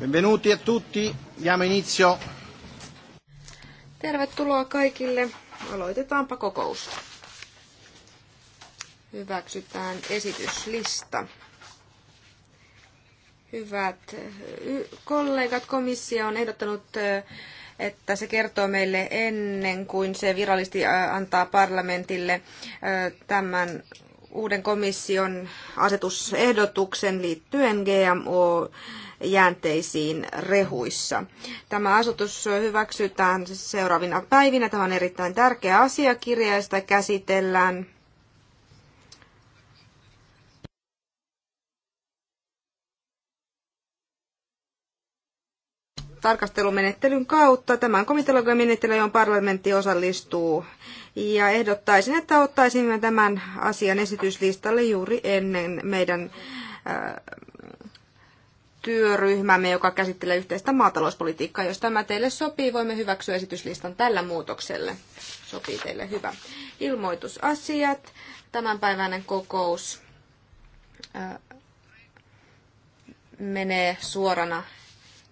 Benvenuti a tutti, diamo inizio. Tervetuloa kaikille. Aloitetaanpa kokous. Hyväksytään esityslista. Hyvät kollegat, komissio on ehdottanut että se kertoo meille ennen kuin se virallisesti antaa parlamentille tämän uuden komission asetusehdotuksen liittyen GMO jäänteisiin rehuissa. Tämä asetus hyväksytään seuraavina päivinä. Tämä on erittäin tärkeä asiakirja, ja sitä käsitellään tarkastelumenettelyn kautta. Tämän komitologian menettely, johon parlamentti osallistuu. Ja ehdottaisin, että ottaisimme tämän asian esityslistalle juuri ennen meidän äh, työryhmämme, joka käsittelee yhteistä maatalouspolitiikkaa. Jos tämä teille sopii, voimme hyväksyä esityslistan tällä muutokselle. Sopii teille hyvä. Ilmoitusasiat. Tämänpäiväinen kokous äh, menee suorana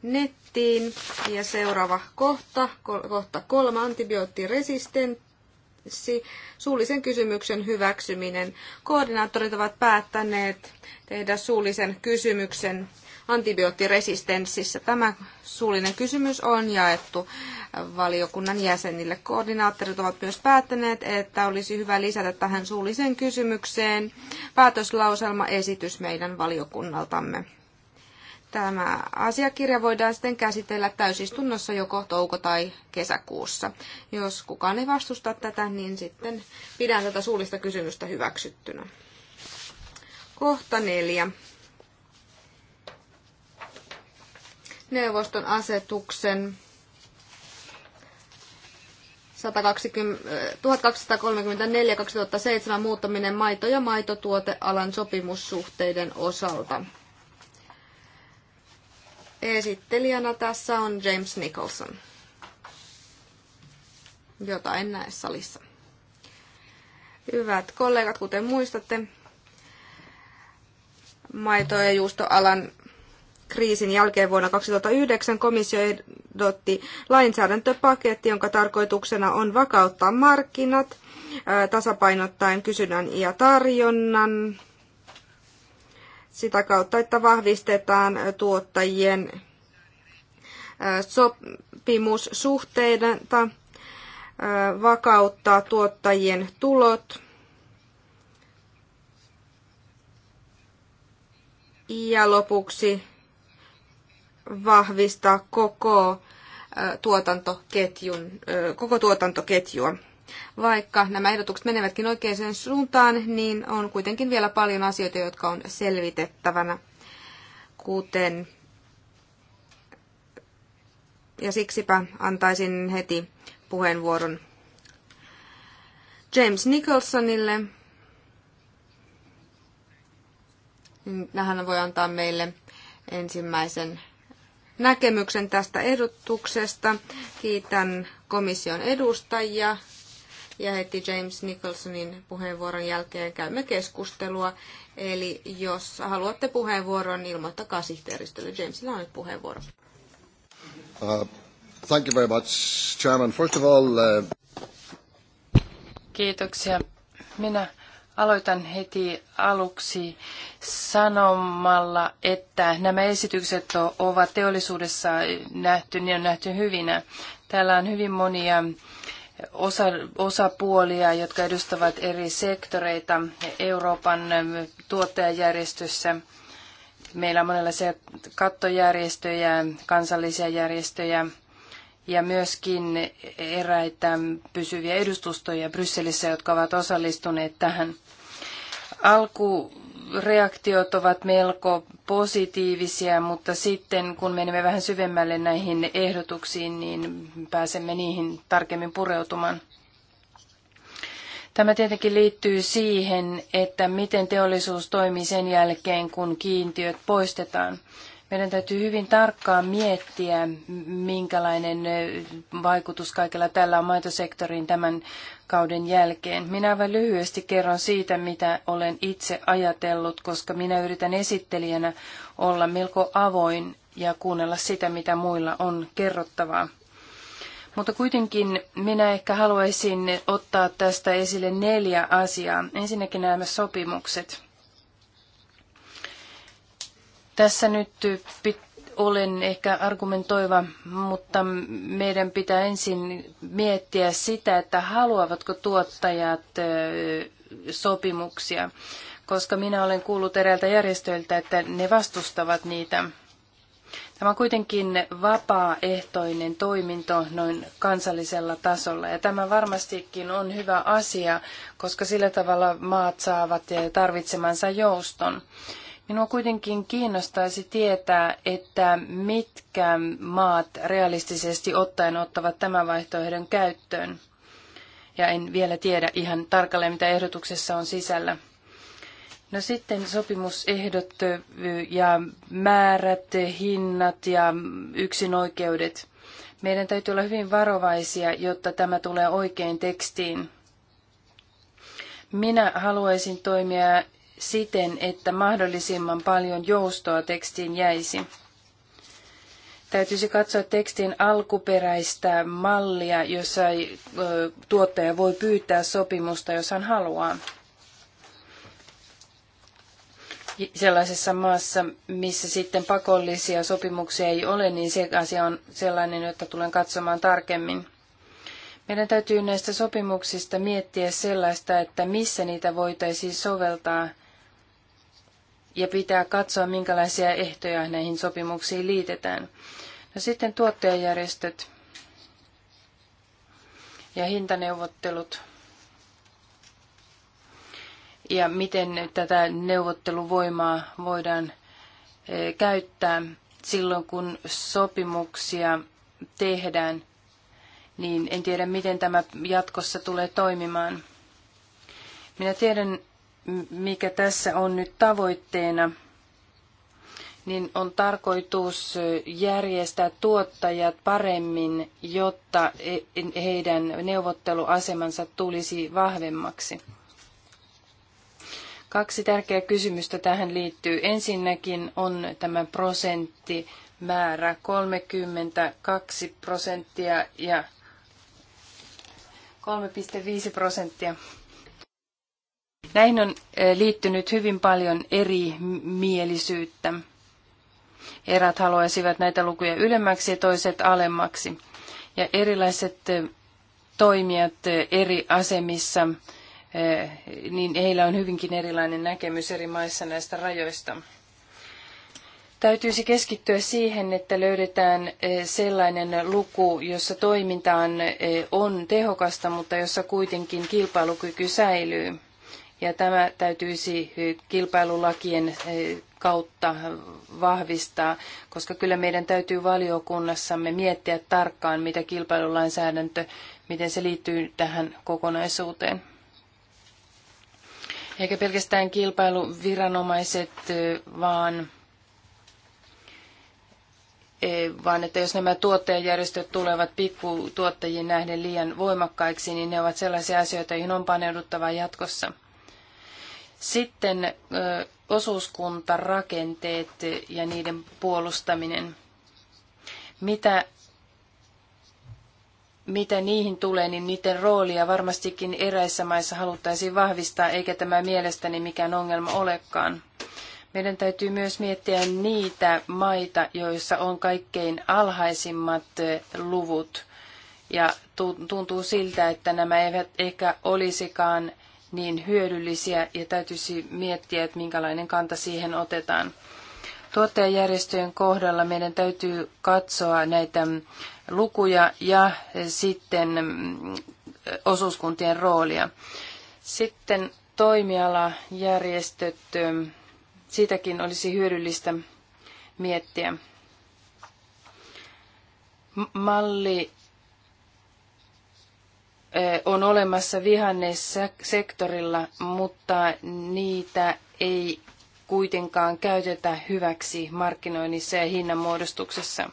nettiin. Ja seuraava kohta, kohta kolme, antibioottiresistenssi, suullisen kysymyksen hyväksyminen. Koordinaattorit ovat päättäneet tehdä suullisen kysymyksen antibioottiresistenssissä. Tämä suullinen kysymys on jaettu valiokunnan jäsenille. Koordinaattorit ovat myös päättäneet, että olisi hyvä lisätä tähän suulliseen kysymykseen päätöslauselma esitys meidän valiokunnaltamme. Tämä asiakirja voidaan sitten käsitellä täysistunnossa joko touko- tai kesäkuussa. Jos kukaan ei vastusta tätä, niin sitten pidän tätä suullista kysymystä hyväksyttynä. Kohta neljä. Neuvoston asetuksen 1234-2007 muuttaminen maito- ja maitotuotealan sopimussuhteiden osalta. Esittelijänä tässä on James Nicholson, jota en näe salissa. Hyvät kollegat, kuten muistatte, maito- ja juustoalan kriisin jälkeen vuonna 2009 komissio ehdotti lainsäädäntöpaketti, jonka tarkoituksena on vakauttaa markkinat tasapainottaen kysynnän ja tarjonnan sitä kautta, että vahvistetaan tuottajien sopimussuhteita, vakauttaa tuottajien tulot ja lopuksi vahvistaa koko tuotantoketjun, koko tuotantoketjua. Vaikka nämä ehdotukset menevätkin oikeaan suuntaan, niin on kuitenkin vielä paljon asioita, jotka on selvitettävänä, kuten ja siksipä antaisin heti puheenvuoron James Nicholsonille. Hän voi antaa meille ensimmäisen näkemyksen tästä ehdotuksesta. Kiitän komission edustajia ja heti James Nicholsonin puheenvuoron jälkeen käymme keskustelua. Eli jos haluatte puheenvuoron, niin ilmoittakaa sihteeristölle. Jamesilla on nyt puheenvuoro. Uh, thank you very much, Chairman. First of all, uh... Kiitoksia. Minä aloitan heti aluksi sanomalla, että nämä esitykset ovat teollisuudessa nähty, niin on nähty hyvinä. Täällä on hyvin monia osa, osapuolia, jotka edustavat eri sektoreita Euroopan tuottajajärjestössä. Meillä on monenlaisia kattojärjestöjä, kansallisia järjestöjä ja myöskin eräitä pysyviä edustustoja Brysselissä, jotka ovat osallistuneet tähän. Alku reaktiot ovat melko positiivisia, mutta sitten kun menemme vähän syvemmälle näihin ehdotuksiin, niin pääsemme niihin tarkemmin pureutumaan. Tämä tietenkin liittyy siihen, että miten teollisuus toimii sen jälkeen, kun kiintiöt poistetaan. Meidän täytyy hyvin tarkkaan miettiä, minkälainen vaikutus kaikella tällä on maitosektoriin tämän kauden jälkeen. Minä vain lyhyesti kerron siitä, mitä olen itse ajatellut, koska minä yritän esittelijänä olla melko avoin ja kuunnella sitä, mitä muilla on kerrottavaa. Mutta kuitenkin minä ehkä haluaisin ottaa tästä esille neljä asiaa. Ensinnäkin nämä sopimukset. Tässä nyt olen ehkä argumentoiva, mutta meidän pitää ensin miettiä sitä, että haluavatko tuottajat sopimuksia, koska minä olen kuullut eräältä järjestöiltä, että ne vastustavat niitä. Tämä on kuitenkin vapaaehtoinen toiminto noin kansallisella tasolla ja tämä varmastikin on hyvä asia, koska sillä tavalla maat saavat tarvitsemansa jouston. Minua kuitenkin kiinnostaisi tietää, että mitkä maat realistisesti ottaen ottavat tämän vaihtoehdon käyttöön. Ja en vielä tiedä ihan tarkalleen, mitä ehdotuksessa on sisällä. No sitten sopimusehdot ja määrät, hinnat ja yksinoikeudet. Meidän täytyy olla hyvin varovaisia, jotta tämä tulee oikein tekstiin. Minä haluaisin toimia siten, että mahdollisimman paljon joustoa tekstiin jäisi. Täytyisi katsoa tekstin alkuperäistä mallia, jossa tuottaja voi pyytää sopimusta, jos hän haluaa. Sellaisessa maassa, missä sitten pakollisia sopimuksia ei ole, niin se asia on sellainen, jota tulen katsomaan tarkemmin. Meidän täytyy näistä sopimuksista miettiä sellaista, että missä niitä voitaisiin soveltaa – ja pitää katsoa, minkälaisia ehtoja näihin sopimuksiin liitetään. No sitten tuottajajärjestöt ja hintaneuvottelut ja miten tätä neuvotteluvoimaa voidaan e, käyttää silloin, kun sopimuksia tehdään, niin en tiedä, miten tämä jatkossa tulee toimimaan. Minä tiedän, mikä tässä on nyt tavoitteena, niin on tarkoitus järjestää tuottajat paremmin, jotta e- heidän neuvotteluasemansa tulisi vahvemmaksi. Kaksi tärkeää kysymystä tähän liittyy. Ensinnäkin on tämä prosenttimäärä 32 prosenttia ja 3,5 prosenttia. Näihin on eh, liittynyt hyvin paljon eri mielisyyttä. Erät haluaisivat näitä lukuja ylemmäksi ja toiset alemmaksi. Ja erilaiset eh, toimijat eh, eri asemissa, niin heillä on hyvinkin erilainen näkemys eri maissa näistä rajoista. Täytyisi keskittyä siihen, että löydetään sellainen luku, jossa toimintaan on tehokasta, mutta jossa kuitenkin kilpailukyky säilyy ja tämä täytyisi eh, kilpailulakien eh, kautta vahvistaa, koska kyllä meidän täytyy valiokunnassamme miettiä tarkkaan, mitä kilpailulainsäädäntö, miten se liittyy tähän kokonaisuuteen. Eikä pelkästään kilpailuviranomaiset, eh, vaan, vaan että jos nämä tuottajajärjestöt tulevat pikkutuottajiin nähden liian voimakkaiksi, niin ne ovat sellaisia asioita, joihin on paneuduttava jatkossa – sitten osuuskuntarakenteet ja niiden puolustaminen. Mitä, mitä niihin tulee, niin niiden roolia varmastikin eräissä maissa haluttaisiin vahvistaa, eikä tämä mielestäni mikään ongelma olekaan. Meidän täytyy myös miettiä niitä maita, joissa on kaikkein alhaisimmat luvut. Ja tuntuu siltä, että nämä eivät ehkä olisikaan niin hyödyllisiä ja täytyisi miettiä, että minkälainen kanta siihen otetaan. Tuottajajärjestöjen kohdalla meidän täytyy katsoa näitä lukuja ja sitten mm, osuuskuntien roolia. Sitten toimialajärjestöt, mm, siitäkin olisi hyödyllistä miettiä. Malli on olemassa vihannessektorilla, mutta niitä ei kuitenkaan käytetä hyväksi markkinoinnissa ja hinnanmuodostuksessa.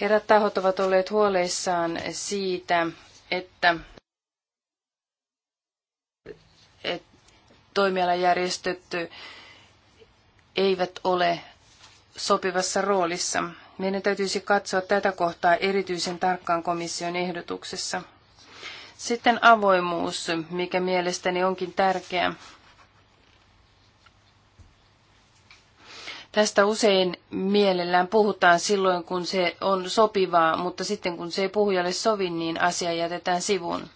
Herrat tahot ovat olleet huoleissaan siitä, että, että toimialajärjestöt eivät ole sopivassa roolissa. Meidän täytyisi katsoa tätä kohtaa erityisen tarkkaan komission ehdotuksessa. Sitten avoimuus, mikä mielestäni onkin tärkeä. Tästä usein mielellään puhutaan silloin, kun se on sopivaa, mutta sitten kun se ei puhujalle sovi, niin asia jätetään sivuun.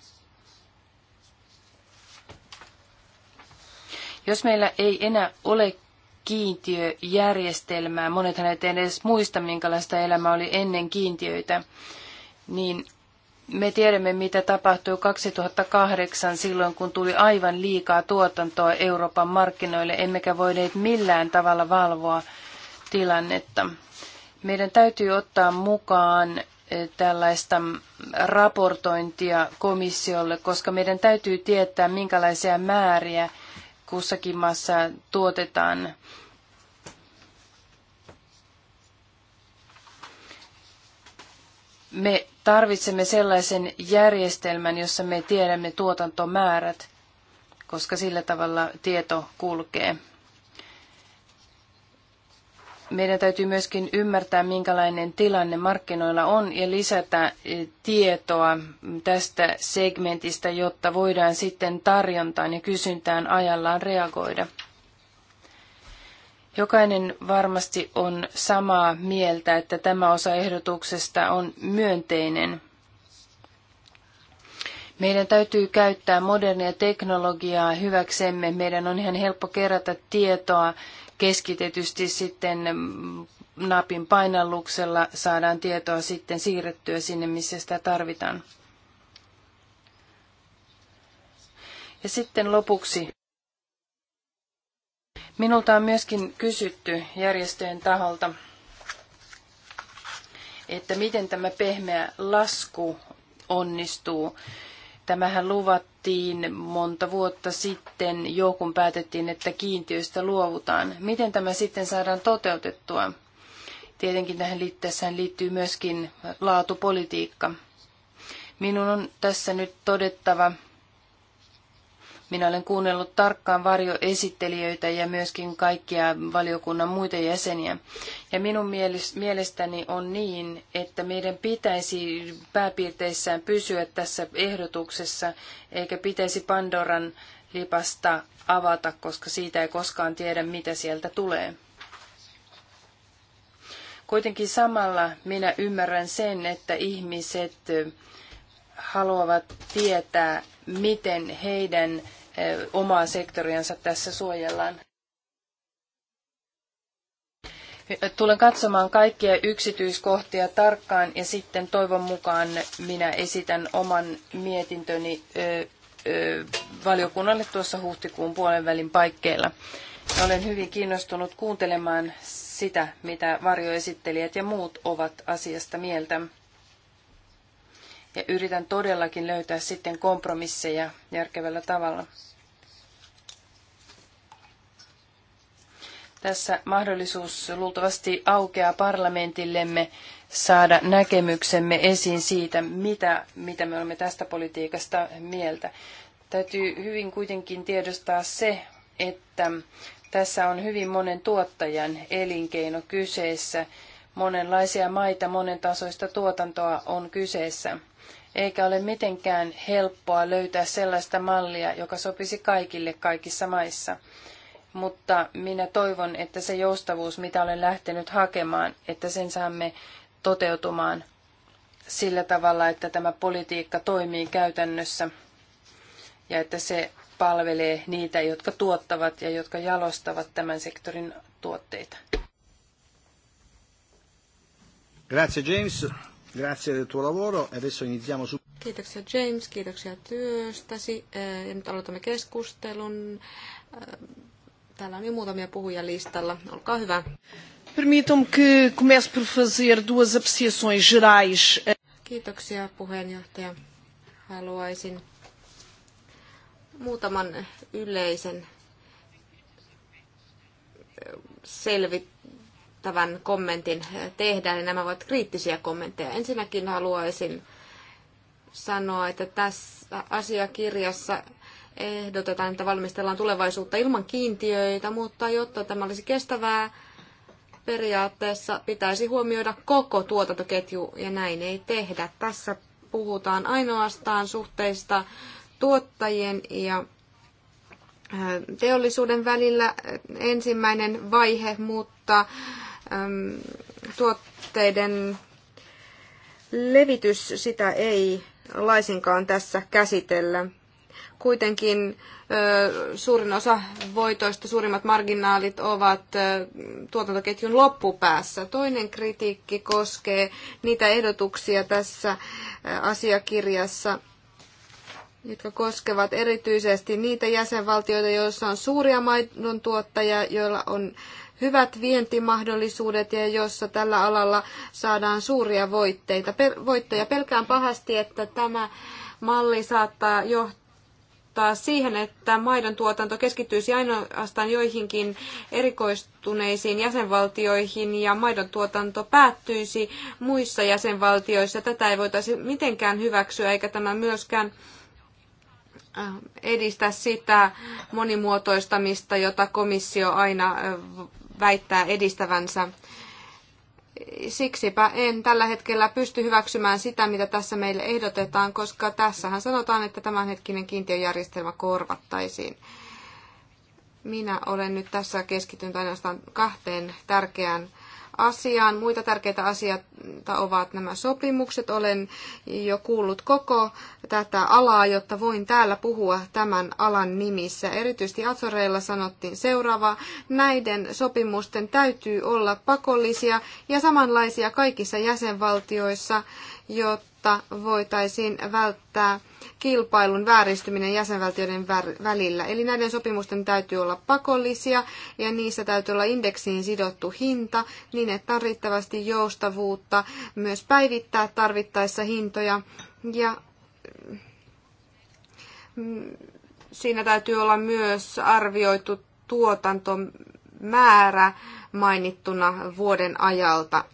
Jos meillä ei enää ole kiintiöjärjestelmää, monethan ei edes muista, minkälaista elämä oli ennen kiintiöitä, niin me tiedämme, mitä tapahtui 2008 silloin, kun tuli aivan liikaa tuotantoa Euroopan markkinoille, emmekä voineet millään tavalla valvoa tilannetta. Meidän täytyy ottaa mukaan eh, tällaista raportointia komissiolle, koska meidän täytyy tietää, minkälaisia määriä kussakin maassa tuotetaan. Me tarvitsemme sellaisen järjestelmän, jossa me tiedämme tuotantomäärät, koska sillä tavalla tieto kulkee. Meidän täytyy myöskin ymmärtää, minkälainen tilanne markkinoilla on ja lisätä e, tietoa tästä segmentistä, jotta voidaan sitten tarjontaan ja kysyntään ajallaan reagoida. Jokainen varmasti on samaa mieltä, että tämä osa ehdotuksesta on myönteinen. Meidän täytyy käyttää modernia teknologiaa hyväksemme. Meidän on ihan helppo kerätä tietoa keskitetysti sitten napin painalluksella saadaan tietoa sitten siirrettyä sinne, missä sitä tarvitaan. Ja sitten lopuksi Minulta on myöskin kysytty järjestöjen taholta, että miten tämä pehmeä lasku onnistuu. Tämähän luvattiin monta vuotta sitten jo, kun päätettiin, että kiintiöistä luovutaan. Miten tämä sitten saadaan toteutettua? Tietenkin tähän liitteessään liittyy myöskin laatupolitiikka. Minun on tässä nyt todettava, minä olen kuunnellut tarkkaan varjoesittelijöitä ja myöskin kaikkia valiokunnan muita jäseniä. Ja minun mielestäni on niin, että meidän pitäisi pääpiirteissään pysyä tässä ehdotuksessa, eikä pitäisi Pandoran lipasta avata, koska siitä ei koskaan tiedä, mitä sieltä tulee. Kuitenkin samalla minä ymmärrän sen, että ihmiset haluavat tietää, miten heidän Eh, omaa sektoriansa tässä suojellaan. Tulen katsomaan kaikkia yksityiskohtia tarkkaan ja sitten toivon mukaan minä esitän oman mietintöni valiokunnalle tuossa huhtikuun puolen välin paikkeilla. Olen hyvin kiinnostunut kuuntelemaan sitä, mitä varjoesittelijät ja muut ovat asiasta mieltä ja yritän todellakin löytää sitten kompromisseja järkevällä tavalla. Tässä mahdollisuus luultavasti aukeaa parlamentillemme saada näkemyksemme esiin siitä, mitä, mitä me olemme tästä politiikasta mieltä. Täytyy hyvin kuitenkin tiedostaa se, että tässä on hyvin monen tuottajan elinkeino kyseessä. Monenlaisia maita, monen tasoista tuotantoa on kyseessä eikä ole mitenkään helppoa löytää sellaista mallia, joka sopisi kaikille kaikissa maissa. Mutta minä toivon, että se joustavuus, mitä olen lähtenyt hakemaan, että sen saamme toteutumaan sillä tavalla, että tämä politiikka toimii käytännössä ja että se palvelee niitä, jotka tuottavat ja jotka jalostavat tämän sektorin tuotteita. Grazie James. Grazie del tuo lavoro. E adesso iniziamo su... Kiitoksia James, kiitoksia työstäsi. Eh, ja nyt aloitamme keskustelun. Eh, täällä on jo muutamia puhuja listalla. Olkaa hyvä. Permitam que comece por fazer duas apreciações gerais. Kiitoksia puheenjohtaja. Haluaisin muutaman yleisen eh, selvit tämän kommentin tehdä, niin nämä ovat kriittisiä kommentteja. Ensinnäkin haluaisin sanoa, että tässä asiakirjassa ehdotetaan, että valmistellaan tulevaisuutta ilman kiintiöitä, mutta jotta tämä olisi kestävää, periaatteessa pitäisi huomioida koko tuotantoketju, ja näin ei tehdä. Tässä puhutaan ainoastaan suhteista tuottajien ja äh, teollisuuden välillä äh, ensimmäinen vaihe, mutta tuotteiden levitys, sitä ei laisinkaan tässä käsitellä. Kuitenkin suurin osa voitoista, suurimmat marginaalit ovat tuotantoketjun loppupäässä. Toinen kritiikki koskee niitä ehdotuksia tässä asiakirjassa, jotka koskevat erityisesti niitä jäsenvaltioita, joissa on suuria maidon tuottajia, joilla on hyvät vientimahdollisuudet ja jossa tällä alalla saadaan suuria voitteita, per, voittoja. Pelkään pahasti, että tämä malli saattaa johtaa siihen, että maidon tuotanto keskittyisi ainoastaan joihinkin erikoistuneisiin jäsenvaltioihin ja maidon tuotanto päättyisi muissa jäsenvaltioissa. Tätä ei voitaisi mitenkään hyväksyä eikä tämä myöskään äh, edistä sitä monimuotoistamista, jota komissio aina äh, väittää edistävänsä. Siksipä en tällä hetkellä pysty hyväksymään sitä, mitä tässä meille ehdotetaan, koska tässähän sanotaan, että tämänhetkinen kiintiöjärjestelmä korvattaisiin. Minä olen nyt tässä keskittynyt ainoastaan kahteen tärkeään asiaan. Muita tärkeitä asioita ovat nämä sopimukset. Olen jo kuullut koko tätä alaa, jotta voin täällä puhua tämän alan nimissä. Erityisesti Azoreilla sanottiin seuraava. Näiden sopimusten täytyy olla pakollisia ja samanlaisia kaikissa jäsenvaltioissa, jotta voitaisiin välttää kilpailun vääristyminen jäsenvaltioiden välillä. Eli näiden sopimusten täytyy olla pakollisia ja niissä täytyy olla indeksiin sidottu hinta niin, että on riittävästi joustavuutta myös päivittää tarvittaessa hintoja. Ja mm, siinä täytyy olla myös arvioitu tuotantomäärä mainittuna vuoden ajalta.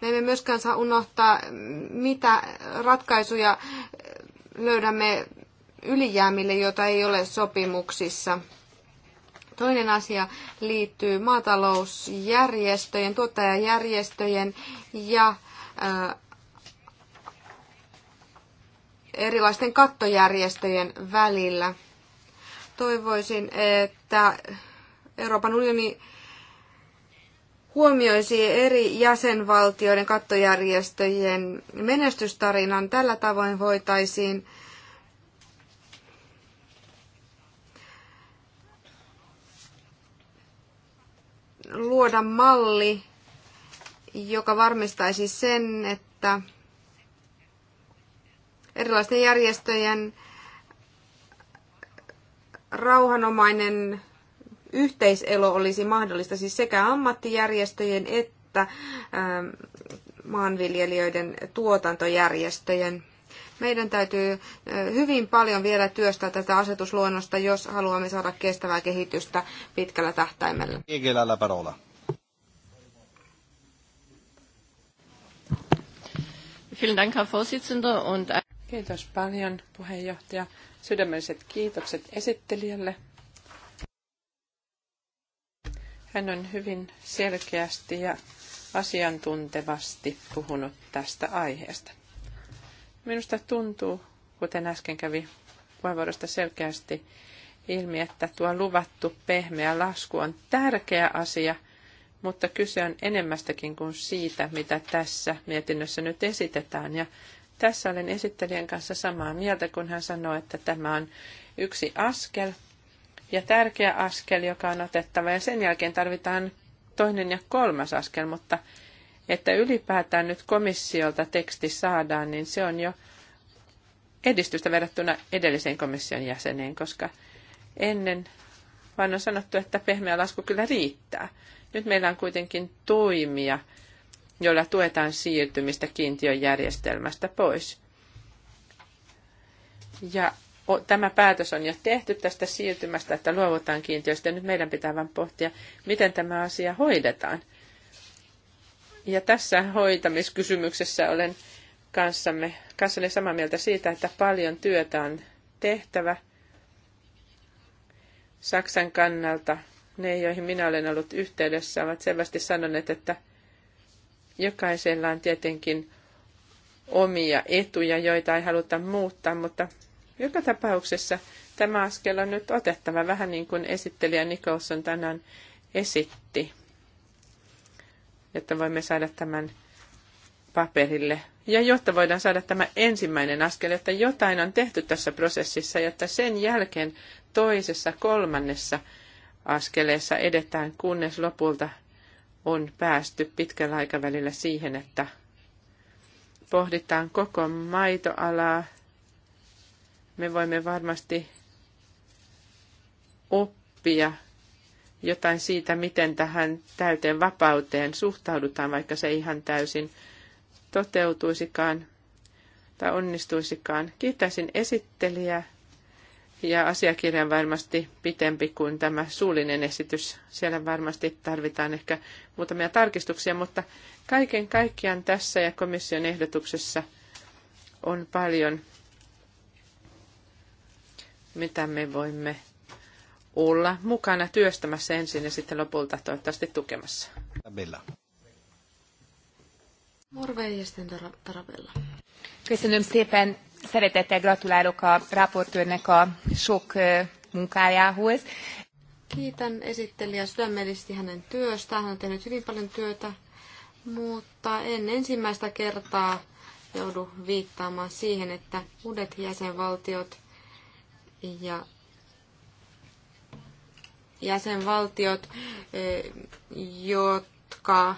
Me emme myöskään saa unohtaa, mitä ratkaisuja löydämme ylijäämille, joita ei ole sopimuksissa. Toinen asia liittyy maatalousjärjestöjen, tuottajajärjestöjen ja äh, erilaisten kattojärjestöjen välillä. Toivoisin, että Euroopan unioni huomioisi eri jäsenvaltioiden kattojärjestöjen menestystarinan. Tällä tavoin voitaisiin luoda malli, joka varmistaisi sen, että erilaisten järjestöjen rauhanomainen yhteiselo olisi mahdollista siis sekä ammattijärjestöjen että ähm, maanviljelijöiden tuotantojärjestöjen. Meidän täytyy äh, hyvin paljon vielä työstää tätä asetusluonnosta, jos haluamme saada kestävää kehitystä pitkällä tähtäimellä. Kiitos paljon puheenjohtaja. Sydämelliset kiitokset esittelijälle Hän on hyvin selkeästi ja asiantuntevasti puhunut tästä aiheesta. Minusta tuntuu, kuten äsken kävi puheenvuorosta selkeästi ilmi, että tuo luvattu pehmeä lasku on tärkeä asia, mutta kyse on enemmästäkin kuin siitä, mitä tässä mietinnössä nyt esitetään. Ja tässä olen esittelijän kanssa samaa mieltä, kun hän sanoi, että tämä on yksi askel ja tärkeä askel, joka on otettava. Ja sen jälkeen tarvitaan toinen ja kolmas askel, mutta että ylipäätään nyt komissiolta teksti saadaan, niin se on jo edistystä verrattuna edelliseen komission jäseneen, koska ennen vaan on sanottu, että pehmeä lasku kyllä riittää. Nyt meillä on kuitenkin toimia, joilla tuetaan siirtymistä kiintiön järjestelmästä pois. Ja tämä päätös on jo tehty tästä siirtymästä, että luovutaan kiintiöistä. Nyt meidän pitää vain pohtia, miten tämä asia hoidetaan. Ja tässä hoitamiskysymyksessä olen kanssamme, kanssani samaa mieltä siitä, että paljon työtä on tehtävä Saksan kannalta. Ne, joihin minä olen ollut yhteydessä, ovat selvästi sanoneet, että jokaisella on tietenkin omia etuja, joita ei haluta muuttaa, mutta joka tapauksessa tämä askel on nyt otettava vähän niin kuin esittelijä Nikolson tänään esitti, jotta voimme saada tämän paperille. Ja jotta voidaan saada tämä ensimmäinen askel, että jotain on tehty tässä prosessissa, jotta sen jälkeen toisessa, kolmannessa askeleessa edetään, kunnes lopulta on päästy pitkällä aikavälillä siihen, että pohditaan koko maitoalaa, me voimme varmasti oppia jotain siitä, miten tähän täyteen vapauteen suhtaudutaan, vaikka se ihan täysin toteutuisikaan tai onnistuisikaan. Kiitäisin esittelijää ja asiakirjan varmasti pitempi kuin tämä suullinen esitys. Siellä varmasti tarvitaan ehkä muutamia tarkistuksia, mutta kaiken kaikkiaan tässä ja komission ehdotuksessa on paljon mitä me voimme olla mukana työstämässä ensin ja sitten lopulta toivottavasti tukemassa. Tabella. Morvei Tarabella. Köszönöm szépen, szeretettel gratulálok a raportőrnek a sok munkájához. Kiitän esittelijä sydämellisesti hänen työstään. Hän on tehnyt hyvin paljon työtä, mutta en ensimmäistä kertaa joudu viittaamaan siihen, että uudet jäsenvaltiot – ja jäsenvaltiot, eh, jotka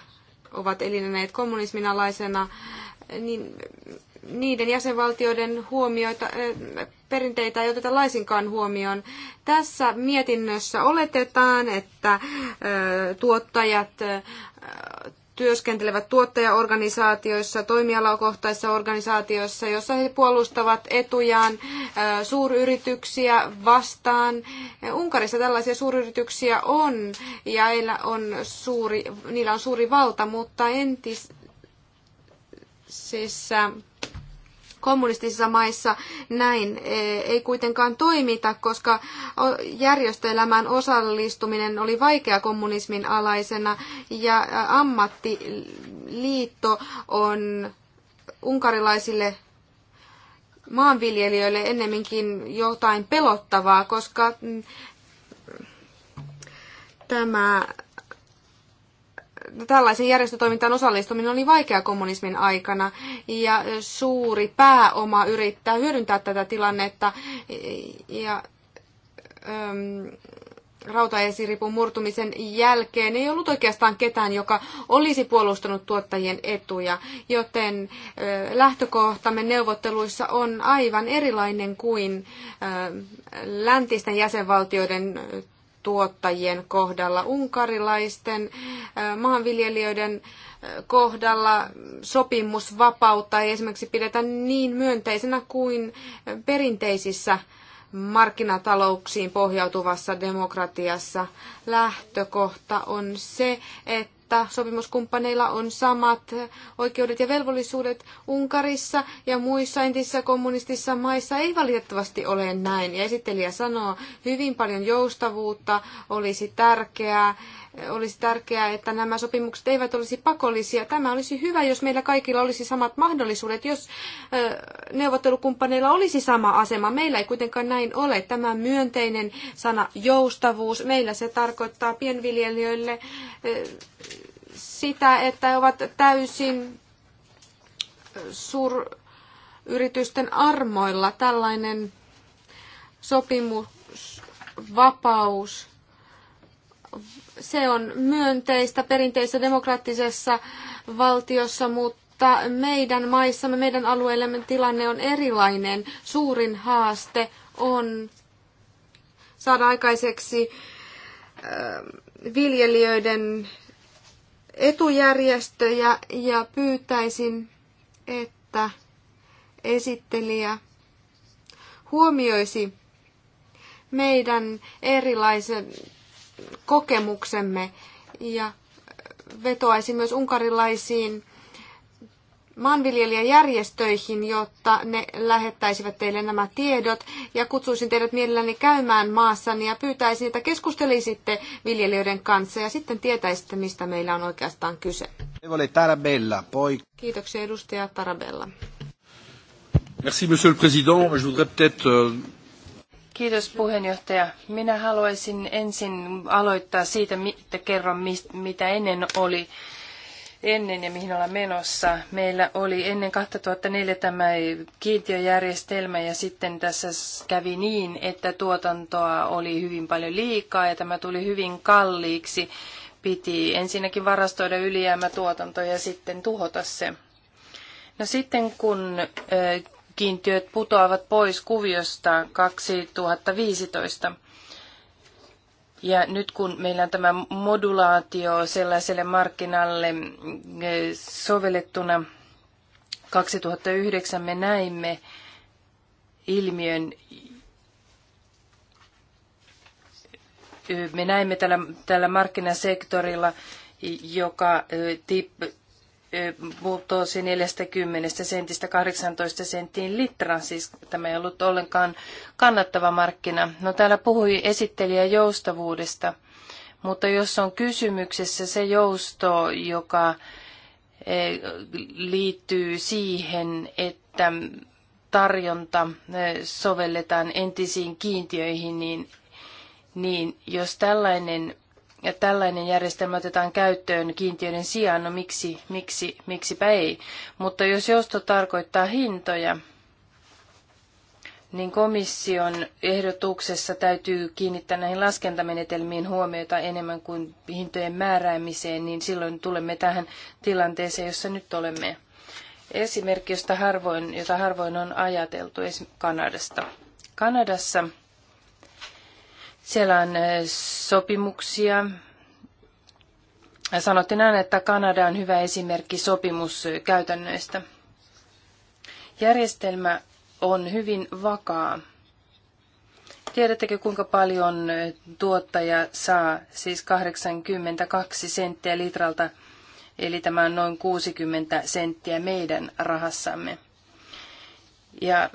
ovat elineet kommunismin alaisena, eh, niin niiden jäsenvaltioiden huomioita, eh, perinteitä ei oteta laisinkaan huomioon. Tässä mietinnössä oletetaan, että tuottajat työskentelevät tuottajaorganisaatioissa, toimialakohtaisissa organisaatioissa, joissa he puolustavat etujaan suuryrityksiä vastaan. Unkarissa tällaisia suuryrityksiä on ja on suuri, niillä on suuri valta, mutta entisissä kommunistisissa maissa näin e, ei kuitenkaan toimita, koska järjestöelämään osallistuminen oli vaikea kommunismin alaisena ja ammattiliitto on unkarilaisille maanviljelijöille ennemminkin jotain pelottavaa, koska mm, tämä tällaisen järjestötoimintaan osallistuminen oli vaikea kommunismin aikana ja suuri pääoma yrittää hyödyntää tätä tilannetta ja äm, rautaesiripun murtumisen jälkeen ei ollut oikeastaan ketään, joka olisi puolustanut tuottajien etuja, joten äh, lähtökohtamme neuvotteluissa on aivan erilainen kuin äh, läntisten jäsenvaltioiden tuottajien kohdalla, unkarilaisten maanviljelijöiden kohdalla sopimusvapautta ei esimerkiksi pidetä niin myönteisenä kuin perinteisissä markkinatalouksiin pohjautuvassa demokratiassa. Lähtökohta on se, että että sopimuskumppaneilla on samat oikeudet ja velvollisuudet Unkarissa ja muissa entisissä kommunistissa maissa ei valitettavasti ole näin. Ja esittelijä sanoo, hyvin paljon joustavuutta olisi tärkeää olisi tärkeää, että nämä sopimukset eivät olisi pakollisia. Tämä olisi hyvä, jos meillä kaikilla olisi samat mahdollisuudet, jos neuvottelukumppaneilla olisi sama asema. Meillä ei kuitenkaan näin ole. Tämä myönteinen sana joustavuus, meillä se tarkoittaa pienviljelijöille sitä, että he ovat täysin suuryritysten armoilla. Tällainen sopimusvapaus se on myönteistä perinteisessä demokraattisessa valtiossa, mutta meidän maissamme, meidän alueellemme tilanne on erilainen. Suurin haaste on saada aikaiseksi äh, viljelijöiden etujärjestöjä ja pyytäisin, että esittelijä huomioisi meidän erilaiset kokemuksemme ja vetoaisin myös unkarilaisiin maanviljelijäjärjestöihin, jotta ne lähettäisivät teille nämä tiedot ja kutsuisin teidät mielelläni käymään maassani ja pyytäisin, että keskustelisitte viljelijöiden kanssa ja sitten tietäisitte, mistä meillä on oikeastaan kyse. Tarabella, poi. Kiitoksia edustaja Tarabella. Merci monsieur le président. Je voudrais peut-être euh, Kiitos puheenjohtaja. Minä haluaisin ensin aloittaa siitä, että kerron mitä ennen oli ennen ja mihin ollaan menossa. Meillä oli ennen 2004 tämä kiintiöjärjestelmä ja sitten tässä kävi niin, että tuotantoa oli hyvin paljon liikaa ja tämä tuli hyvin kalliiksi. Piti ensinnäkin varastoida ylijäämätuotanto ja sitten tuhota se. No sitten kun kiintiöt putoavat pois kuviosta 2015. Ja nyt kun meillä on tämä modulaatio sellaiselle markkinalle eh, sovellettuna 2009 me näimme ilmiön, eh, me näimme tällä, tällä markkinasektorilla, joka eh, tip, putosi 40 sentistä 18 senttiin litran, siis tämä ei ollut ollenkaan kannattava markkina. No täällä puhui esittelijä joustavuudesta, mutta jos on kysymyksessä se jousto, joka e, liittyy siihen, että tarjonta e, sovelletaan entisiin kiintiöihin, niin, niin jos tällainen ja tällainen järjestelmä otetaan käyttöön kiintiöiden sijaan, no miksi, miksi, miksipä ei. Mutta jos josto tarkoittaa hintoja, niin komission ehdotuksessa täytyy kiinnittää näihin laskentamenetelmiin huomiota enemmän kuin hintojen määräämiseen, niin silloin tulemme tähän tilanteeseen, jossa nyt olemme. Esimerkki, josta harvoin, jota harvoin on ajateltu, Kanadasta. Kanadassa siellä on eh, sopimuksia. Sanottiin näin, että Kanada on hyvä esimerkki sopimuskäytännöistä. Järjestelmä on hyvin vakaa. Tiedättekö, kuinka paljon eh, tuottaja saa, siis 82 senttiä litralta, eli tämä on noin 60 senttiä meidän rahassamme ja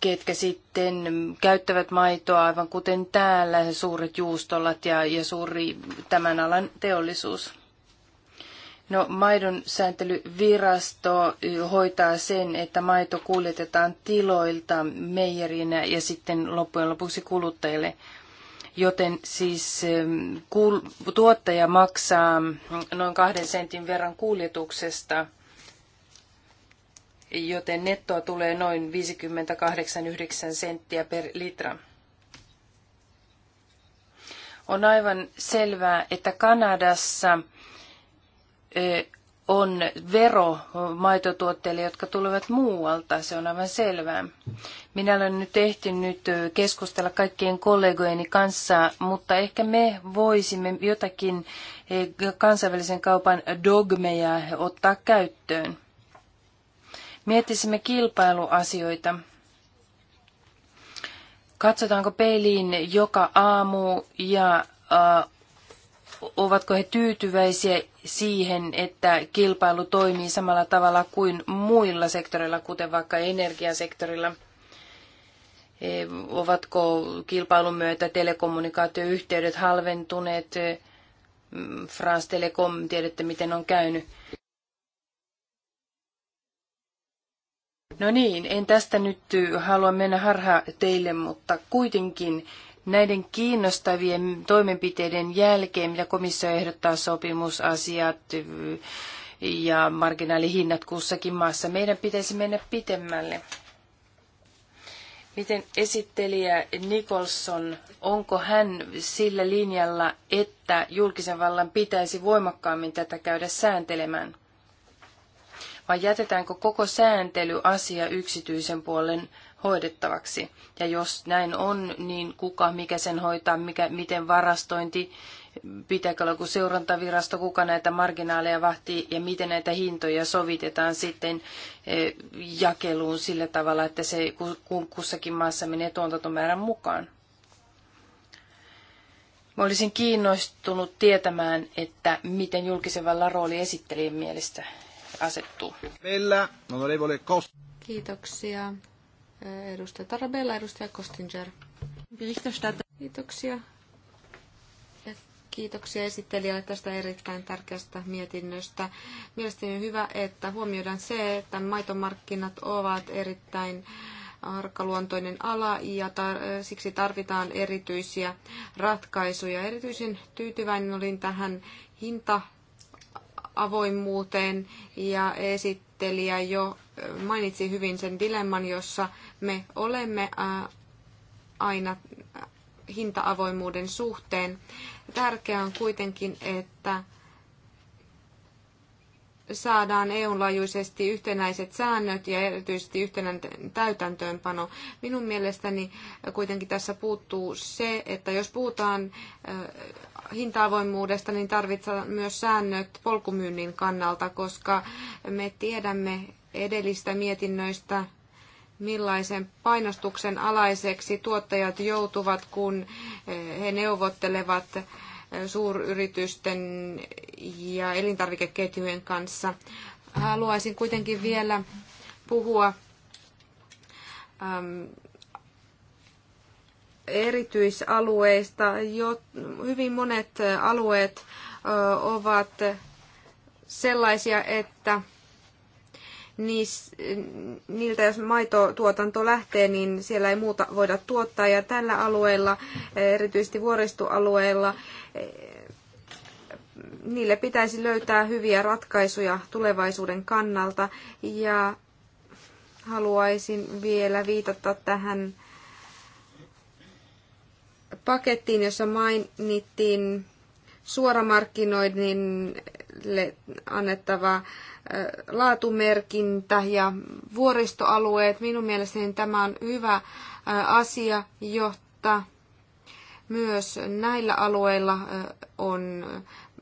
ketkä sitten käyttävät maitoa, aivan kuten täällä suuret juustolat ja, ja suuri tämän alan teollisuus. No, maidon sääntelyvirasto hoitaa sen, että maito kuljetetaan tiloilta meijerinä ja sitten loppujen lopuksi kuluttajille. Joten siis tuottaja maksaa noin kahden sentin verran kuljetuksesta – joten nettoa tulee noin 58,9 senttiä per litra. On aivan selvää, että Kanadassa on vero maitotuotteille, jotka tulevat muualta. Se on aivan selvää. Minä olen nyt ehtinyt keskustella kaikkien kollegojeni kanssa, mutta ehkä me voisimme jotakin kansainvälisen kaupan dogmeja ottaa käyttöön. Miettisimme kilpailuasioita. Katsotaanko peiliin joka aamu ja äh, ovatko he tyytyväisiä siihen, että kilpailu toimii samalla tavalla kuin muilla sektoreilla, kuten vaikka energiasektorilla? Ovatko kilpailun myötä telekommunikaatioyhteydet halventuneet? Mm, France Telecom, tiedätte miten on käynyt. No niin, en tästä nyt halua mennä harha teille, mutta kuitenkin näiden kiinnostavien toimenpiteiden jälkeen, mitä komissio ehdottaa sopimusasiat ja marginaalihinnat kussakin maassa, meidän pitäisi mennä pitemmälle. Miten esittelijä Nicholson, onko hän sillä linjalla, että julkisen vallan pitäisi voimakkaammin tätä käydä sääntelemään? vai jätetäänkö koko asia yksityisen puolen hoidettavaksi? Ja jos näin on, niin kuka, mikä sen hoitaa, mikä, miten varastointi, pitääkö olla joku seurantavirasto, kuka näitä marginaaleja vahtii ja miten näitä hintoja sovitetaan sitten eh, jakeluun sillä tavalla, että se kussakin maassa menee tuotantomäärän mukaan. Mä olisin kiinnostunut tietämään, että miten julkisen vallan rooli esittelijän mielestä asettuu. Bella, onorevole Kost. Kiitoksia. Eh, edustaja Tarabella, edustaja Kostinger. Kiitoksia. Ja kiitoksia esittelijälle tästä erittäin tärkeästä mietinnöstä. Mielestäni on hyvä, että huomioidaan se, että maitomarkkinat ovat erittäin arkaluontoinen ala ja tar- siksi tarvitaan erityisiä ratkaisuja. Erityisen tyytyväinen olin tähän hinta avoimuuteen ja esittelijä jo äh, mainitsi hyvin sen dilemman, jossa me olemme äh, aina äh, hinta-avoimuuden suhteen. Tärkeää on kuitenkin, että saadaan EUn laajuisesti yhtenäiset säännöt ja erityisesti yhtenäinen täytäntöönpano. Minun mielestäni kuitenkin tässä puuttuu se, että jos puhutaan eh, hinta-avoimuudesta, niin tarvitaan myös säännöt polkumyynnin kannalta, koska me tiedämme edellistä mietinnöistä, millaisen painostuksen alaiseksi tuottajat joutuvat, kun eh, he neuvottelevat suuryritysten ja elintarvikeketjujen kanssa. Haluaisin kuitenkin vielä puhua äm, erityisalueista. Jo, hyvin monet alueet ö, ovat sellaisia, että niis, niiltä jos maitotuotanto lähtee, niin siellä ei muuta voida tuottaa. Ja tällä alueella, erityisesti vuoristoalueella, niille pitäisi löytää hyviä ratkaisuja tulevaisuuden kannalta. Ja haluaisin vielä viitata tähän pakettiin, jossa mainittiin suoramarkkinoinnin annettava laatumerkintä ja vuoristoalueet. Minun mielestäni tämä on hyvä asia, jotta myös näillä alueilla on,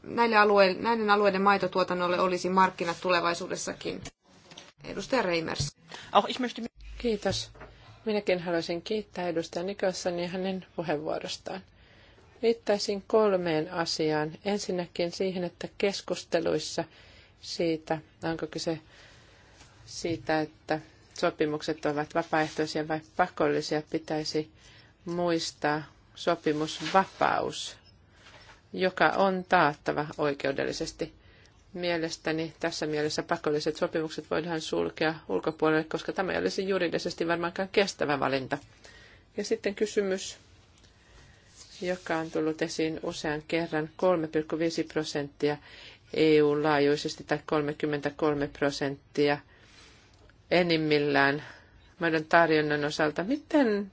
näille alueille, näiden alueiden maitotuotannolle olisi markkinat tulevaisuudessakin. Edustaja Reimers. Kiitos. Minäkin haluaisin kiittää edustaja Nikolsonia hänen puheenvuorostaan. Viittaisin kolmeen asiaan. Ensinnäkin siihen, että keskusteluissa siitä, onko kyse siitä, että sopimukset ovat vapaaehtoisia vai pakollisia, pitäisi muistaa sopimusvapaus, joka on taattava oikeudellisesti. Mielestäni tässä mielessä pakolliset sopimukset voidaan sulkea ulkopuolelle, koska tämä ei olisi juridisesti varmaankaan kestävä valinta. Ja sitten kysymys, joka on tullut esiin usean kerran, 3,5 prosenttia EU-laajuisesti tai 33 prosenttia enimmillään meidän tarjonnan osalta. Miten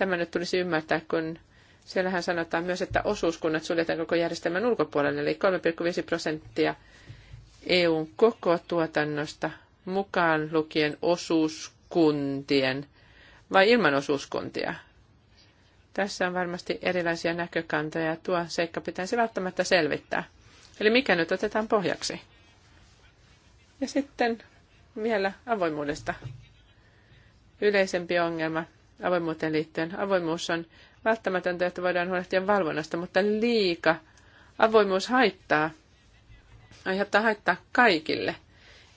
Tämä nyt tulisi ymmärtää, kun siellähän sanotaan myös, että osuuskunnat suljetaan koko järjestelmän ulkopuolelle, eli 3,5 prosenttia EUn koko tuotannosta mukaan lukien osuuskuntien vai ilman osuuskuntia. Tässä on varmasti erilaisia näkökantoja ja tuo seikka pitäisi välttämättä selvittää. Eli mikä nyt otetaan pohjaksi? Ja sitten vielä avoimuudesta. Yleisempi ongelma avoimuuteen liittyen. Avoimuus on välttämätöntä, että voidaan huolehtia valvonnasta, mutta liika avoimuus haittaa, aiheuttaa haittaa kaikille.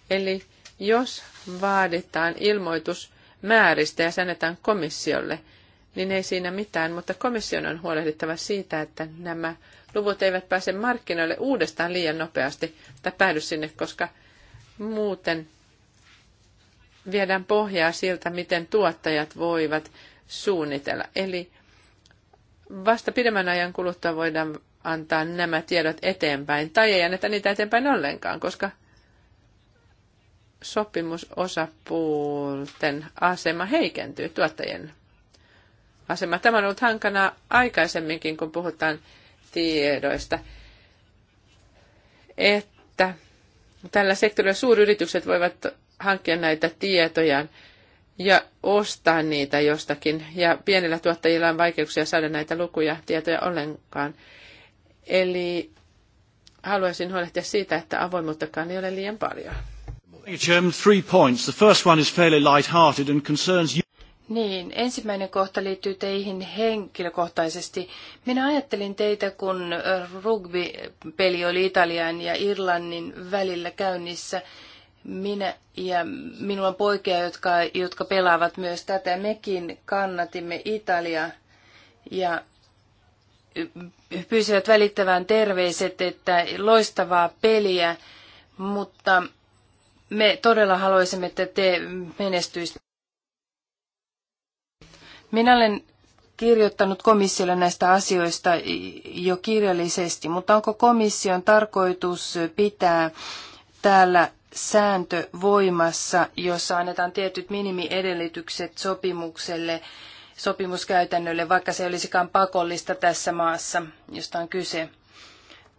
Eli jos vaaditaan ilmoitus määristä ja sanetaan komissiolle, niin ei siinä mitään, mutta komission on huolehdittava siitä, että nämä luvut eivät pääse markkinoille uudestaan liian nopeasti tai päädy sinne, koska muuten – viedään pohjaa siltä, miten tuottajat voivat suunnitella. Eli vasta pidemmän ajan kuluttua voidaan antaa nämä tiedot eteenpäin, tai ei anneta niitä eteenpäin ollenkaan, koska sopimusosapuolten asema heikentyy, tuottajien asema. Tämä on ollut hankana aikaisemminkin, kun puhutaan tiedoista, että tällä sektorilla suuryritykset voivat hankkia näitä tietoja ja ostaa niitä jostakin. Ja pienillä tuottajilla on vaikeuksia saada näitä lukuja, tietoja ollenkaan. Eli haluaisin huolehtia siitä, että avoimuuttakaan ei ole liian paljon. Three points. The first one is fairly light-hearted and concerns you. Niin, ensimmäinen kohta liittyy teihin henkilökohtaisesti. Minä ajattelin teitä, kun rugby-peli oli Italian ja Irlannin välillä käynnissä, minä ja minulla on poikia, jotka, jotka pelaavat myös tätä. Mekin kannatimme Italiaa ja pyysivät välittävään terveiset, että loistavaa peliä, mutta me todella haluaisimme, että te menestyisitte. Minä olen kirjoittanut komissiolle näistä asioista jo kirjallisesti, mutta onko komission tarkoitus pitää täällä sääntö voimassa, jossa annetaan tietyt minimiedellytykset sopimukselle, sopimuskäytännölle, vaikka se olisikaan pakollista tässä maassa, josta on kyse.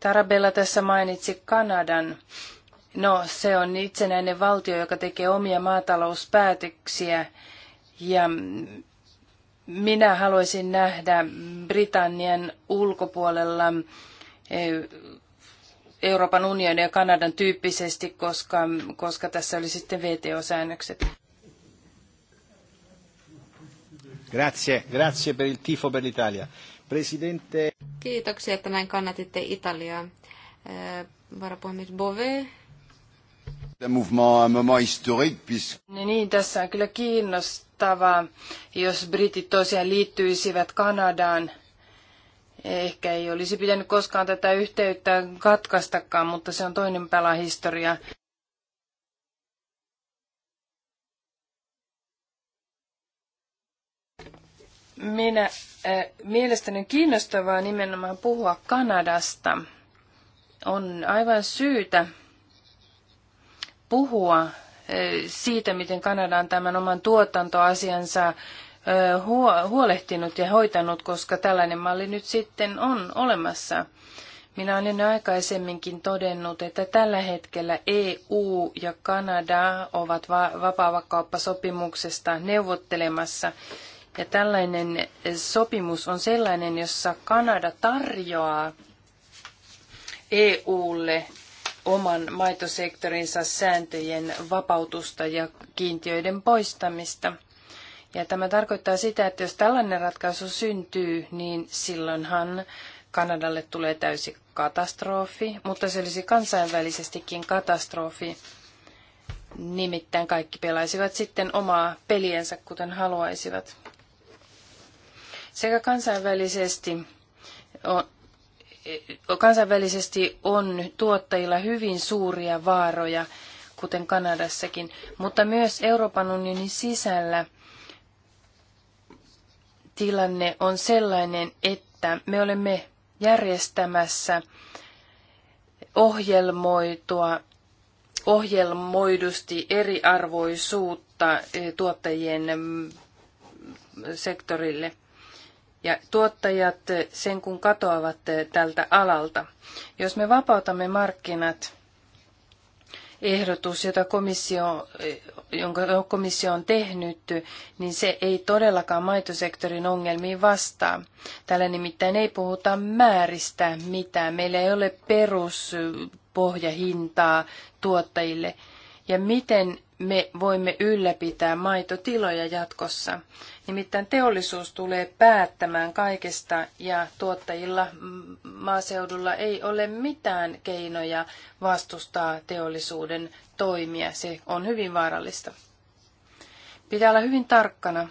Tarabella tässä mainitsi Kanadan. No, se on itsenäinen valtio, joka tekee omia maatalouspäätöksiä. Ja minä haluaisin nähdä Britannian ulkopuolella eh, Euroopan unionin ja Kanadan tyyppisesti, koska, koska tässä oli sitten VTO-säännökset. Grazie, grazie per il tifo per l'Italia. Presidente... Kiitoksia, että näin kannatitte Italiaa. Äh, varapuhemies Bove. Niin, tässä on kyllä kiinnostavaa, jos britit tosiaan liittyisivät Kanadaan – Ehkä ei olisi pitänyt koskaan tätä yhteyttä katkaistakaan, mutta se on toinen historia. Minä äh, mielestäni on kiinnostavaa nimenomaan puhua Kanadasta. On aivan syytä puhua äh, siitä, miten Kanada on tämän oman tuotantoasiansa huolehtinut ja hoitanut, koska tällainen malli nyt sitten on olemassa. Minä olen aikaisemminkin todennut, että tällä hetkellä EU ja Kanada ovat vapaa-kauppasopimuksesta neuvottelemassa. Ja tällainen sopimus on sellainen, jossa Kanada tarjoaa EUlle oman maitosektorinsa sääntöjen vapautusta ja kiintiöiden poistamista – ja tämä tarkoittaa sitä, että jos tällainen ratkaisu syntyy, niin silloinhan Kanadalle tulee täysi katastrofi, mutta se olisi kansainvälisestikin katastrofi. Nimittäin kaikki pelaisivat sitten omaa peliensä, kuten haluaisivat. Sekä kansainvälisesti on, kansainvälisesti on tuottajilla hyvin suuria vaaroja, kuten Kanadassakin, mutta myös Euroopan unionin sisällä tilanne on sellainen, että me olemme järjestämässä ohjelmoitua, ohjelmoidusti eriarvoisuutta e, tuottajien sektorille. Ja tuottajat e, sen kun katoavat e, tältä alalta. Jos me vapautamme markkinat, ehdotus, jota komissio jonka komissio on tehnyt, niin se ei todellakaan maitosektorin ongelmiin vastaa. Täällä nimittäin ei puhuta määristä mitään. Meillä ei ole peruspohjahintaa tuottajille. Ja miten me voimme ylläpitää maitotiloja jatkossa? Nimittäin teollisuus tulee päättämään kaikesta ja tuottajilla maaseudulla ei ole mitään keinoja vastustaa teollisuuden toimia. Se on hyvin vaarallista. Pitää olla hyvin tarkkana.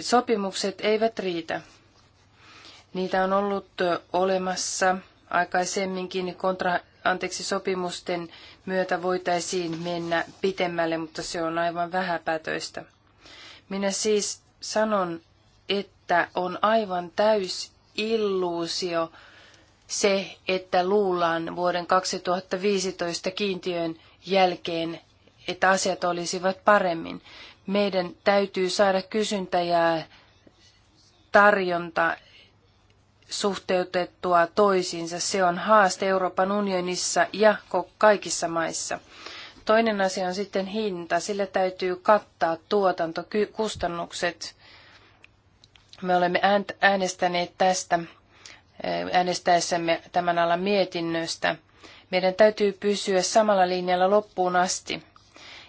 Sopimukset eivät riitä. Niitä on ollut olemassa aikaisemminkin kontra, anteeksi, sopimusten myötä voitaisiin mennä pitemmälle, mutta se on aivan vähäpätöistä. Minä siis sanon, että on aivan täys illuusio se, että luullaan vuoden 2015 kiintiön jälkeen, että asiat olisivat paremmin. Meidän täytyy saada kysyntä ja tarjonta suhteutettua toisiinsa. Se on haaste Euroopan unionissa ja kaikissa maissa. Toinen asia on sitten hinta. Sillä täytyy kattaa tuotantokustannukset. Me olemme äänestäneet tästä eh, äänestäessämme tämän alan mietinnöstä. Meidän täytyy pysyä samalla linjalla loppuun asti.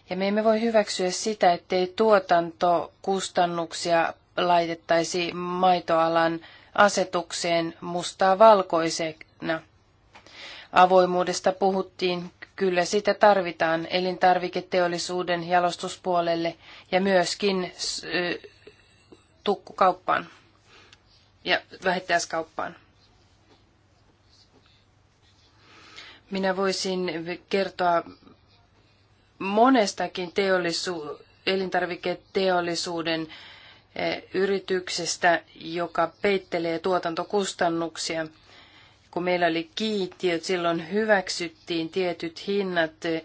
Ja me emme voi hyväksyä sitä, ettei tuotantokustannuksia laitettaisi maitoalan asetukseen mustaa valkoisena. Avoimuudesta puhuttiin Kyllä sitä tarvitaan elintarviketeollisuuden jalostuspuolelle ja myöskin tukkukauppaan ja vähittäiskauppaan. Minä voisin kertoa monestakin teollisu- elintarviketeollisuuden yrityksestä, joka peittelee tuotantokustannuksia – kun meillä oli kiintiöt, silloin hyväksyttiin tietyt hinnat e,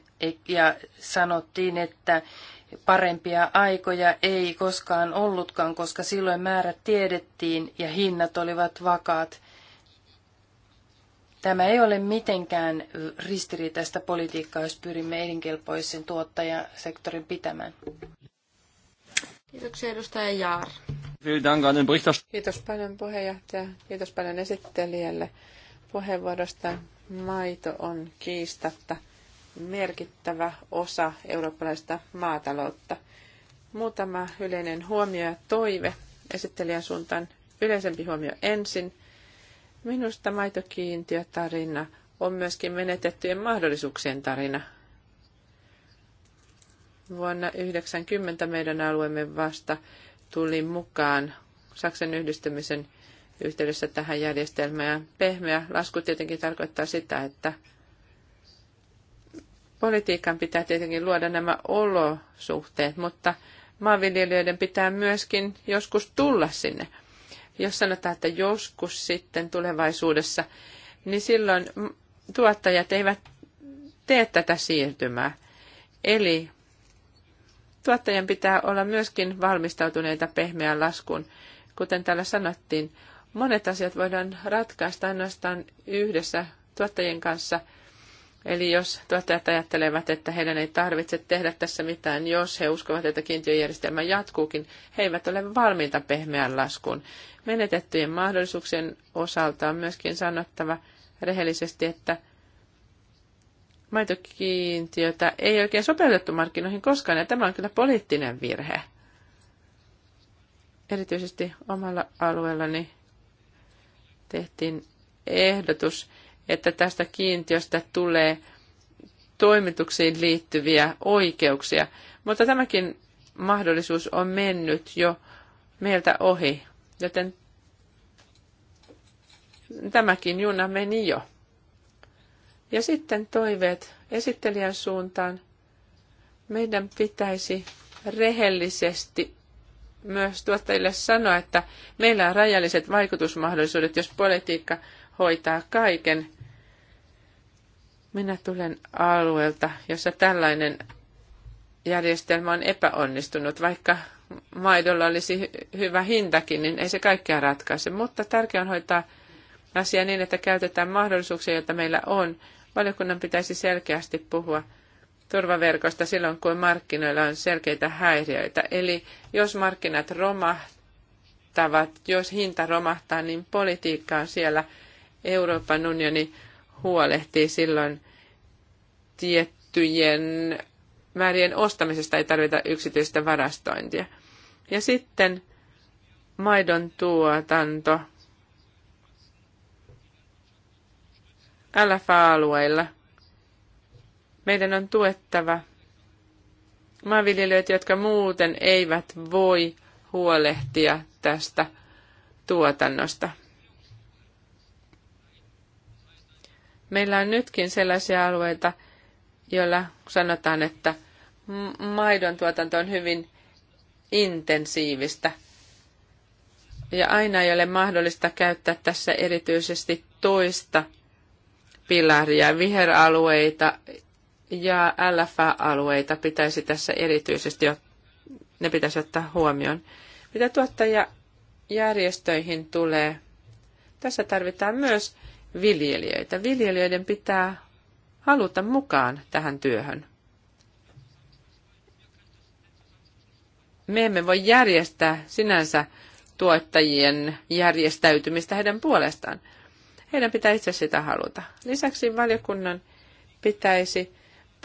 ja sanottiin, että parempia aikoja ei koskaan ollutkaan, koska silloin määrät tiedettiin ja hinnat olivat vakaat. Tämä ei ole mitenkään ristiriitaista politiikkaa, jos pyrimme elinkelpoisen tuottajasektorin pitämään. Kiitoksia edustaja Jaar. Kiitos paljon puheenjohtaja, kiitos paljon esittelijälle puheenvuorosta. Maito on kiistatta merkittävä osa eurooppalaista maataloutta. Muutama yleinen huomio ja toive esittelijän suuntaan. Yleisempi huomio ensin. Minusta maitokiintiötarina on myöskin menetettyjen mahdollisuuksien tarina. Vuonna 1990 meidän alueemme vasta tuli mukaan Saksan yhdistymisen yhteydessä tähän järjestelmään. Pehmeä lasku tietenkin tarkoittaa sitä, että politiikan pitää tietenkin luoda nämä olosuhteet, mutta maanviljelijöiden pitää myöskin joskus tulla sinne. Jos sanotaan, että joskus sitten tulevaisuudessa, niin silloin tuottajat eivät tee tätä siirtymää. Eli tuottajan pitää olla myöskin valmistautuneita pehmeään laskuun. Kuten täällä sanottiin, monet asiat voidaan ratkaista ainoastaan yhdessä tuottajien kanssa. Eli jos tuottajat ajattelevat, että heidän ei tarvitse tehdä tässä mitään, jos he uskovat, että kiintiöjärjestelmä jatkuukin, he eivät ole valmiita pehmeän laskuun. Menetettyjen mahdollisuuksien osalta on myöskin sanottava rehellisesti, että maitokiintiötä ei oikein sopeutettu markkinoihin koskaan, ja tämä on kyllä poliittinen virhe. Erityisesti omalla alueellani tehtiin ehdotus, että tästä kiintiöstä tulee toimituksiin liittyviä oikeuksia, mutta tämäkin mahdollisuus on mennyt jo meiltä ohi, joten tämäkin juna meni jo. Ja sitten toiveet esittelijän suuntaan. Meidän pitäisi rehellisesti myös tuottajille sanoa, että meillä on rajalliset vaikutusmahdollisuudet, jos politiikka hoitaa kaiken. Minä tulen alueelta, jossa tällainen järjestelmä on epäonnistunut, vaikka maidolla olisi hyvä hintakin, niin ei se kaikkea ratkaise. Mutta tärkeää on hoitaa asia niin, että käytetään mahdollisuuksia, joita meillä on. Valiokunnan pitäisi selkeästi puhua – turvaverkosta silloin, kun markkinoilla on selkeitä häiriöitä. Eli jos markkinat romahtavat, jos hinta romahtaa, niin politiikka on siellä. Euroopan unioni huolehtii silloin tiettyjen määrien ostamisesta, ei tarvita yksityistä varastointia. Ja sitten maidon tuotanto LFA-alueilla – meidän on tuettava maanviljelijöitä, jotka muuten eivät voi huolehtia tästä tuotannosta. Meillä on nytkin sellaisia alueita, joilla sanotaan, että maidon tuotanto on hyvin intensiivistä. Ja aina ei ole mahdollista käyttää tässä erityisesti toista pilaria, viheralueita ja LFA-alueita pitäisi tässä erityisesti, ne pitäisi ottaa huomioon. Mitä tuottajajärjestöihin tulee, tässä tarvitaan myös viljelijöitä. Viljelijöiden pitää haluta mukaan tähän työhön. Me emme voi järjestää sinänsä tuottajien järjestäytymistä heidän puolestaan. Heidän pitää itse sitä haluta. Lisäksi valiokunnan pitäisi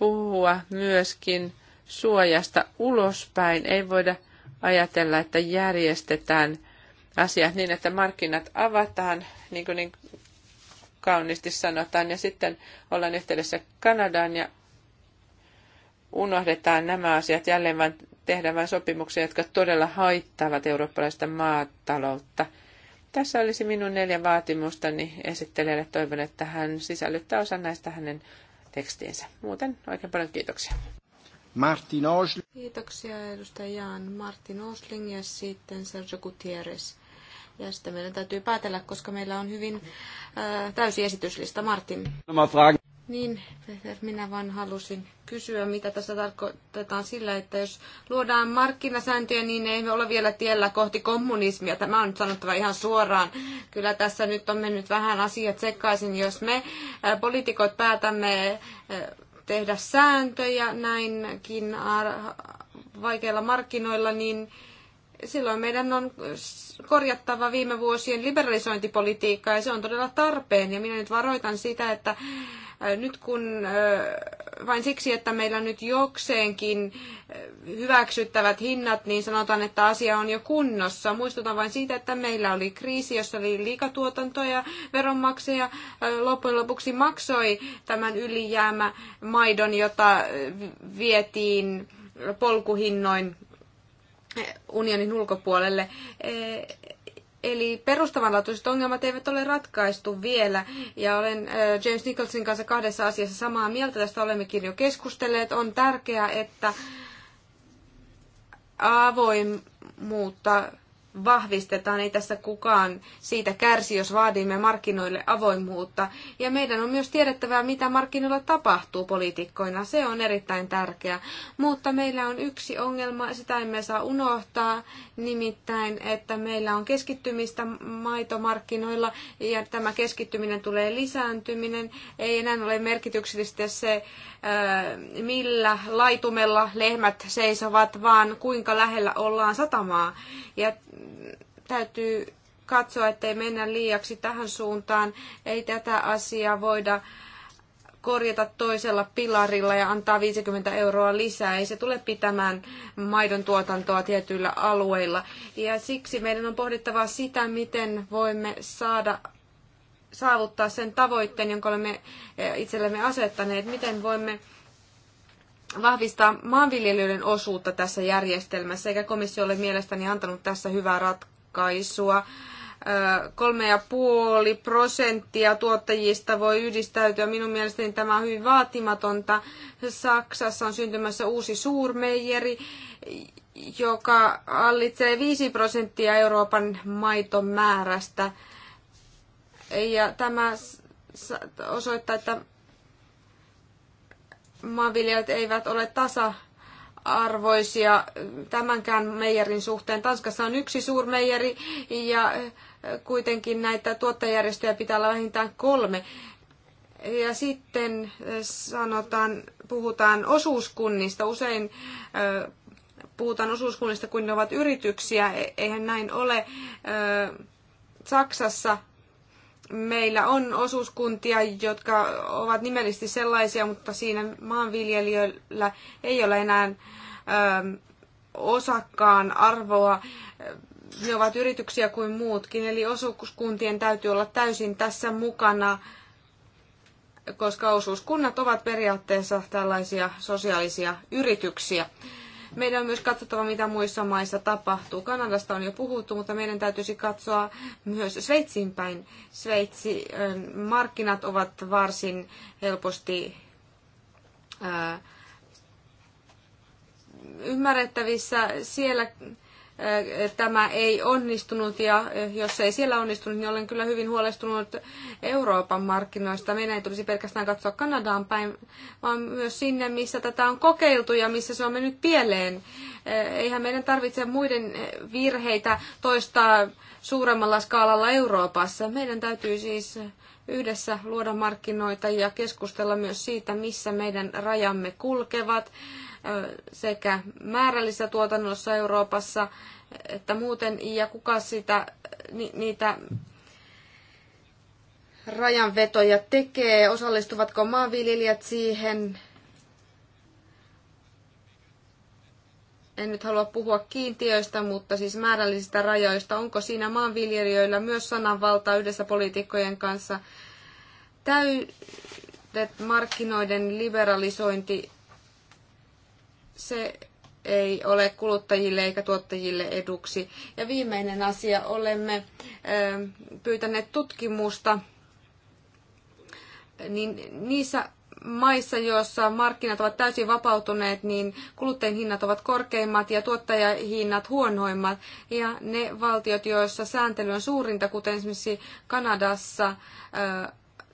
puhua myöskin suojasta ulospäin. Ei voida ajatella, että järjestetään asiat niin, että markkinat avataan, niin kuin niin kauniisti sanotaan, ja sitten ollaan yhteydessä Kanadaan ja unohdetaan nämä asiat jälleen, vain tehdään vain sopimuksia, jotka todella haittavat eurooppalaista maataloutta. Tässä olisi minun neljä vaatimustani esittelijälle. Toivon, että hän sisällyttää osan näistä hänen tekstiinsä. Muuten oikein paljon kiitoksia. Martin Osling. Kiitoksia edustaja Jaan. Martin Osling ja sitten Sergio Gutierrez. Ja sitten meidän täytyy päätellä, koska meillä on hyvin äh, täysi esityslista. Martin. Niin, minä vain halusin kysyä, mitä tässä tarkoitetaan sillä, että jos luodaan markkinasääntöjä, niin ei me ole vielä tiellä kohti kommunismia. Tämä on nyt sanottava ihan suoraan. Kyllä tässä nyt on mennyt vähän asiat sekaisin. Jos me äh, poliitikot päätämme äh, tehdä sääntöjä näinkin vaikeilla markkinoilla, niin silloin meidän on korjattava viime vuosien liberalisointipolitiikkaa ja se on todella tarpeen. Ja minä nyt varoitan sitä, että Äh, nyt kun äh, vain siksi, että meillä nyt jokseenkin äh, hyväksyttävät hinnat, niin sanotaan, että asia on jo kunnossa. Muistutan vain siitä, että meillä oli kriisi, jossa oli liikatuotantoa ja veronmaksaja loppujen lopuksi maksoi tämän ylijäämä maidon, jota vietiin polkuhinnoin unionin ulkopuolelle. Eli perustavanlaatuiset ongelmat eivät ole ratkaistu vielä, ja olen äh, James Nicholsin kanssa kahdessa asiassa samaa mieltä, tästä olemmekin jo keskustelleet. On tärkeää, että avoimuutta vahvistetaan. Ei tässä kukaan siitä kärsi, jos vaadimme markkinoille avoimuutta. Ja meidän on myös tiedettävää, mitä markkinoilla tapahtuu poliitikkoina. Se on erittäin tärkeää. Mutta meillä on yksi ongelma, sitä emme saa unohtaa, nimittäin, että meillä on keskittymistä maitomarkkinoilla ja tämä keskittyminen tulee lisääntyminen. Ei enää ole merkityksellistä se, äh, millä laitumella lehmät seisovat, vaan kuinka lähellä ollaan satamaa. Ja täytyy katsoa, ettei mennä liiaksi tähän suuntaan. Ei tätä asiaa voida korjata toisella pilarilla ja antaa 50 euroa lisää. Ei se tule pitämään maidon tuotantoa tietyillä alueilla. Ja siksi meidän on pohdittava sitä, miten voimme saada saavuttaa sen tavoitteen, jonka olemme eh, itsellemme asettaneet, miten voimme vahvistaa maanviljelijöiden osuutta tässä järjestelmässä, eikä komissio ole mielestäni antanut tässä hyvää ratkaisua. 3,5 prosenttia tuottajista voi yhdistäytyä. Minun mielestäni tämä on hyvin vaatimatonta. Saksassa on syntymässä uusi suurmeijeri, joka hallitsee 5 prosenttia Euroopan maiton määrästä. Ja tämä osoittaa, että maanviljelijät eivät ole tasa arvoisia tämänkään meijerin suhteen. Tanskassa on yksi suurmeijeri ja eh, kuitenkin näitä tuottajärjestöjä pitää olla vähintään kolme. Ja sitten eh, sanotaan, puhutaan osuuskunnista. Usein eh, puhutaan osuuskunnista, kun ne ovat yrityksiä. E-, eihän näin ole. Saksassa meillä on osuuskuntia, jotka ovat nimellisesti sellaisia, mutta siinä maanviljelijöillä ei ole enää ähm, osakkaan arvoa. Ne ovat yrityksiä kuin muutkin, eli osuuskuntien täytyy olla täysin tässä mukana, koska osuuskunnat ovat periaatteessa tällaisia sosiaalisia yrityksiä. Meidän on myös katsottava, mitä muissa maissa tapahtuu. Kanadasta on jo puhuttu, mutta meidän täytyisi katsoa myös Sveitsin päin. Sveitsi ähm, markkinat ovat varsin helposti äh, ymmärrettävissä. Siellä tämä ei onnistunut ja jos ei siellä onnistunut, niin olen kyllä hyvin huolestunut Euroopan markkinoista. Meidän ei tulisi pelkästään katsoa Kanadaan päin, vaan myös sinne, missä tätä on kokeiltu ja missä se on mennyt pieleen. Eihän meidän tarvitse muiden virheitä toistaa suuremmalla skaalalla Euroopassa. Meidän täytyy siis yhdessä luoda markkinoita ja keskustella myös siitä, missä meidän rajamme kulkevat sekä määrällisessä tuotannossa Euroopassa että muuten, ja kuka sitä, ni, niitä rajanvetoja tekee, osallistuvatko maanviljelijät siihen. En nyt halua puhua kiintiöistä, mutta siis määrällisistä rajoista. Onko siinä maanviljelijöillä myös sananvalta yhdessä poliitikkojen kanssa? Täydet markkinoiden liberalisointi se ei ole kuluttajille eikä tuottajille eduksi. Ja viimeinen asia, olemme ähm, pyytäneet tutkimusta niin niissä maissa, joissa markkinat ovat täysin vapautuneet, niin kuluttajien hinnat ovat korkeimmat ja tuottajahinnat huonoimmat. Ja ne valtiot, joissa sääntely on suurinta, kuten esimerkiksi Kanadassa, äh,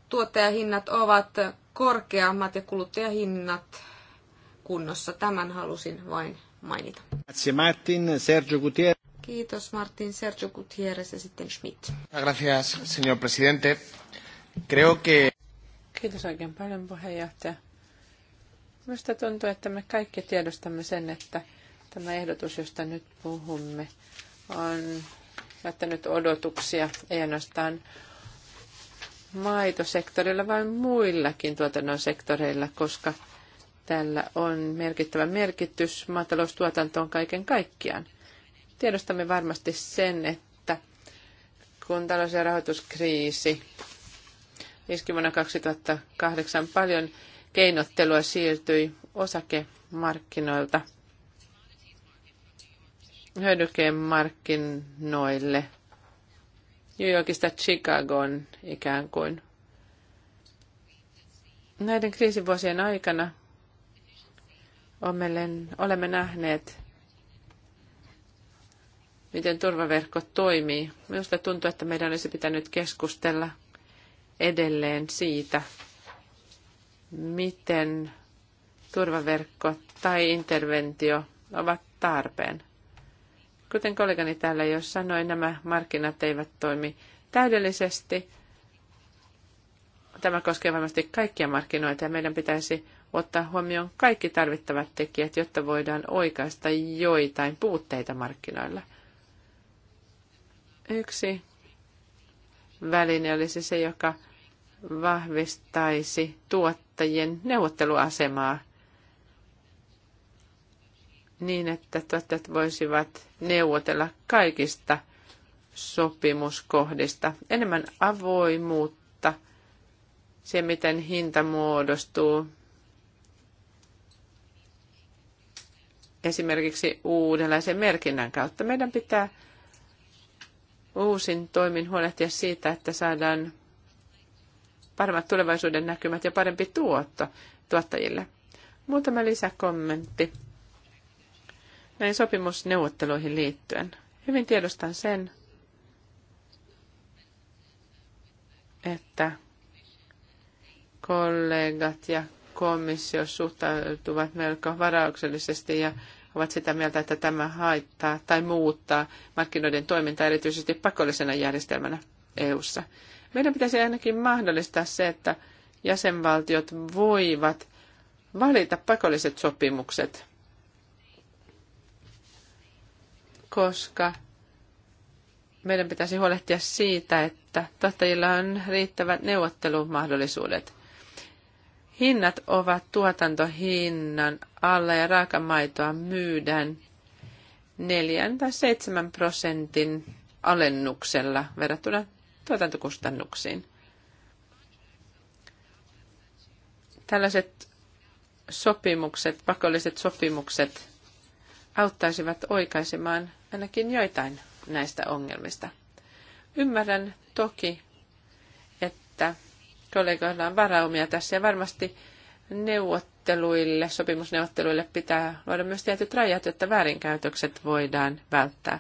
tuottajahinnat ovat korkeammat ja kuluttajahinnat kunnossa. Tämän halusin vain mainita. Grazie Martin, Sergio Gutierrez. Kiitos Martin, Sergio Gutierrez ja sitten Schmidt. Gracias, señor presidente. Creo que... Kiitos oikein paljon puheenjohtaja. Minusta tuntuu, että me kaikki tiedostamme sen, että tämä ehdotus, josta nyt puhumme, on jättänyt odotuksia, ei ainoastaan maitosektorilla, vaan muillakin tuotannon sektoreilla, koska Tällä on merkittävä merkitys maataloustuotantoon kaiken kaikkiaan. Tiedostamme varmasti sen, että kun talous- ja rahoituskriisi iski vuonna 2008 paljon keinottelua siirtyi osakemarkkinoilta markkinoille New Yorkista Chicagoon ikään kuin. Näiden kriisivuosien aikana olemme nähneet, miten turvaverkko toimii. Minusta tuntuu, että meidän olisi pitänyt keskustella edelleen siitä, miten turvaverkko tai interventio ovat tarpeen. Kuten kollegani täällä jo sanoi, nämä markkinat eivät toimi täydellisesti. Tämä koskee varmasti kaikkia markkinoita ja meidän pitäisi ottaa huomioon kaikki tarvittavat tekijät, jotta voidaan oikaista joitain puutteita markkinoilla. Yksi väline olisi se, joka vahvistaisi tuottajien neuvotteluasemaa niin, että tuottajat voisivat neuvotella kaikista sopimuskohdista. Enemmän avoimuutta, se miten hinta muodostuu, esimerkiksi uudenlaisen merkinnän kautta. Meidän pitää uusin toimin huolehtia siitä, että saadaan paremmat tulevaisuuden näkymät ja parempi tuotto tuottajille. Muutama lisäkommentti näin sopimusneuvotteluihin liittyen. Hyvin tiedostan sen, että kollegat ja komissio suhtautuvat melko varauksellisesti ja ovat sitä mieltä, että tämä haittaa tai muuttaa markkinoiden toimintaa erityisesti pakollisena järjestelmänä EU:ssa. Meidän pitäisi ainakin mahdollistaa se, että jäsenvaltiot voivat valita pakolliset sopimukset, koska meidän pitäisi huolehtia siitä, että tuottajilla on riittävät neuvottelumahdollisuudet hinnat ovat tuotantohinnan alla ja raakamaitoa myydään neljän tai seitsemän prosentin alennuksella verrattuna tuotantokustannuksiin. Tällaiset sopimukset, pakolliset sopimukset auttaisivat oikaisemaan ainakin joitain näistä ongelmista. Ymmärrän toki kollegoilla on varaumia tässä ja varmasti neuvotteluille, sopimusneuvotteluille pitää luoda myös tietyt rajat, jotta väärinkäytökset voidaan välttää.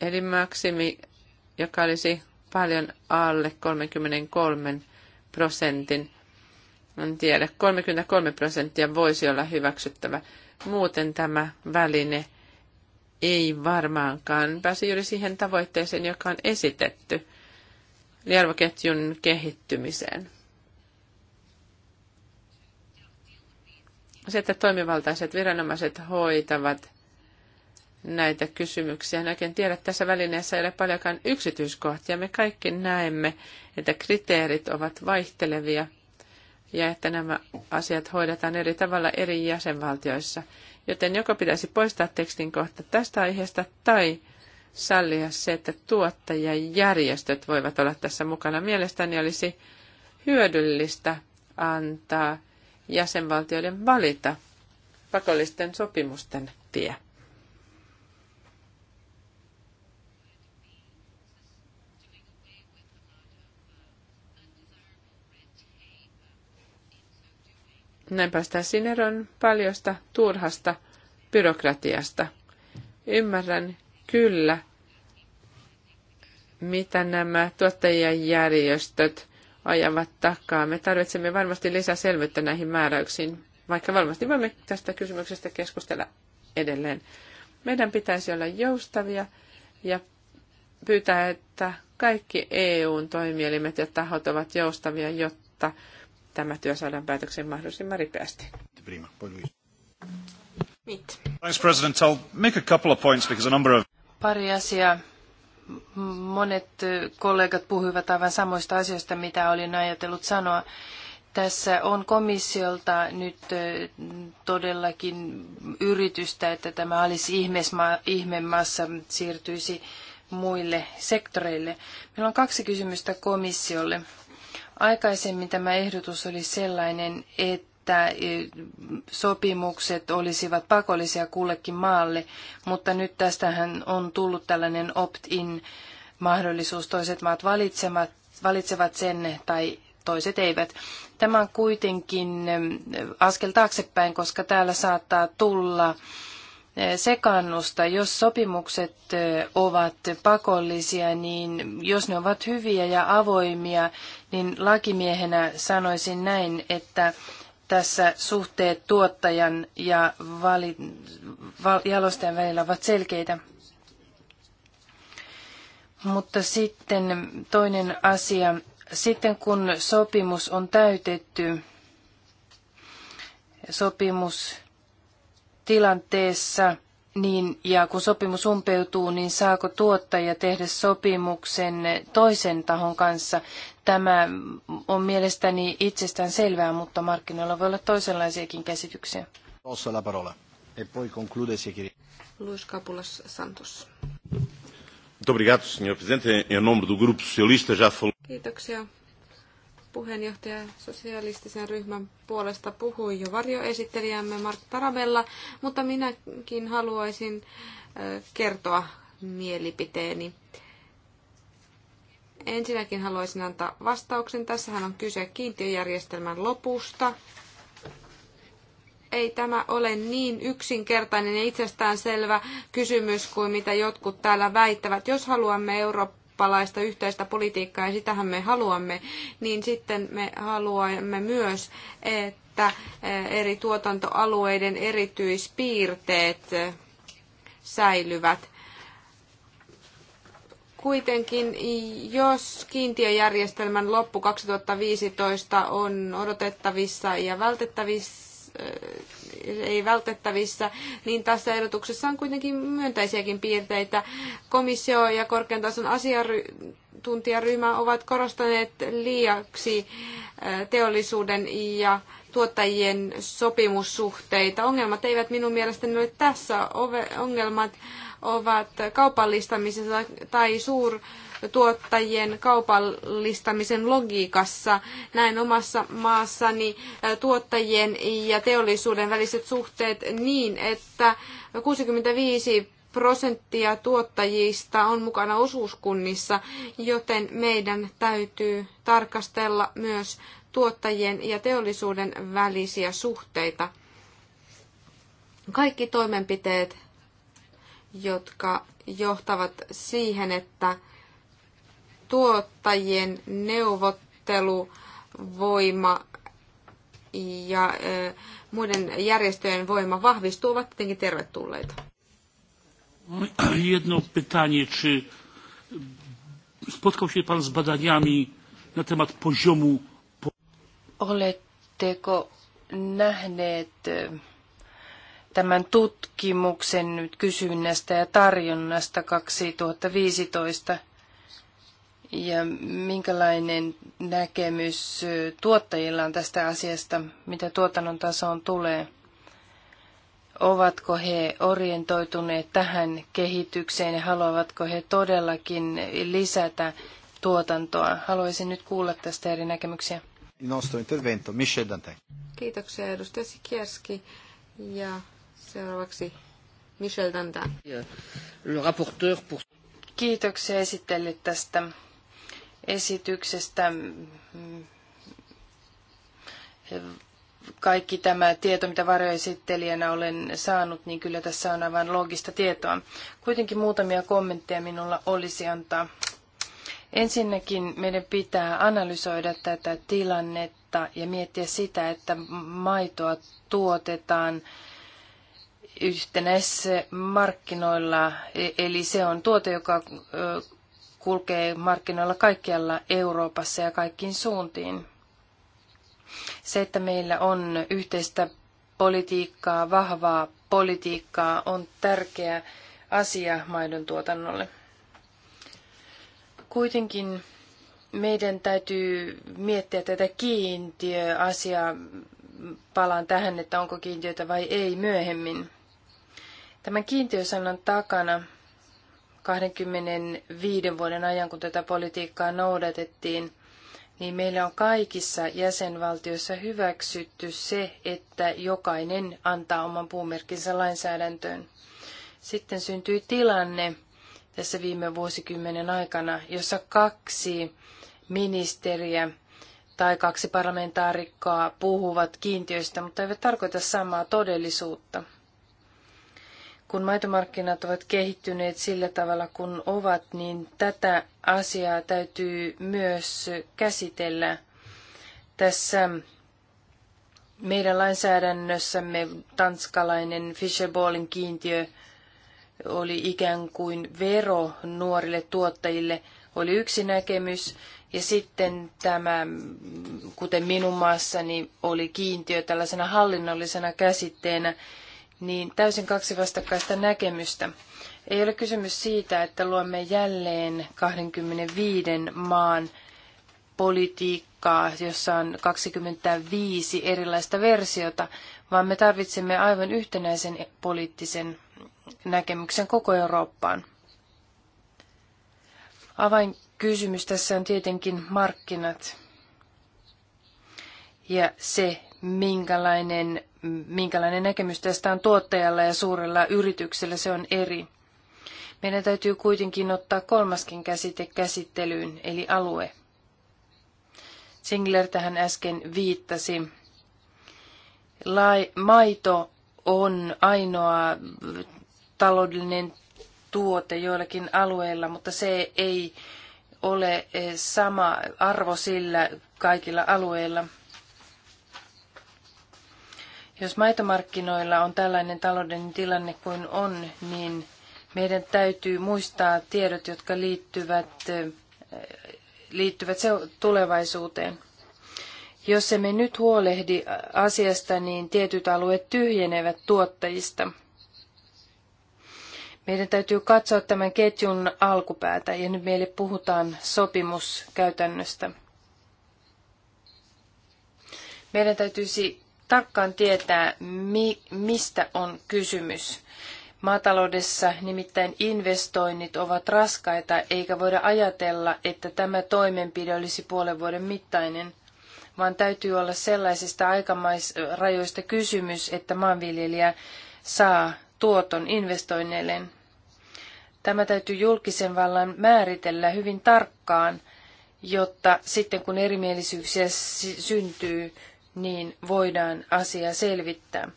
Eli maksimi, joka olisi paljon alle 33 prosentin, en tiedä, 33 prosenttia voisi olla hyväksyttävä. Muuten tämä väline ei varmaankaan pääse juuri siihen tavoitteeseen, joka on esitetty eli kehittymiseen. Se, että toimivaltaiset viranomaiset hoitavat näitä kysymyksiä. Näkin tiedä, että tässä välineessä ei ole paljonkaan yksityiskohtia. Me kaikki näemme, että kriteerit ovat vaihtelevia ja että nämä asiat hoidetaan eri tavalla eri jäsenvaltioissa. Joten joko pitäisi poistaa tekstin kohta tästä aiheesta tai sallia se, että tuottajajärjestöt voivat olla tässä mukana. Mielestäni olisi hyödyllistä antaa jäsenvaltioiden valita pakollisten sopimusten tie. Näin päästään eroon paljosta turhasta byrokratiasta. Ymmärrän kyllä, mitä nämä tuottajien järjestöt ajavat takaa. Me tarvitsemme varmasti lisää selvyyttä näihin määräyksiin, vaikka varmasti voimme tästä kysymyksestä keskustella edelleen. Meidän pitäisi olla joustavia ja pyytää, että kaikki EUn toimielimet ja tahot ovat joustavia, jotta tämä työ saadaan päätökseen mahdollisimman ripeästi. Prima. Thanks, President. I'll make a couple of points because a number of... Pari asiaa. Monet kollegat puhuivat aivan samoista asioista, mitä olin ajatellut sanoa. Tässä on komissiolta nyt todellakin yritystä, että tämä olisi ihmemassa siirtyisi muille sektoreille. Meillä on kaksi kysymystä komissiolle. Aikaisemmin tämä ehdotus oli sellainen, että että eh, sopimukset olisivat pakollisia kullekin maalle, mutta nyt tästähän on tullut tällainen opt-in mahdollisuus. Toiset maat valitsevat, valitsevat sen tai toiset eivät. Tämä on kuitenkin eh, askel taaksepäin, koska täällä saattaa tulla eh, sekannusta. Jos sopimukset ovat pakollisia, niin jos ne ovat hyviä ja avoimia, niin lakimiehenä sanoisin näin, että tässä suhteet tuottajan ja vali, val, jalostajan välillä ovat selkeitä. Mutta sitten toinen asia. Sitten kun sopimus on täytetty, sopimus tilanteessa. Niin, ja kun sopimus umpeutuu, niin saako tuottaja tehdä sopimuksen toisen tahon kanssa? Tämä on mielestäni itsestään selvää, mutta markkinoilla voi olla toisenlaisiakin käsityksiä. Ossa la parola. E poi conclude e si Luis Capulas Santos. Muito obrigado, Sr. Presidente. Em nome do Grupo Socialista já falou. Kiitoksia, puheenjohtaja sosialistisen ryhmän puolesta puhui jo varjoesittelijämme Mark Tarabella, mutta minäkin haluaisin kertoa mielipiteeni. Ensinnäkin haluaisin antaa vastauksen. Tässähän on kyse kiintiöjärjestelmän lopusta. Ei tämä ole niin yksinkertainen ja itsestään selvä kysymys kuin mitä jotkut täällä väittävät. Jos haluamme Eurooppaa, eurooppalaista yhteistä politiikkaa, ja sitähän me haluamme, niin sitten me haluamme myös, että eh, eri tuotantoalueiden erityispiirteet eh, säilyvät kuitenkin, jos kiintiöjärjestelmän loppu 2015 on odotettavissa ja vältettävissä, eh, ei vältettävissä, niin tässä ehdotuksessa on kuitenkin myönteisiäkin piirteitä. Komissio ja korkean tason asiantuntijaryhmä ovat korostaneet liiaksi teollisuuden ja tuottajien sopimussuhteita. Ongelmat eivät minun mielestäni ole tässä. Ongelmat ovat kaupallistamisessa tai suur tuottajien kaupallistamisen logiikassa. Näin omassa maassani tuottajien ja teollisuuden väliset suhteet niin, että 65 prosenttia tuottajista on mukana osuuskunnissa, joten meidän täytyy tarkastella myös tuottajien ja teollisuuden välisiä suhteita. Kaikki toimenpiteet, jotka johtavat siihen, että tuottajien neuvotteluvoima ja muiden järjestöjen voima vahvistuu, ovat tietenkin tervetulleita. No, jedno pytanie, czy spotkał się Pan z badaniami na temat poziomu... Oletteko nähneet e, tämän tutkimuksen nyt kysynnästä ja tarjonnasta 2015? ja minkälainen näkemys tuottajilla on tästä asiasta, mitä tuotannon tasoon tulee. Ovatko he orientoituneet tähän kehitykseen ja haluavatko he todellakin lisätä tuotantoa? Haluaisin nyt kuulla tästä eri näkemyksiä. Michel Kiitoksia edustaja Sikierski ja seuraavaksi Michel Dante. Kiitoksia esittelyt tästä esityksestä. Kaikki tämä tieto, mitä varjoesittelijänä olen saanut, niin kyllä tässä on aivan loogista tietoa. Kuitenkin muutamia kommentteja minulla olisi antaa. Ensinnäkin meidän pitää analysoida tätä tilannetta ja miettiä sitä, että maitoa tuotetaan markkinoilla, e- eli se on tuote, joka kulkee markkinoilla kaikkialla Euroopassa ja kaikkiin suuntiin. Se, että meillä on yhteistä politiikkaa, vahvaa politiikkaa, on tärkeä asia maidon tuotannolle. Kuitenkin meidän täytyy miettiä tätä kiintiöasiaa. Palaan tähän, että onko kiintiötä vai ei myöhemmin. Tämän kiintiösanan takana 25 vuoden ajan, kun tätä politiikkaa noudatettiin, niin meillä on kaikissa jäsenvaltioissa hyväksytty se, että jokainen antaa oman puumerkkinsä lainsäädäntöön. Sitten syntyi tilanne tässä viime vuosikymmenen aikana, jossa kaksi ministeriä tai kaksi parlamentaarikkoa puhuvat kiintiöistä, mutta eivät tarkoita samaa todellisuutta kun maitomarkkinat ovat kehittyneet sillä tavalla kuin ovat, niin tätä asiaa täytyy myös käsitellä tässä meidän lainsäädännössämme tanskalainen Fischerballen kiintiö oli ikään kuin vero nuorille tuottajille, oli yksi näkemys. Ja sitten tämä, kuten minun maassani, oli kiintiö tällaisena hallinnollisena käsitteenä, niin täysin kaksi vastakkaista näkemystä. Ei ole kysymys siitä, että luomme jälleen 25 maan politiikkaa, jossa on 25 erilaista versiota, vaan me tarvitsemme aivan yhtenäisen poliittisen näkemyksen koko Eurooppaan. Avainkysymys tässä on tietenkin markkinat ja se, minkälainen minkälainen näkemys tästä on tuottajalla ja suurella yrityksellä, se on eri. Meidän täytyy kuitenkin ottaa kolmaskin käsite käsittelyyn, eli alue. Singler tähän äsken viittasi. Lai, maito on ainoa taloudellinen tuote joillakin alueilla, mutta se ei ole eh, sama arvo sillä kaikilla alueilla. Jos maitomarkkinoilla on tällainen talouden tilanne kuin on, niin meidän täytyy muistaa tiedot, jotka liittyvät, eh, liittyvät tulevaisuuteen. Jos emme nyt huolehdi asiasta, niin tietyt alueet tyhjenevät tuottajista. Meidän täytyy katsoa tämän ketjun alkupäätä ja nyt meille puhutaan sopimuskäytännöstä. Meidän täytyisi tarkkaan tietää, mi, mistä on kysymys. Maataloudessa nimittäin investoinnit ovat raskaita, eikä voida ajatella, että tämä toimenpide olisi puolen vuoden mittainen, vaan täytyy olla sellaisista aikamaisrajoista kysymys, että maanviljelijä saa tuoton investoinneilleen. Tämä täytyy julkisen vallan määritellä hyvin tarkkaan, jotta sitten kun erimielisyyksiä syntyy, niin voidaan asia selvittää.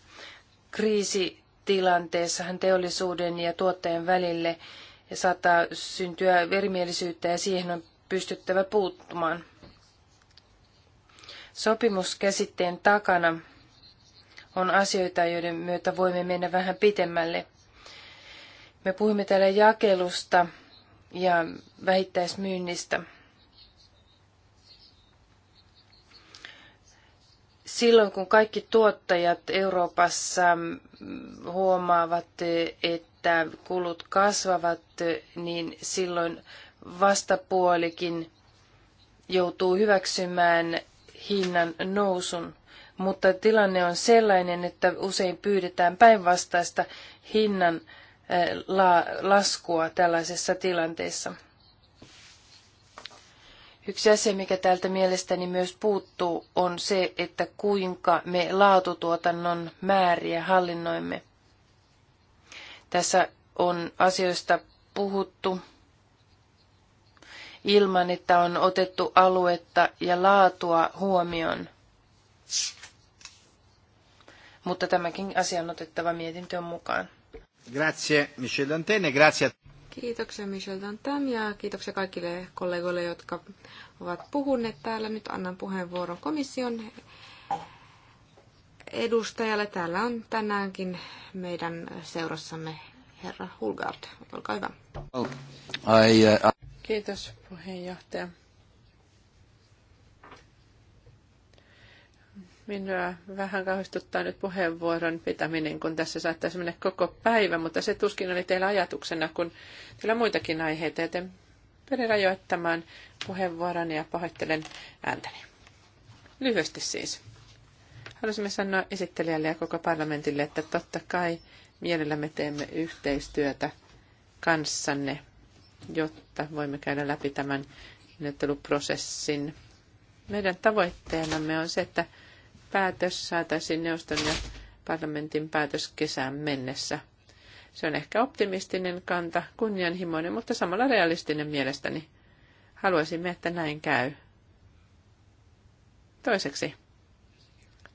Kriisitilanteessahan teollisuuden ja tuottajan välille saattaa syntyä erimielisyyttä ja siihen on pystyttävä puuttumaan. Sopimuskäsitteen takana on asioita, joiden myötä voimme mennä vähän pitemmälle. Me puhumme täällä jakelusta ja vähittäismyynnistä. silloin kun kaikki tuottajat Euroopassa huomaavat, että kulut kasvavat, niin silloin vastapuolikin joutuu hyväksymään hinnan nousun. Mutta tilanne on sellainen, että usein pyydetään päinvastaista hinnan laskua tällaisessa tilanteessa. Yksi asia, mikä täältä mielestäni myös puuttuu, on se, että kuinka me laatutuotannon määriä hallinnoimme. Tässä on asioista puhuttu ilman, että on otettu aluetta ja laatua huomioon. Mutta tämäkin asia on otettava mietintöön mukaan. Grazie, Michel Grazie. Kiitoksia Michel Dantam ja kiitoksia kaikille kollegoille, jotka ovat puhuneet täällä. Nyt annan puheenvuoron komission edustajalle. Täällä on tänäänkin meidän seurassamme herra Hulgaard. Olkaa hyvä. Oh, uh, Kiitos puheenjohtaja. Minua vähän kauhistuttaa nyt puheenvuoron pitäminen, kun tässä saattaisi mennä koko päivä, mutta se tuskin oli teillä ajatuksena, kun teillä on muitakin aiheita, joten pyrin rajoittamaan puheenvuoron ja pahoittelen ääntäni. Lyhyesti siis. Haluaisimme sanoa esittelijälle ja koko parlamentille, että totta kai mielellämme teemme yhteistyötä kanssanne, jotta voimme käydä läpi tämän neuvotteluprosessin. Meidän tavoitteenamme on se, että päätös saataisiin neuvoston ja parlamentin päätös kesään mennessä. Se on ehkä optimistinen kanta, kunnianhimoinen, mutta samalla realistinen mielestäni. Haluaisimme, että näin käy. Toiseksi.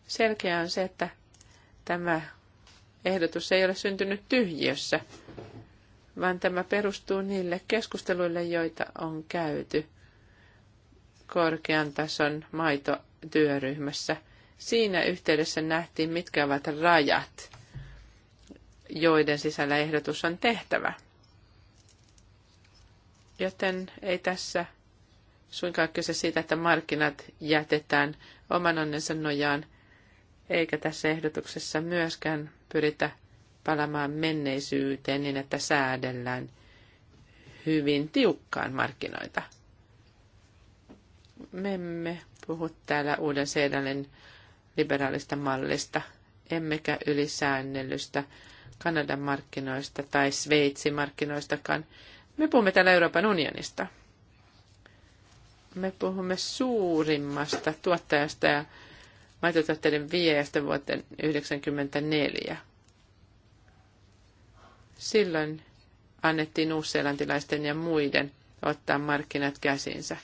Selkeää on se, että tämä ehdotus ei ole syntynyt tyhjiössä, vaan tämä perustuu niille keskusteluille, joita on käyty korkean tason maitotyöryhmässä – Siinä yhteydessä nähtiin, mitkä ovat rajat, joiden sisällä ehdotus on tehtävä. Joten ei tässä suinkaan kyse siitä, että markkinat jätetään oman onnensa nojaan, eikä tässä ehdotuksessa myöskään pyritä palamaan menneisyyteen niin, että säädellään hyvin tiukkaan markkinoita. Me emme puhu täällä uuden seedalin liberaalista mallista, emmekä ylisäännellystä Kanadan markkinoista tai Sveitsin markkinoistakaan. Me puhumme täällä Euroopan unionista. Me puhumme suurimmasta tuottajasta ja maitotuotteiden viejästä vuoteen 1994. Silloin annettiin uusselantilaisten ja muiden ottaa markkinat käsinsä.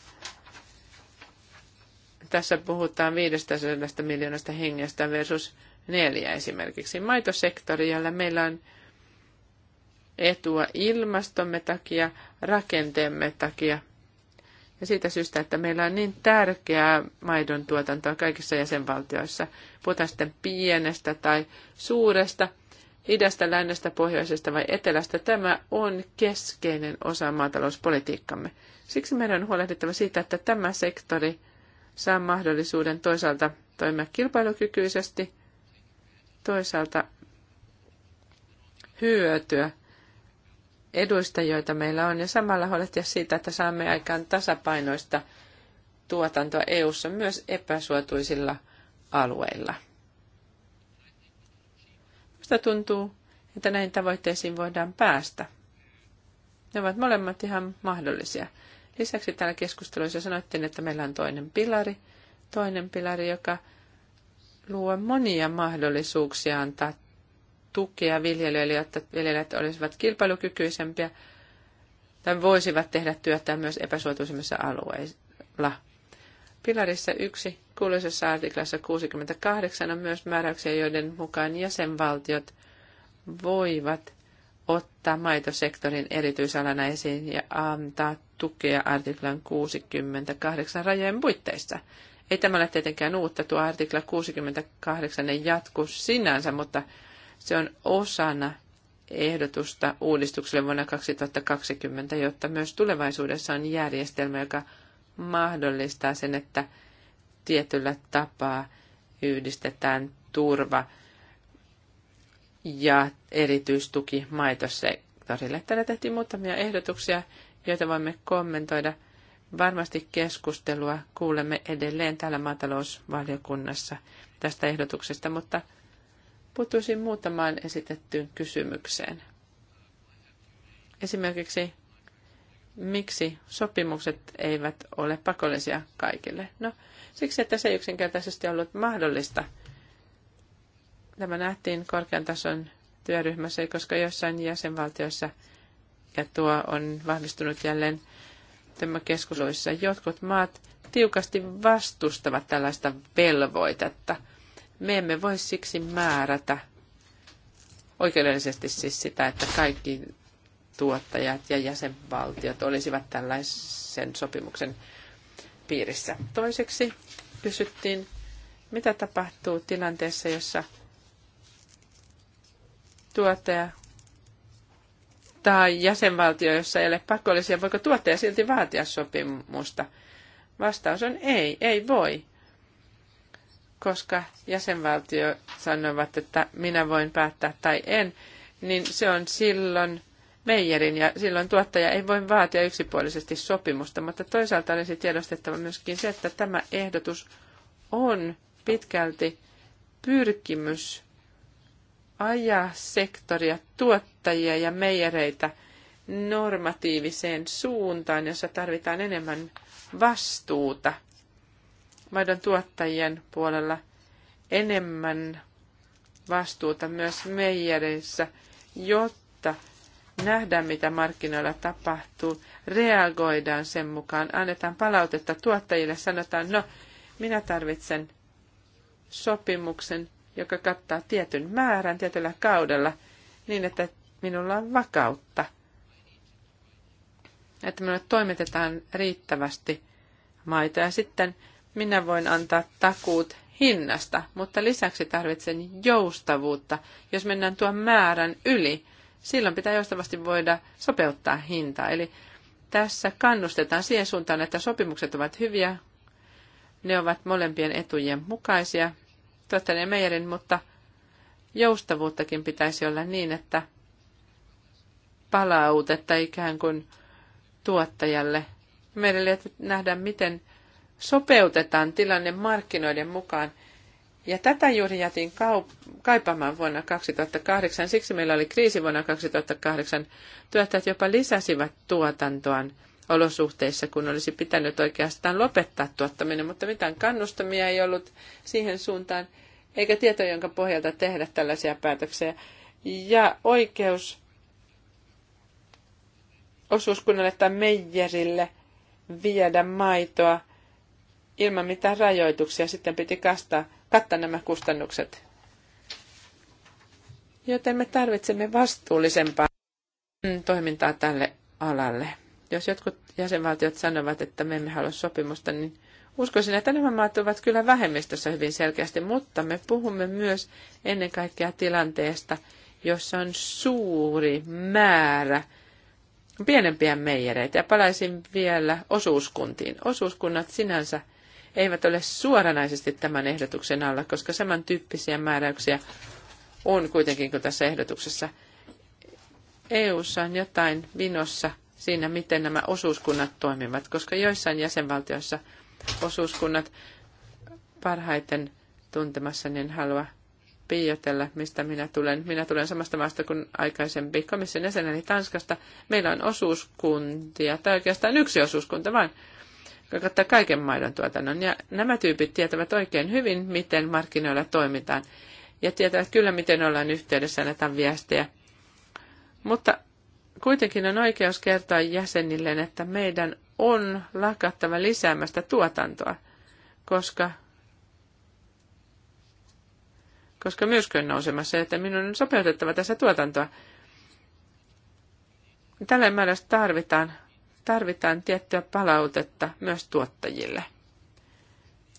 Tässä puhutaan 500 miljoonasta hengestä versus neljä esimerkiksi. Maitosektori, jolla meillä on etua ilmastomme takia, rakenteemme takia. Ja siitä syystä, että meillä on niin tärkeää maidon tuotantoa kaikissa jäsenvaltioissa. Puhutaan sitten pienestä tai suuresta, idästä, lännestä, pohjoisesta vai etelästä. Tämä on keskeinen osa maatalouspolitiikkamme. Siksi meidän on huolehdittava siitä, että tämä sektori – saa mahdollisuuden toisaalta toimia kilpailukykyisesti, toisaalta hyötyä eduista, joita meillä on, ja samalla huolehtia siitä, että saamme aikaan tasapainoista tuotantoa EU-ssa myös epäsuotuisilla alueilla. Minusta tuntuu, että näin tavoitteisiin voidaan päästä. Ne ovat molemmat ihan mahdollisia. Lisäksi täällä keskusteluissa sanottiin, että meillä on toinen pilari, toinen pilari, joka luo monia mahdollisuuksia antaa tukea viljelijöille, jotta viljelijät olisivat kilpailukykyisempiä tai voisivat tehdä työtä myös epäsuotuisimmissa alueilla. Pilarissa 1 kuuluisessa artiklassa 68 on myös määräyksiä, joiden mukaan jäsenvaltiot voivat ottaa maitosektorin erityisalana esiin ja antaa tukea artiklan 68 rajojen puitteissa. Ei tämä ole tietenkään uutta, tuo artikla 68 ei jatku sinänsä, mutta se on osana ehdotusta uudistukselle vuonna 2020, jotta myös tulevaisuudessa on järjestelmä, joka mahdollistaa sen, että tietyllä tapaa yhdistetään turva ja erityistuki maitosektorille. Täällä tehtiin muutamia ehdotuksia, joita voimme kommentoida. Varmasti keskustelua kuulemme edelleen täällä maatalousvaliokunnassa tästä ehdotuksesta, mutta puuttuisin muutamaan esitettyyn kysymykseen. Esimerkiksi, miksi sopimukset eivät ole pakollisia kaikille? No, siksi, että se ei yksinkertaisesti ollut mahdollista – Tämä nähtiin korkean tason työryhmässä, koska jossain jäsenvaltioissa, ja tuo on vahvistunut jälleen tämä keskusteluissa, jotkut maat tiukasti vastustavat tällaista velvoitetta. Me emme voi siksi määrätä oikeudellisesti siis sitä, että kaikki tuottajat ja jäsenvaltiot olisivat tällaisen sopimuksen piirissä. Toiseksi kysyttiin, mitä tapahtuu tilanteessa, jossa tuottaja tai jäsenvaltio, jossa ei ole pakollisia, voiko tuottaja silti vaatia sopimusta? Vastaus on ei, ei voi. Koska jäsenvaltio sanovat, että minä voin päättää tai en, niin se on silloin meijerin ja silloin tuottaja ei voi vaatia yksipuolisesti sopimusta, mutta toisaalta olisi tiedostettava myöskin se, että tämä ehdotus on pitkälti pyrkimys ajaa sektoria, tuottajia ja meijereitä normatiiviseen suuntaan, jossa tarvitaan enemmän vastuuta maidon tuottajien puolella, enemmän vastuuta myös meijereissä, jotta nähdään, mitä markkinoilla tapahtuu, reagoidaan sen mukaan, annetaan palautetta tuottajille, sanotaan, no, minä tarvitsen sopimuksen, joka kattaa tietyn määrän tietyllä kaudella niin, että minulla on vakautta. Että minulle toimitetaan riittävästi maita ja sitten minä voin antaa takuut hinnasta, mutta lisäksi tarvitsen joustavuutta. Jos mennään tuon määrän yli, silloin pitää joustavasti voida sopeuttaa hintaa. Eli tässä kannustetaan siihen suuntaan, että sopimukset ovat hyviä, ne ovat molempien etujen mukaisia, tuottaneen meijerin, mutta joustavuuttakin pitäisi olla niin, että palautetta ikään kuin tuottajalle. Meille nähdään, miten sopeutetaan tilanne markkinoiden mukaan. Ja tätä juuri jätin kaup- kaipaamaan vuonna 2008. Siksi meillä oli kriisi vuonna 2008. Tuottajat jopa lisäsivät tuotantoaan olosuhteissa, kun olisi pitänyt oikeastaan lopettaa tuottaminen, mutta mitään kannustamia ei ollut siihen suuntaan, eikä tietoa, jonka pohjalta tehdä tällaisia päätöksiä. Ja oikeus osuuskunnalle tai meijerille viedä maitoa ilman mitään rajoituksia. Sitten piti kastaa, kattaa nämä kustannukset. Joten me tarvitsemme vastuullisempaa toimintaa tälle alalle. Jos jotkut jäsenvaltiot sanovat, että me emme halua sopimusta, niin uskoisin, että nämä maat ovat kyllä vähemmistössä hyvin selkeästi, mutta me puhumme myös ennen kaikkea tilanteesta, jossa on suuri määrä pienempiä meijereitä. Ja palaisin vielä osuuskuntiin. Osuuskunnat sinänsä eivät ole suoranaisesti tämän ehdotuksen alla, koska samantyyppisiä määräyksiä on kuitenkin kuin tässä ehdotuksessa. EU:ssa on jotain vinossa – siinä, miten nämä osuuskunnat toimivat, koska joissain jäsenvaltioissa osuuskunnat parhaiten tuntemassa, niin halua piiotella, mistä minä tulen. Minä tulen samasta maasta kuin aikaisempi komission jäsen, eli Tanskasta. Meillä on osuuskuntia, tai oikeastaan yksi osuuskunta vain, joka kattaa kaiken maidon tuotannon. Ja nämä tyypit tietävät oikein hyvin, miten markkinoilla toimitaan. Ja tietävät kyllä, miten ollaan yhteydessä, annetaan viestejä. Mutta kuitenkin on oikeus kertoa jäsenilleen, että meidän on lakattava lisäämästä tuotantoa, koska, koska myöskin on nousemassa, että minun on sopeutettava tässä tuotantoa. Tällä määrässä tarvitaan, tarvitaan tiettyä palautetta myös tuottajille.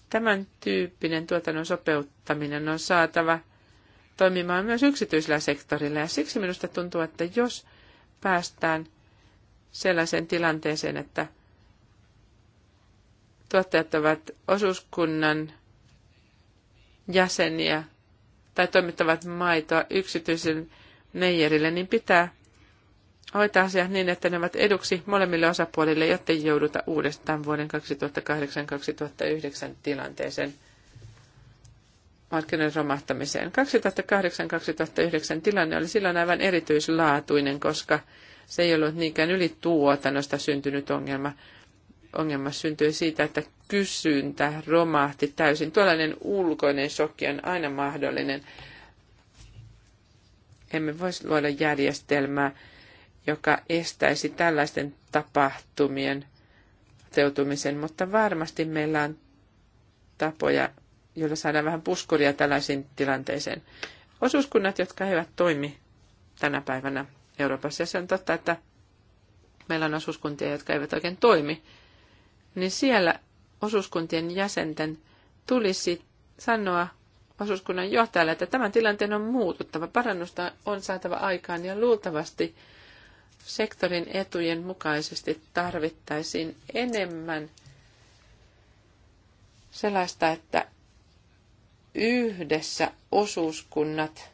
Tämän tyyppinen tuotannon sopeuttaminen on saatava toimimaan myös yksityisellä sektorilla ja siksi minusta tuntuu, että jos päästään sellaiseen tilanteeseen, että tuottajat ovat osuuskunnan jäseniä tai toimittavat maitoa yksityisen meijerille, niin pitää hoitaa asiat niin, että ne ovat eduksi molemmille osapuolille, jotta ei jouduta uudestaan vuoden 2008-2009 tilanteeseen – markkinoiden romahtamiseen. 2008-2009 tilanne oli silloin aivan erityislaatuinen, koska se ei ollut niinkään ylituotannosta syntynyt ongelma. Ongelma syntyi siitä, että kysyntä romahti täysin. Tuollainen ulkoinen shokki on aina mahdollinen. Emme voisi luoda järjestelmää, joka estäisi tällaisten tapahtumien teutumisen, mutta varmasti meillä on tapoja joilla saadaan vähän puskuria tällaisiin tilanteeseen. Osuuskunnat, jotka eivät toimi tänä päivänä Euroopassa, ja se on totta, että meillä on osuuskuntia, jotka eivät oikein toimi, niin siellä osuuskuntien jäsenten tulisi sanoa osuuskunnan johtajalle, että tämän tilanteen on muututtava, parannusta on saatava aikaan ja luultavasti sektorin etujen mukaisesti tarvittaisiin enemmän sellaista, että yhdessä osuuskunnat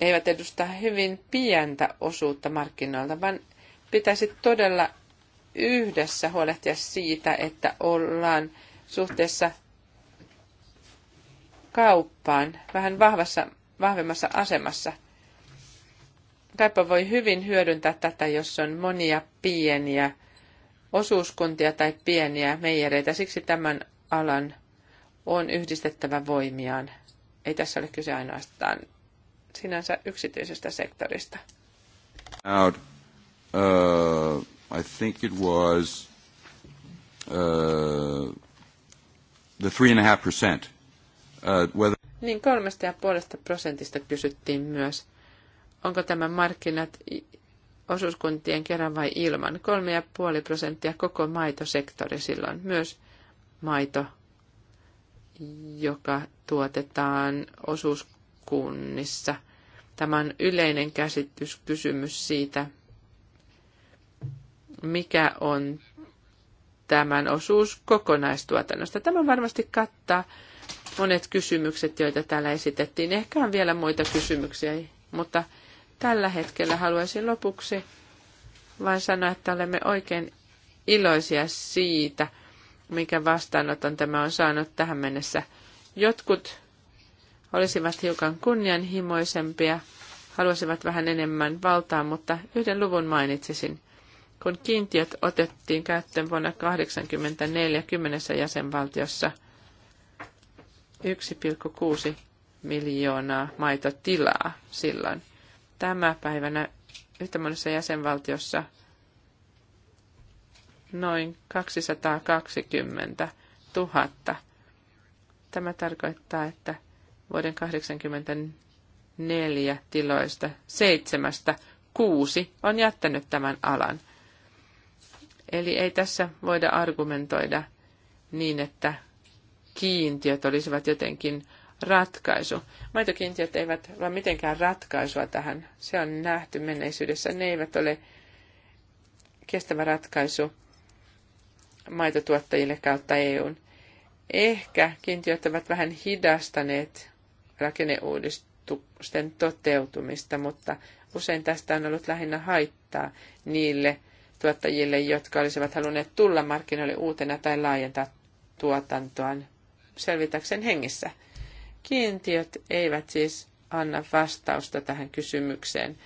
eivät edusta hyvin pientä osuutta markkinoilta, vaan pitäisi todella yhdessä huolehtia siitä, että ollaan suhteessa kauppaan vähän vahvassa, vahvemmassa asemassa. Kaipa voi hyvin hyödyntää tätä, jos on monia pieniä osuuskuntia tai pieniä meijereitä. Siksi tämän alan on yhdistettävä voimiaan. Ei tässä ole kyse ainoastaan sinänsä yksityisestä sektorista. Out. Uh, I think it was uh, the three and a half percent. Uh, whether... Niin kolmesta ja puolesta prosentista kysyttiin myös. Onko tämä markkinat osuuskuntien kerran vai ilman? Kolme ja puoli prosenttia koko maitosektori silloin myös maito, joka tuotetaan osuuskunnissa. Tämä on yleinen käsitys, kysymys siitä, mikä on tämän osuus kokonaistuotannosta. Tämä varmasti kattaa monet kysymykset, joita täällä esitettiin. Ehkä on vielä muita kysymyksiä, mutta tällä hetkellä haluaisin lopuksi vain sanoa, että olemme oikein iloisia siitä, mikä vastaanoton tämä on saanut tähän mennessä. Jotkut olisivat hiukan kunnianhimoisempia, haluaisivat vähän enemmän valtaa, mutta yhden luvun mainitsisin. Kun kiintiöt otettiin käyttöön vuonna 1984 kymmenessä jäsenvaltiossa 1,6 miljoonaa maitotilaa silloin. Tämä päivänä yhtä monessa jäsenvaltiossa noin 220 000. Tämä tarkoittaa, että vuoden 1984 tiloista seitsemästä kuusi on jättänyt tämän alan. Eli ei tässä voida argumentoida niin, että kiintiöt olisivat jotenkin ratkaisu. Maitokiintiöt eivät ole mitenkään ratkaisua tähän. Se on nähty menneisyydessä. Ne eivät ole kestävä ratkaisu maitotuottajille kautta EUn. Ehkä kiintiöt ovat vähän hidastaneet rakenneuudistusten toteutumista, mutta usein tästä on ollut lähinnä haittaa niille tuottajille, jotka olisivat halunneet tulla markkinoille uutena tai laajentaa tuotantoaan selvitäkseen hengissä. Kiintiöt eivät siis anna vastausta tähän kysymykseen.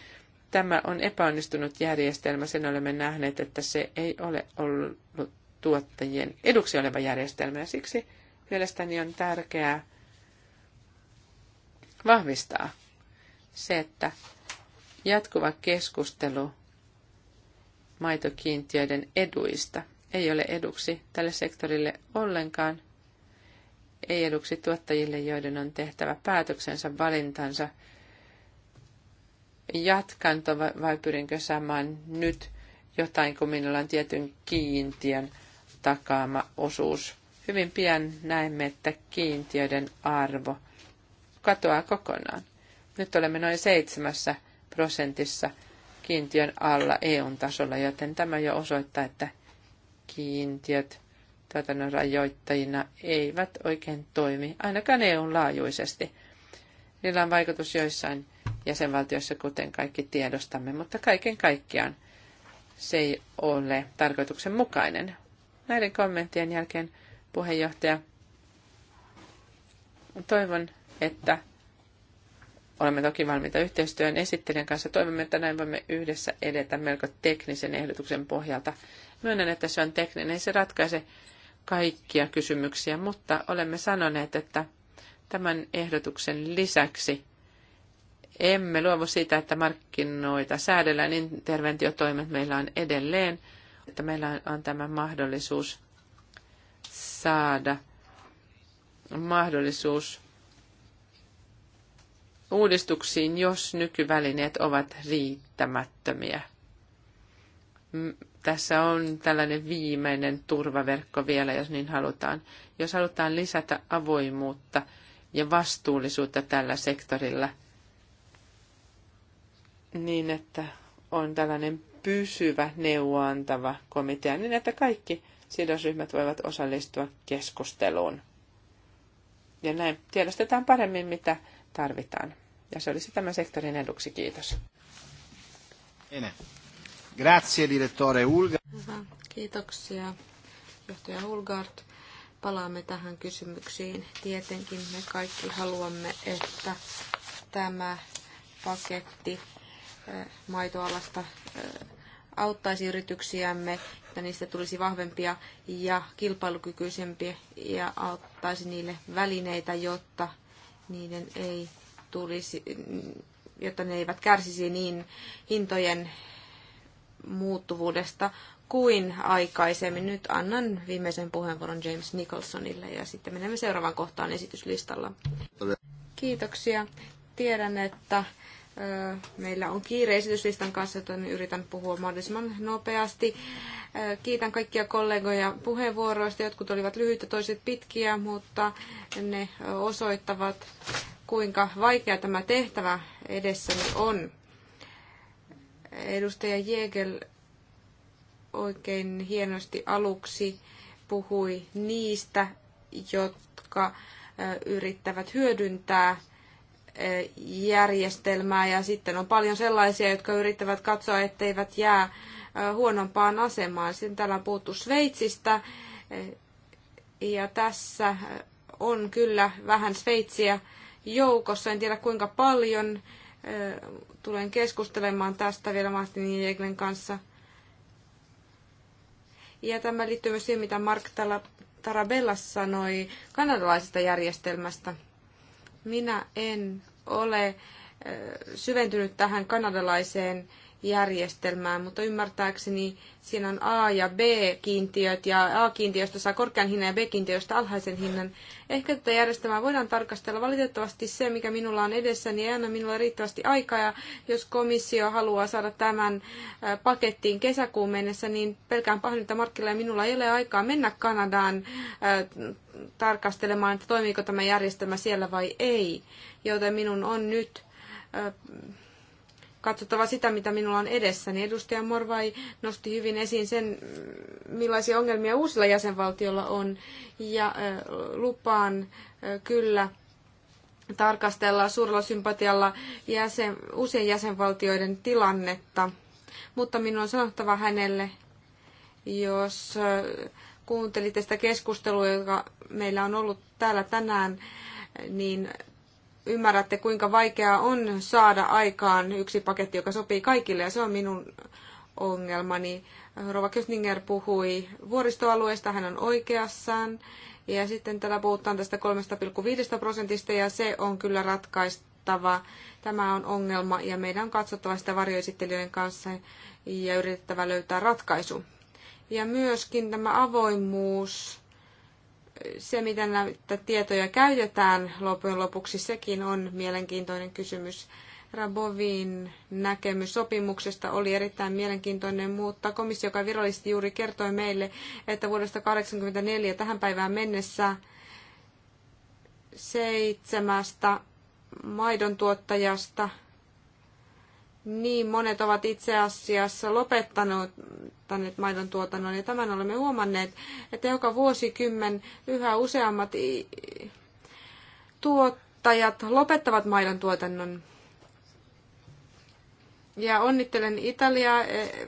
Tämä on epäonnistunut järjestelmä, sen olemme nähneet, että se ei ole ollut tuottajien eduksi oleva järjestelmä. Ja siksi mielestäni on tärkeää vahvistaa se, että jatkuva keskustelu maitokiintiöiden eduista ei ole eduksi tälle sektorille ollenkaan, ei eduksi tuottajille, joiden on tehtävä päätöksensä, valintansa, jatkanto vai, pyrinkö saamaan nyt jotain, kun minulla on tietyn kiintiön – takaama osuus. Hyvin pian näemme, että kiintiöiden arvo katoaa kokonaan. Nyt olemme noin seitsemässä prosentissa kiintiön alla EUn tasolla, joten tämä jo osoittaa, että kiintiöt tuotannon rajoittajina eivät oikein toimi, ainakaan EUn laajuisesti. Niillä on vaikutus joissain jäsenvaltioissa, kuten kaikki tiedostamme, mutta kaiken kaikkiaan se ei ole tarkoituksenmukainen. Näiden kommenttien jälkeen puheenjohtaja, toivon, että olemme toki valmiita yhteistyön esittelijän kanssa. Toivomme, että näin voimme yhdessä edetä melko teknisen ehdotuksen pohjalta. Myönnän, että se on tekninen, ei se ratkaise kaikkia kysymyksiä, mutta olemme sanoneet, että tämän ehdotuksen lisäksi emme luovu siitä, että markkinoita säädellään. Interventiotoimet meillä on edelleen että meillä on tämä mahdollisuus saada mahdollisuus uudistuksiin, jos nykyvälineet ovat riittämättömiä. Tässä on tällainen viimeinen turvaverkko vielä, jos niin halutaan. Jos halutaan lisätä avoimuutta ja vastuullisuutta tällä sektorilla, niin että on tällainen pysyvä neuvoantava komitea niin, että kaikki sidosryhmät voivat osallistua keskusteluun. Ja näin tiedostetaan paremmin, mitä tarvitaan. Ja se olisi tämän sektorin eduksi. Kiitos. Bene. Grazie, direttore Ulga. Hyvä. Kiitoksia, johtaja Ulgard. Palaamme tähän kysymyksiin. Tietenkin me kaikki haluamme, että tämä paketti maitoalasta auttaisi yrityksiämme, että niistä tulisi vahvempia ja kilpailukykyisempiä ja auttaisi niille välineitä, jotta niiden ei tulisi, jotta ne eivät kärsisi niin hintojen muuttuvuudesta kuin aikaisemmin. Nyt annan viimeisen puheenvuoron James Nicholsonille ja sitten menemme seuraavaan kohtaan esityslistalla. Kiitoksia. Tiedän, että Meillä on kiire esityslistan kanssa, joten yritän puhua mahdollisimman nopeasti. Kiitän kaikkia kollegoja puheenvuoroista. Jotkut olivat lyhyitä, toiset pitkiä, mutta ne osoittavat, kuinka vaikea tämä tehtävä edessäni on. Edustaja Jägel oikein hienosti aluksi puhui niistä, jotka yrittävät hyödyntää – järjestelmää ja sitten on paljon sellaisia, jotka yrittävät katsoa, etteivät jää huonompaan asemaan. Sitten täällä on puhuttu Sveitsistä ja tässä on kyllä vähän Sveitsiä joukossa. En tiedä kuinka paljon. Tulen keskustelemaan tästä vielä Martin Jeglen kanssa. Ja tämä liittyy myös siihen, mitä Mark Tarabella sanoi kanadalaisesta järjestelmästä – minä en ole syventynyt tähän kanadalaiseen järjestelmään, mutta ymmärtääkseni siinä on A- ja B-kiintiöt, ja A-kiintiöstä saa korkean hinnan ja B-kiintiöstä alhaisen hinnan. Ehkä tätä järjestelmää voidaan tarkastella. Valitettavasti se, mikä minulla on edessä, niin ei anna minulle riittävästi aikaa, ja jos komissio haluaa saada tämän pakettiin kesäkuun mennessä, niin pelkään pahoin, että markkilla ja minulla ei ole aikaa mennä Kanadaan tarkastelemaan, että toimiiko tämä järjestelmä siellä vai ei. Joten minun on nyt katsottava sitä, mitä minulla on edessäni. Niin edustaja Morvai nosti hyvin esiin sen, millaisia ongelmia uusilla jäsenvaltioilla on, ja lupaan kyllä tarkastella suurella sympatialla jäsen, uusien jäsenvaltioiden tilannetta. Mutta minun on sanottava hänelle, jos kuuntelitte sitä keskustelua, joka meillä on ollut täällä tänään, niin ymmärrätte, kuinka vaikeaa on saada aikaan yksi paketti, joka sopii kaikille, ja se on minun ongelmani. Rova Kösninger puhui vuoristoalueesta, hän on oikeassaan. Ja sitten täällä puhutaan tästä 3,5 prosentista, ja se on kyllä ratkaistava. Tämä on ongelma, ja meidän on katsottava sitä varjoesittelijöiden kanssa ja yritettävä löytää ratkaisu. Ja myöskin tämä avoimuus se, miten näitä tietoja käytetään loppujen lopuksi, sekin on mielenkiintoinen kysymys. Rabovin näkemys sopimuksesta oli erittäin mielenkiintoinen, mutta komissio, joka virallisesti juuri kertoi meille, että vuodesta 1984 tähän päivään mennessä seitsemästä maidon tuottajasta niin monet ovat itse asiassa lopettaneet maidon tuotannon ja tämän olemme huomanneet, että joka vuosikymmen yhä useammat tuottajat lopettavat maidon tuotannon. Ja onnittelen Italiaa e,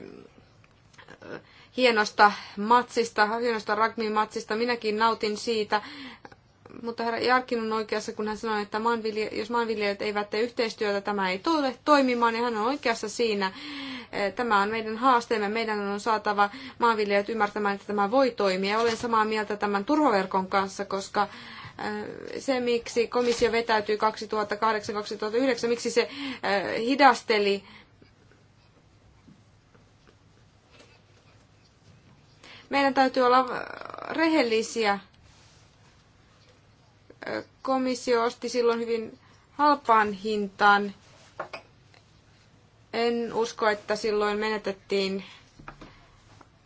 hienosta matsista, hienosta rugby-matsista. Minäkin nautin siitä mutta herra Jarkin on oikeassa, kun hän sanoi, että maanvilje- jos maanviljelijät eivät tee yhteistyötä, tämä ei tule toimimaan, niin hän on oikeassa siinä. Eh, tämä on meidän haasteemme. Meidän on saatava maanviljelijät ymmärtämään, että tämä voi toimia. Olen samaa mieltä tämän turvaverkon kanssa, koska eh, se, miksi komissio vetäytyi 2008-2009, miksi se eh, hidasteli meidän täytyy olla rehellisiä komissio osti silloin hyvin halpaan hintaan. En usko, että silloin menetettiin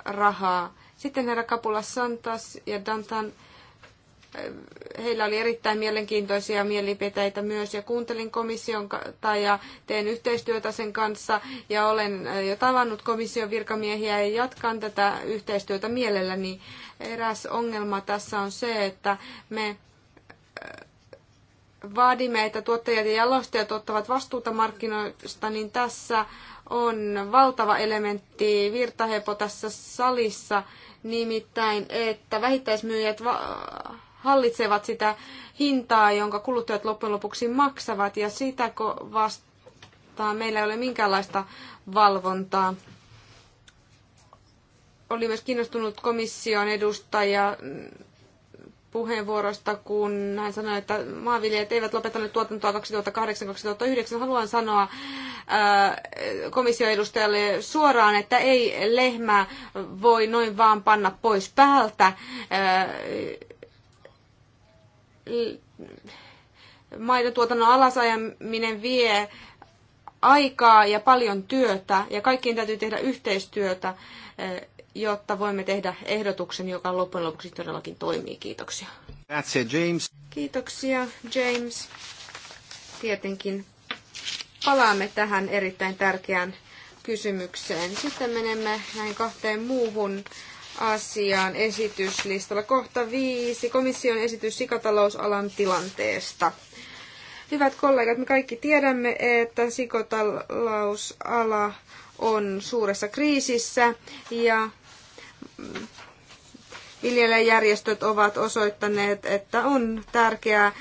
rahaa. Sitten herra Kapula Santas ja Dantan, eh, heillä oli erittäin mielenkiintoisia mielipiteitä myös ja kuuntelin komission ja teen yhteistyötä sen kanssa ja olen eh, jo tavannut komission virkamiehiä ja jatkan tätä yhteistyötä mielelläni. Eräs ongelma tässä on se, että me vaadimme, että tuottajat ja jalostajat ottavat vastuuta markkinoista, niin tässä on valtava elementti virtahepo tässä salissa, nimittäin, että vähittäismyyjät hallitsevat sitä hintaa, jonka kuluttajat loppujen lopuksi maksavat, ja sitä vastaan meillä ei ole minkäänlaista valvontaa. Oli myös kiinnostunut komission edustaja puheenvuorosta, kun hän sanoi, että maanviljelijät eivät lopettaneet tuotantoa 2008-2009. Haluan sanoa äh, komission edustajalle suoraan, että ei lehmä voi noin vaan panna pois päältä äh, maidotuotannon alasajaminen vie aikaa ja paljon työtä ja kaikkiin täytyy tehdä yhteistyötä. Äh, jotta voimme tehdä ehdotuksen, joka loppujen lopuksi todellakin toimii. Kiitoksia. That's James. Kiitoksia, James. Tietenkin palaamme tähän erittäin tärkeään kysymykseen. Sitten menemme näin kahteen muuhun asiaan esityslistalla. Kohta viisi, komission esitys sikatalousalan tilanteesta. Hyvät kollegat, me kaikki tiedämme, että sikotalousala on suuressa kriisissä ja viljelijäjärjestöt ovat osoittaneet, että on tärkeää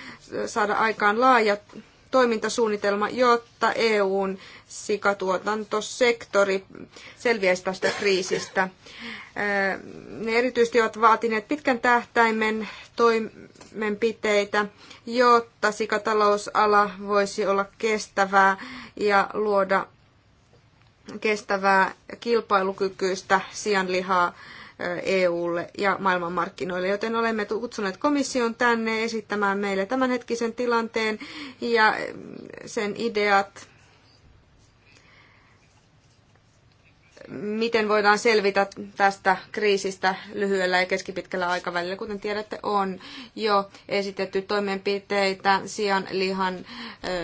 saada aikaan laaja toimintasuunnitelma, jotta EUn sikatuotantosektori selviäisi tästä kriisistä. Äh, ne erityisesti ovat vaatineet pitkän tähtäimen toimenpiteitä, jotta sikatalousala voisi olla kestävää ja luoda kestävää kilpailukykyistä sianlihaa EUlle ja maailmanmarkkinoille, joten olemme kutsuneet komission tänne esittämään meille tämänhetkisen tilanteen ja mm, sen ideat miten voidaan selvitä tästä kriisistä lyhyellä ja keskipitkällä aikavälillä. Kuten tiedätte, on jo esitetty toimenpiteitä sianlihan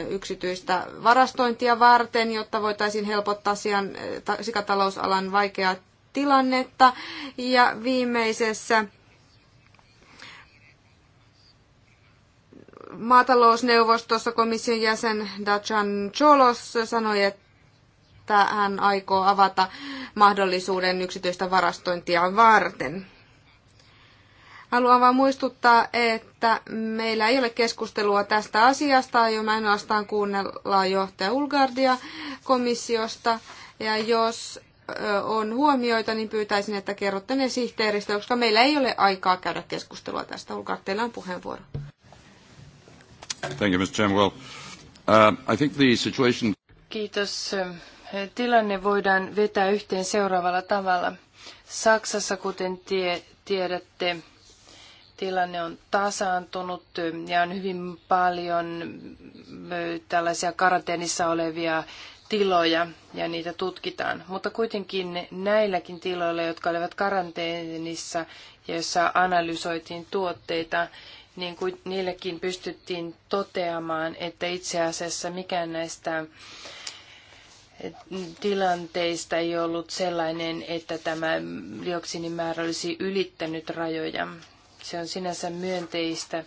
yksityistä varastointia varten, jotta voitaisiin helpottaa sian, sikatalousalan vaikeaa tilannetta. Ja viimeisessä maatalousneuvostossa komission jäsen Dacian Cholos sanoi, että että hän aikoo avata mahdollisuuden yksityistä varastointia varten. Haluan vain muistuttaa, että meillä ei ole keskustelua tästä asiasta, jo mä ainoastaan kuunnella johtaja Ulgardia komissiosta. Ja jos on huomioita, niin pyytäisin, että kerrotte ne sihteeristä, koska meillä ei ole aikaa käydä keskustelua tästä. Ulgard, teillä on puheenvuoro. Thank you, Mr. Chairman. Well, uh, I think the situation... Kiitos tilanne voidaan vetää yhteen seuraavalla tavalla. Saksassa, kuten tie, tiedätte, tilanne on tasaantunut ja on hyvin paljon tällaisia karanteenissa olevia tiloja ja niitä tutkitaan. Mutta kuitenkin näilläkin tiloilla, jotka olivat karanteenissa ja joissa analysoitiin tuotteita, niin kuin pystyttiin toteamaan, että itse asiassa mikään näistä tilanteista ei ollut sellainen, että tämä dioksinimäärä olisi ylittänyt rajoja. Se on sinänsä myönteistä.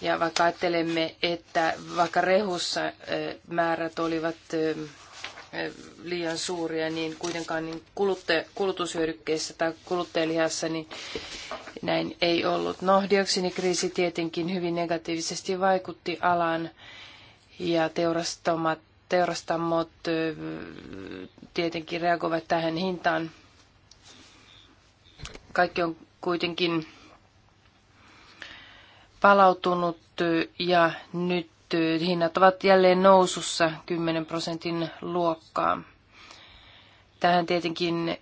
Ja vaikka ajattelemme, että vaikka rehussa määrät olivat liian suuria, niin kuitenkaan niin kulutte, kulutushyödykkeissä tai kuluttajalihassa niin näin ei ollut. No, dioksinikriisi tietenkin hyvin negatiivisesti vaikutti alaan ja teurastomat teurastamot tietenkin reagoivat tähän hintaan. Kaikki on kuitenkin palautunut ja nyt hinnat ovat jälleen nousussa 10 prosentin luokkaa. Tähän tietenkin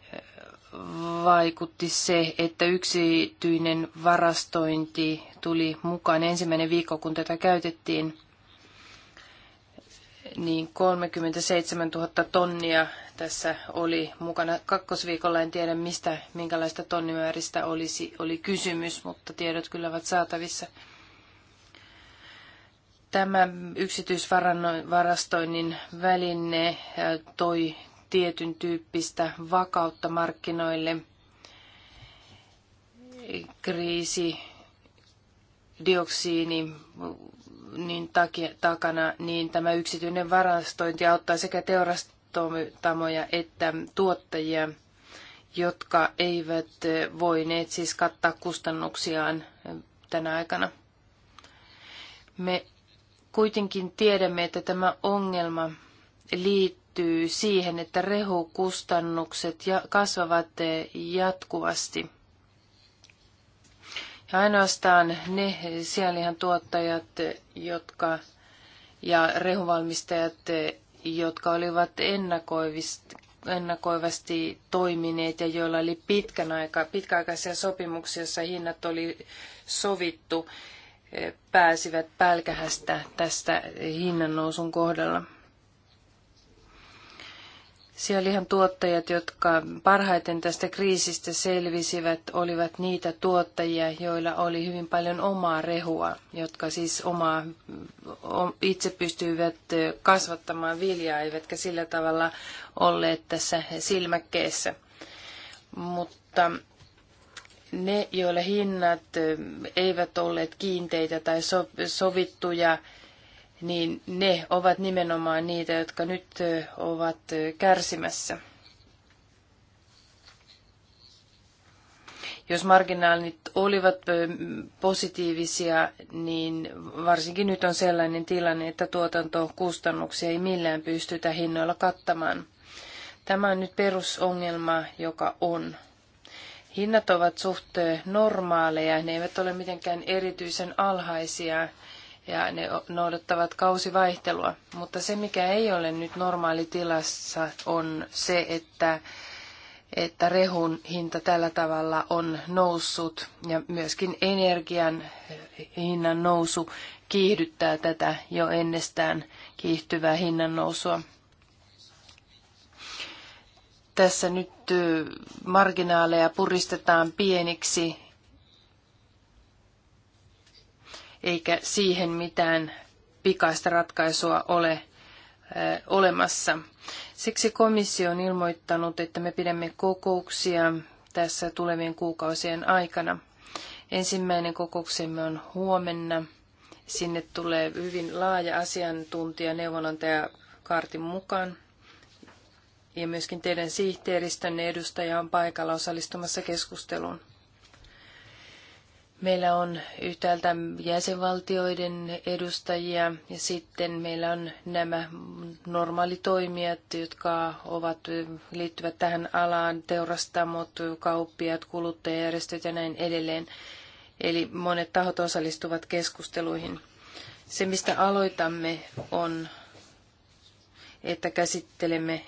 vaikutti se, että yksityinen varastointi tuli mukaan ensimmäinen viikko, kun tätä käytettiin – niin 37 000 tonnia tässä oli mukana. Kakkosviikolla en tiedä mistä, minkälaista tonnimääristä olisi, oli kysymys, mutta tiedot kyllä ovat saatavissa. Tämä yksityisvarastoinnin väline äh, toi tietyn tyyppistä vakautta markkinoille. Kriisi, dioksiini, niin takana, niin tämä yksityinen varastointi auttaa sekä teurastamoja että tuottajia, jotka eivät voineet siis kattaa kustannuksiaan tänä aikana. Me kuitenkin tiedämme, että tämä ongelma liittyy siihen, että rehukustannukset kasvavat jatkuvasti – Ainoastaan ne sianlihan tuottajat, jotka ja rehuvalmistajat, jotka olivat ennakoivasti toimineet ja joilla oli pitkän aika, pitkäaikaisia sopimuksia, joissa hinnat oli sovittu, pääsivät pälkähästä tästä hinnannousun kohdalla. Sianlihan tuottajat, jotka parhaiten tästä kriisistä selvisivät, olivat niitä tuottajia, joilla oli hyvin paljon omaa rehua, jotka siis omaa, itse pystyivät kasvattamaan viljaa, eivätkä sillä tavalla olleet tässä silmäkkeessä. Mutta ne, joilla hinnat eivät olleet kiinteitä tai sovittuja, niin ne ovat nimenomaan niitä, jotka nyt ovat kärsimässä. Jos marginaalit olivat positiivisia, niin varsinkin nyt on sellainen tilanne, että tuotantokustannuksia ei millään pystytä hinnoilla kattamaan. Tämä on nyt perusongelma, joka on. Hinnat ovat suht normaaleja, ne eivät ole mitenkään erityisen alhaisia ja ne noudattavat kausivaihtelua. Mutta se, mikä ei ole nyt normaalitilassa, on se, että, että rehun hinta tällä tavalla on noussut ja myöskin energian hinnan nousu kiihdyttää tätä jo ennestään kiihtyvää hinnan nousua. Tässä nyt marginaaleja puristetaan pieniksi eikä siihen mitään pikaista ratkaisua ole olemassa. Siksi komissio on ilmoittanut, että me pidämme kokouksia tässä tulevien kuukausien aikana. Ensimmäinen kokouksemme on huomenna. Sinne tulee hyvin laaja asiantuntija neuvonantaja kartin mukaan. Ja myöskin teidän sihteeristönne edustaja on paikalla osallistumassa keskusteluun. Meillä on yhtäältä jäsenvaltioiden edustajia ja sitten meillä on nämä normaalitoimijat, jotka ovat, liittyvät tähän alaan, teurastamot, kauppiat, kuluttajajärjestöt ja näin edelleen. Eli monet tahot osallistuvat keskusteluihin. Se, mistä aloitamme, on, että käsittelemme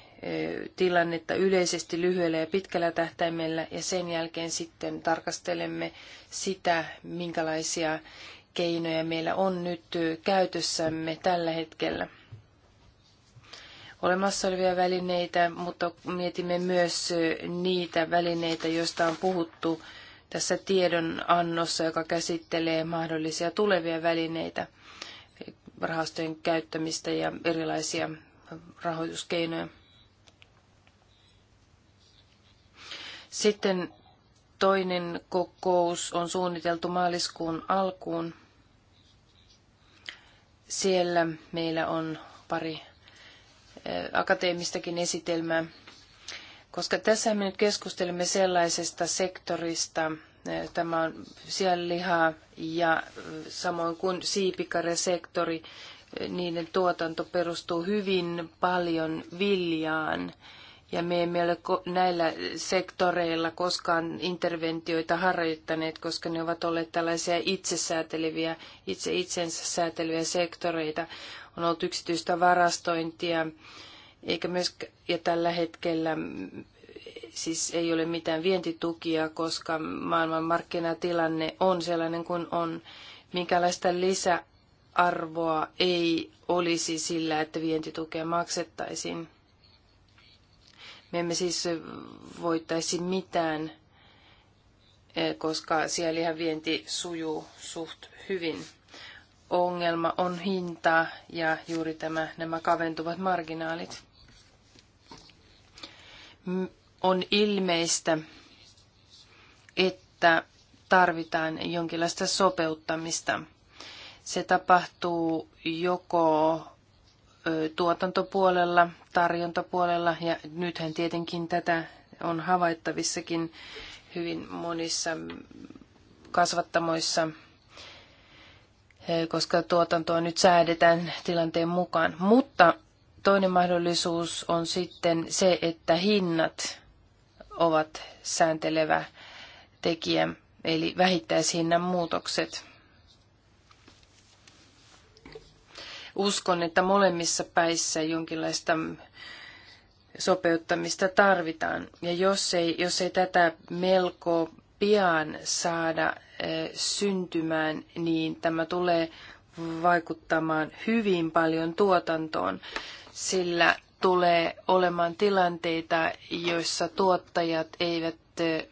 tilannetta yleisesti lyhyellä ja pitkällä tähtäimellä ja sen jälkeen sitten tarkastelemme sitä, minkälaisia keinoja meillä on nyt käytössämme tällä hetkellä. Olemassa olevia välineitä, mutta mietimme myös niitä välineitä, joista on puhuttu tässä tiedonannossa, joka käsittelee mahdollisia tulevia välineitä, rahastojen käyttämistä ja erilaisia rahoituskeinoja. Sitten toinen kokous on suunniteltu maaliskuun alkuun. Siellä meillä on pari akateemistakin esitelmää, koska tässä me nyt keskustelemme sellaisesta sektorista, tämä on sianliha ja samoin kuin siipikarjasektori, niiden tuotanto perustuu hyvin paljon viljaan ja me emme ole näillä sektoreilla koskaan interventioita harjoittaneet, koska ne ovat olleet tällaisia itsesääteleviä, itse itsensä sääteleviä sektoreita. On ollut yksityistä varastointia, eikä myöskään, ja tällä hetkellä mm, siis ei ole mitään vientitukia, koska maailman markkinatilanne on sellainen kuin on. Minkälaista lisäarvoa ei olisi sillä, että vientitukea maksettaisiin. Me emme siis voittaisi mitään, eh, koska sielihän vienti sujuu suht hyvin. Ongelma on hinta ja juuri tämä, nämä kaventuvat marginaalit. On ilmeistä, että tarvitaan jonkinlaista sopeuttamista. Se tapahtuu joko tuotantopuolella, tarjontapuolella ja nythän tietenkin tätä on havaittavissakin hyvin monissa kasvattamoissa, koska tuotantoa nyt säädetään tilanteen mukaan. Mutta toinen mahdollisuus on sitten se, että hinnat ovat sääntelevä tekijä, eli vähittäishinnan muutokset. uskon, että molemmissa päissä jonkinlaista sopeuttamista tarvitaan. Ja jos ei, jos ei tätä melko pian saada eh, syntymään, niin tämä tulee vaikuttamaan hyvin paljon tuotantoon, sillä tulee olemaan tilanteita, joissa tuottajat eivät eh,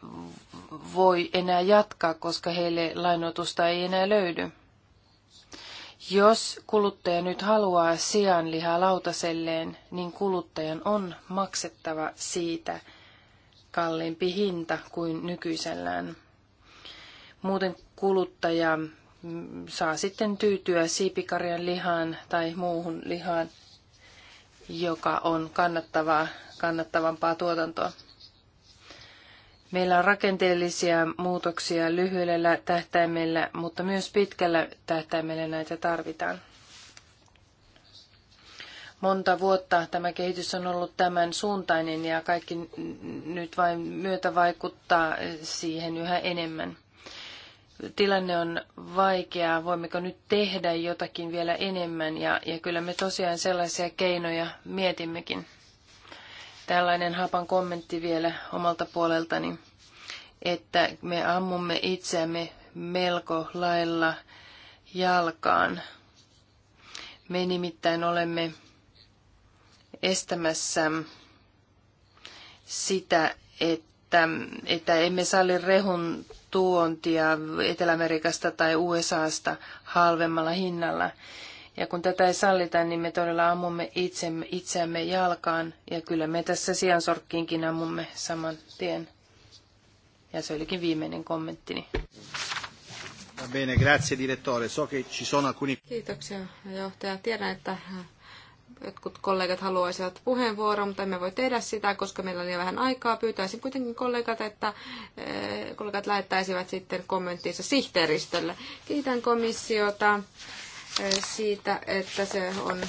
voi enää jatkaa, koska heille lainoitusta ei enää löydy. Jos kuluttaja nyt haluaa sianlihaa lautaselleen, niin kuluttajan on maksettava siitä kalliimpi hinta kuin nykyisellään. Muuten kuluttaja mm, saa sitten tyytyä siipikarjan lihaan tai muuhun lihaan, joka on kannattavaa, kannattavampaa tuotantoa. Meillä on rakenteellisia muutoksia lyhyellä tähtäimellä, mutta myös pitkällä tähtäimellä näitä tarvitaan. Monta vuotta tämä kehitys on ollut tämän suuntainen ja kaikki nyt vain myötä vaikuttaa siihen yhä enemmän. Tilanne on vaikea, voimmeko nyt tehdä jotakin vielä enemmän ja, ja kyllä me tosiaan sellaisia keinoja mietimmekin. Tällainen hapan kommentti vielä omalta puoleltani, että me ammumme itseämme melko lailla jalkaan. Me nimittäin olemme estämässä sitä, että, että emme salli rehun tuontia Etelä-Amerikasta tai USAsta halvemmalla hinnalla. Ja kun tätä ei sallita, niin me todella ammumme itsemme, itseämme jalkaan. Ja kyllä me tässä sijansorkkiinkin ammumme saman tien. Ja se olikin viimeinen kommenttini. Bene, grazie direttore. So che ci sono alcuni... Kiitoksia johtaja. Tiedän, että jotkut kollegat haluaisivat puheenvuoron, mutta emme voi tehdä sitä, koska meillä on liian vähän aikaa. Pyytäisin kuitenkin kollegat, että eh, kollegat lähettäisivät sitten kommenttinsa sihteeristölle. Kiitän komissiota siitä, että se on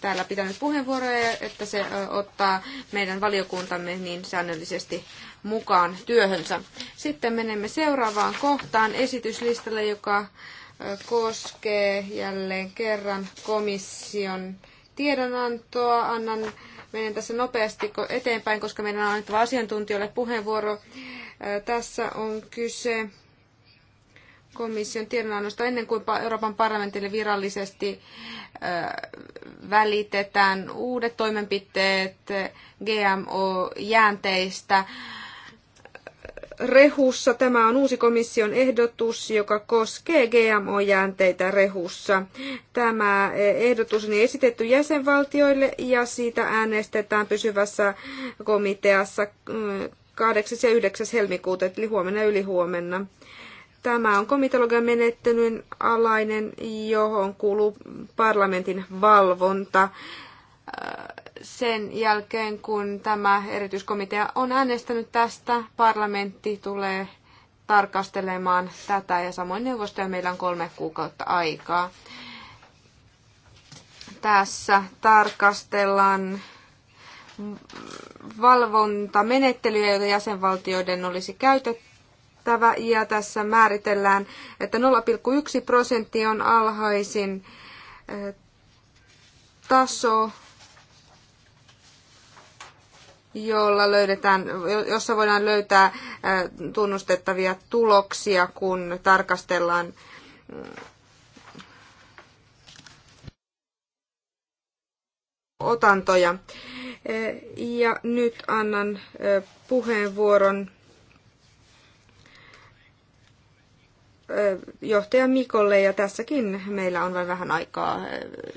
täällä pitänyt puheenvuoroja, että se ottaa meidän valiokuntamme niin säännöllisesti mukaan työhönsä. Sitten menemme seuraavaan kohtaan esityslistalle, joka koskee jälleen kerran komission tiedonantoa. Annan, menen tässä nopeasti eteenpäin, koska meidän on annettava asiantuntijoille puheenvuoro. Tässä on kyse komission tiedonannosta ennen kuin Euroopan parlamentille virallisesti välitetään uudet toimenpiteet GMO-jäänteistä. Rehussa tämä on uusi komission ehdotus, joka koskee GMO-jäänteitä rehussa. Tämä ehdotus on esitetty jäsenvaltioille ja siitä äänestetään pysyvässä komiteassa 8. ja 9. helmikuuta, eli huomenna ja ylihuomenna. Tämä on komitologian menettelyn alainen, johon kuuluu parlamentin valvonta. Äh, sen jälkeen, kun tämä erityiskomitea on äänestänyt tästä, parlamentti tulee tarkastelemaan tätä ja samoin neuvostoja meillä on kolme kuukautta aikaa. Tässä tarkastellaan valvontamenettelyjä, joita jäsenvaltioiden olisi käytetty merkittävä ja tässä määritellään, että 0,1 prosentti on alhaisin eh, taso, jolla löydetään, jossa voidaan löytää eh, tunnustettavia tuloksia, kun tarkastellaan mm, otantoja. Eh, ja nyt annan puheenvuoron johtaja Mikolle ja tässäkin meillä on vain vähän aikaa.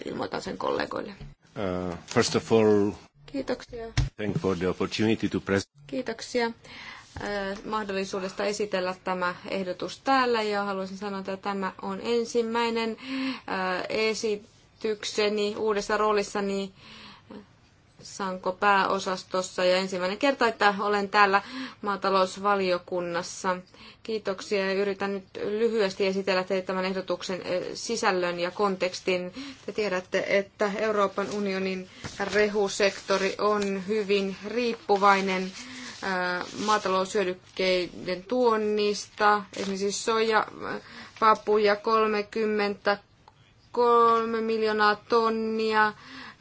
Ilmoitan sen kollegoille. Uh, first of all, Kiitoksia. Thank for the opportunity to press. Kiitoksia mahdollisuudesta esitellä tämä ehdotus täällä ja haluaisin sanoa, että tämä on ensimmäinen esitykseni uudessa roolissani Sanko pääosastossa ja ensimmäinen kerta, että olen täällä maatalousvaliokunnassa. Kiitoksia ja yritän nyt lyhyesti esitellä teille tämän ehdotuksen eh, sisällön ja kontekstin. Te tiedätte, että Euroopan unionin rehusektori on hyvin riippuvainen eh, maataloushyödykkeiden tuonnista, esimerkiksi siis soja, papuja eh, 33 miljoonaa tonnia,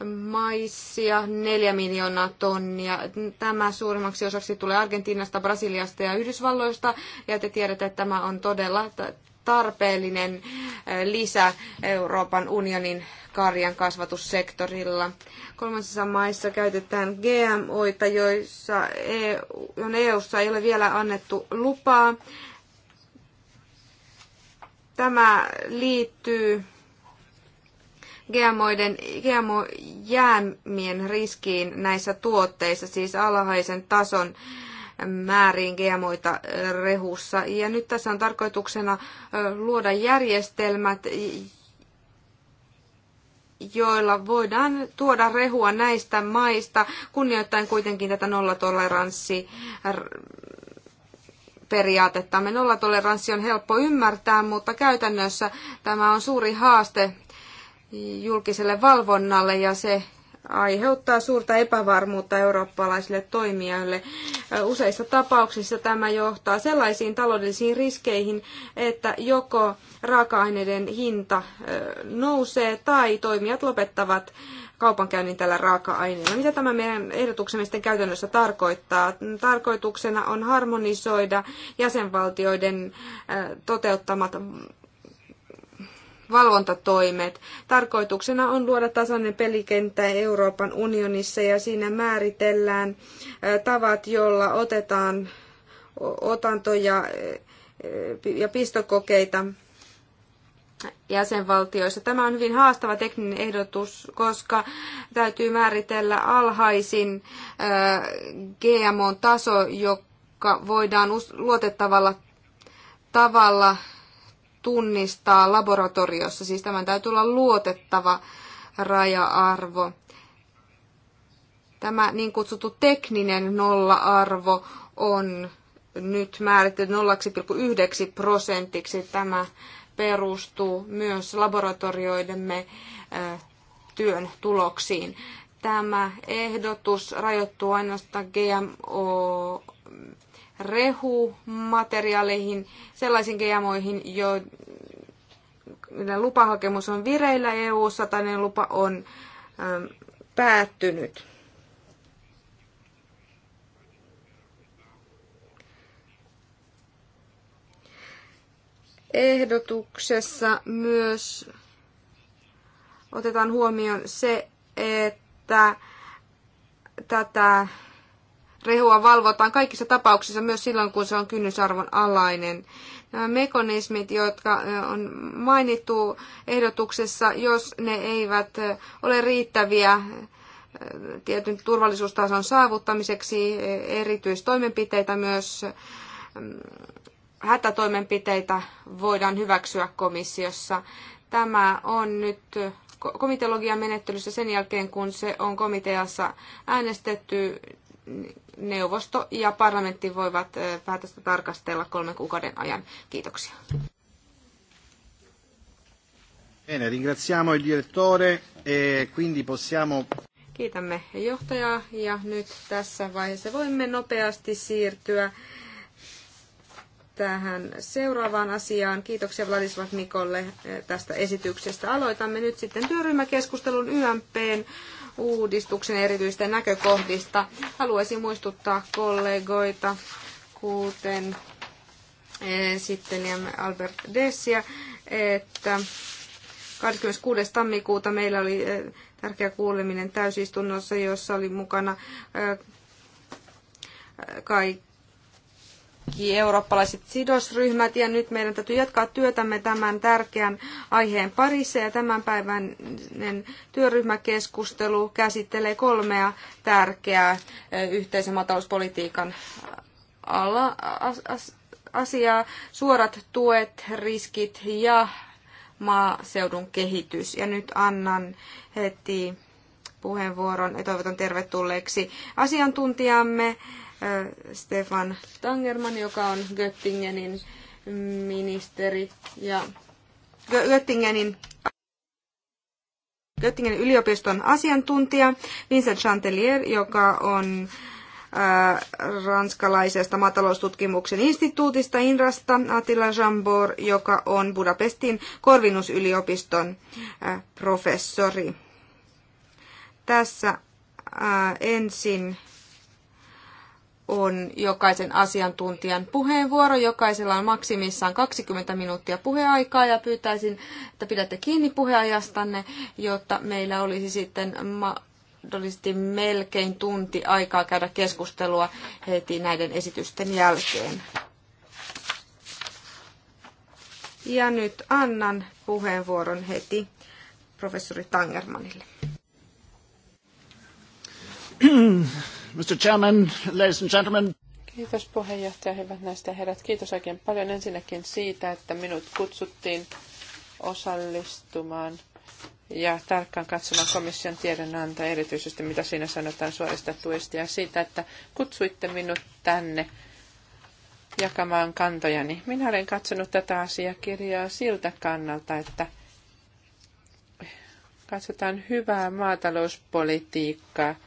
maissia, neljä miljoonaa tonnia. Tämä suurimmaksi osaksi tulee Argentiinasta, Brasiliasta ja Yhdysvalloista, ja te tiedätte, että tämä on todella tarpeellinen äh, lisä Euroopan unionin karjan kasvatussektorilla. Kolmansissa maissa käytetään GMOita, joissa EU, EUssa ei ole vielä annettu lupaa. Tämä liittyy GMOiden, GMO-jäämien riskiin näissä tuotteissa, siis alhaisen tason määriin GMOita rehussa. Ja nyt tässä on tarkoituksena luoda järjestelmät, joilla voidaan tuoda rehua näistä maista, kunnioittain kuitenkin tätä nollatoleranssi periaatetta. Me nollatoleranssi on helppo ymmärtää, mutta käytännössä tämä on suuri haaste julkiselle valvonnalle ja se aiheuttaa suurta epävarmuutta eurooppalaisille toimijoille. Useissa tapauksissa tämä johtaa sellaisiin taloudellisiin riskeihin, että joko raaka-aineiden hinta nousee tai toimijat lopettavat kaupankäynnin tällä raaka-aineella. Mitä tämä meidän ehdotuksemme sitten käytännössä tarkoittaa? Tarkoituksena on harmonisoida jäsenvaltioiden toteuttamat valvontatoimet. Tarkoituksena on luoda tasainen pelikenttä Euroopan unionissa ja siinä määritellään tavat, joilla otetaan otantoja ja pistokokeita jäsenvaltioissa. Tämä on hyvin haastava tekninen ehdotus, koska täytyy määritellä alhaisin GMO-taso, joka voidaan luotettavalla tavalla tunnistaa laboratoriossa. Siis tämän täytyy olla luotettava raja-arvo. Tämä niin kutsuttu tekninen nolla-arvo on nyt määritetty 0,9 prosentiksi. Tämä perustuu myös laboratorioidemme työn tuloksiin. Tämä ehdotus rajoittuu ainoastaan GMO rehumateriaaleihin, sellaisiin GMOihin, joiden lupahakemus on vireillä EU-ssa tai ne lupa on ähm, päättynyt. Ehdotuksessa myös otetaan huomioon se, että tätä rehua valvotaan kaikissa tapauksissa, myös silloin, kun se on kynnysarvon alainen. Nämä mekanismit, jotka on mainittu ehdotuksessa, jos ne eivät ole riittäviä tietyn turvallisuustason saavuttamiseksi, erityistoimenpiteitä myös hätätoimenpiteitä voidaan hyväksyä komissiossa. Tämä on nyt komiteologian menettelyssä sen jälkeen, kun se on komiteassa äänestetty neuvosto ja parlamentti voivat päätöstä tarkastella kolmen kuukauden ajan. Kiitoksia. Bene, ringraziamo il direttore e quindi possiamo... Kiitämme johtajaa ja nyt tässä vaiheessa voimme nopeasti siirtyä tähän seuraavaan asiaan. Kiitoksia Vladislav Mikolle tästä esityksestä. Aloitamme nyt sitten työryhmäkeskustelun YMPn uudistuksen erityistä näkökohdista. Haluaisin muistuttaa kollegoita, kuten eh, esittelijämme Albert Dessia, että 26. tammikuuta meillä oli eh, tärkeä kuuleminen täysistunnossa, jossa oli mukana eh, kaikki kaikki eurooppalaiset sidosryhmät ja nyt meidän täytyy jatkaa työtämme tämän tärkeän aiheen parissa ja tämän päivän työryhmäkeskustelu käsittelee kolmea tärkeää yhteisen maatalouspolitiikan ala, as, as, asiaa, suorat tuet, riskit ja maaseudun kehitys. Ja nyt annan heti puheenvuoron ja toivotan tervetulleeksi asiantuntijamme Äh, Stefan Tangerman, joka on Göttingenin ministeri ja Göttingenin Göttingen yliopiston asiantuntija Vincent Chantelier, joka on äh, ranskalaisesta maataloustutkimuksen instituutista Inrasta, Attila Jambor, joka on Budapestin Korvinus-yliopiston äh, professori. Tässä ensin on jokaisen asiantuntijan puheenvuoro. Jokaisella on maksimissaan 20 minuuttia puheaikaa ja pyytäisin, että pidätte kiinni puheajastanne, jotta meillä olisi sitten mahdollisesti melkein tunti aikaa käydä keskustelua heti näiden esitysten jälkeen. Ja nyt annan puheenvuoron heti professori Tangermanille. Mr. Kiitos puheenjohtaja, hyvät naiset ja herrat. Kiitos oikein paljon ensinnäkin siitä, että minut kutsuttiin osallistumaan ja tarkkaan katsomaan komission tiedonantoa, erityisesti mitä siinä sanotaan suorista tuista ja siitä, että kutsuitte minut tänne jakamaan kantojani. Minä olen katsonut tätä asiakirjaa siltä kannalta, että katsotaan hyvää maatalouspolitiikkaa –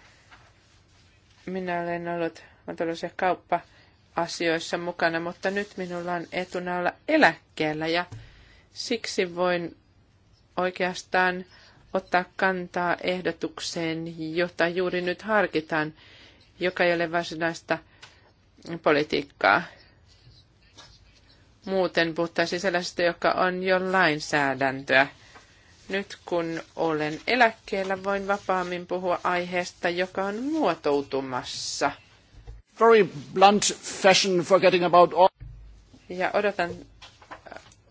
minä olen ollut maatalous- ja kauppa-asioissa mukana, mutta nyt minulla on etuna olla eläkkeellä ja siksi voin oikeastaan ottaa kantaa ehdotukseen, jota juuri nyt harkitaan, joka ei ole varsinaista politiikkaa. Muuten puhuttaisiin sellaisesta, joka on jo lainsäädäntöä nyt kun olen eläkkeellä, voin vapaammin puhua aiheesta, joka on muotoutumassa. Very blunt fashion, forgetting about all... Ja odotan,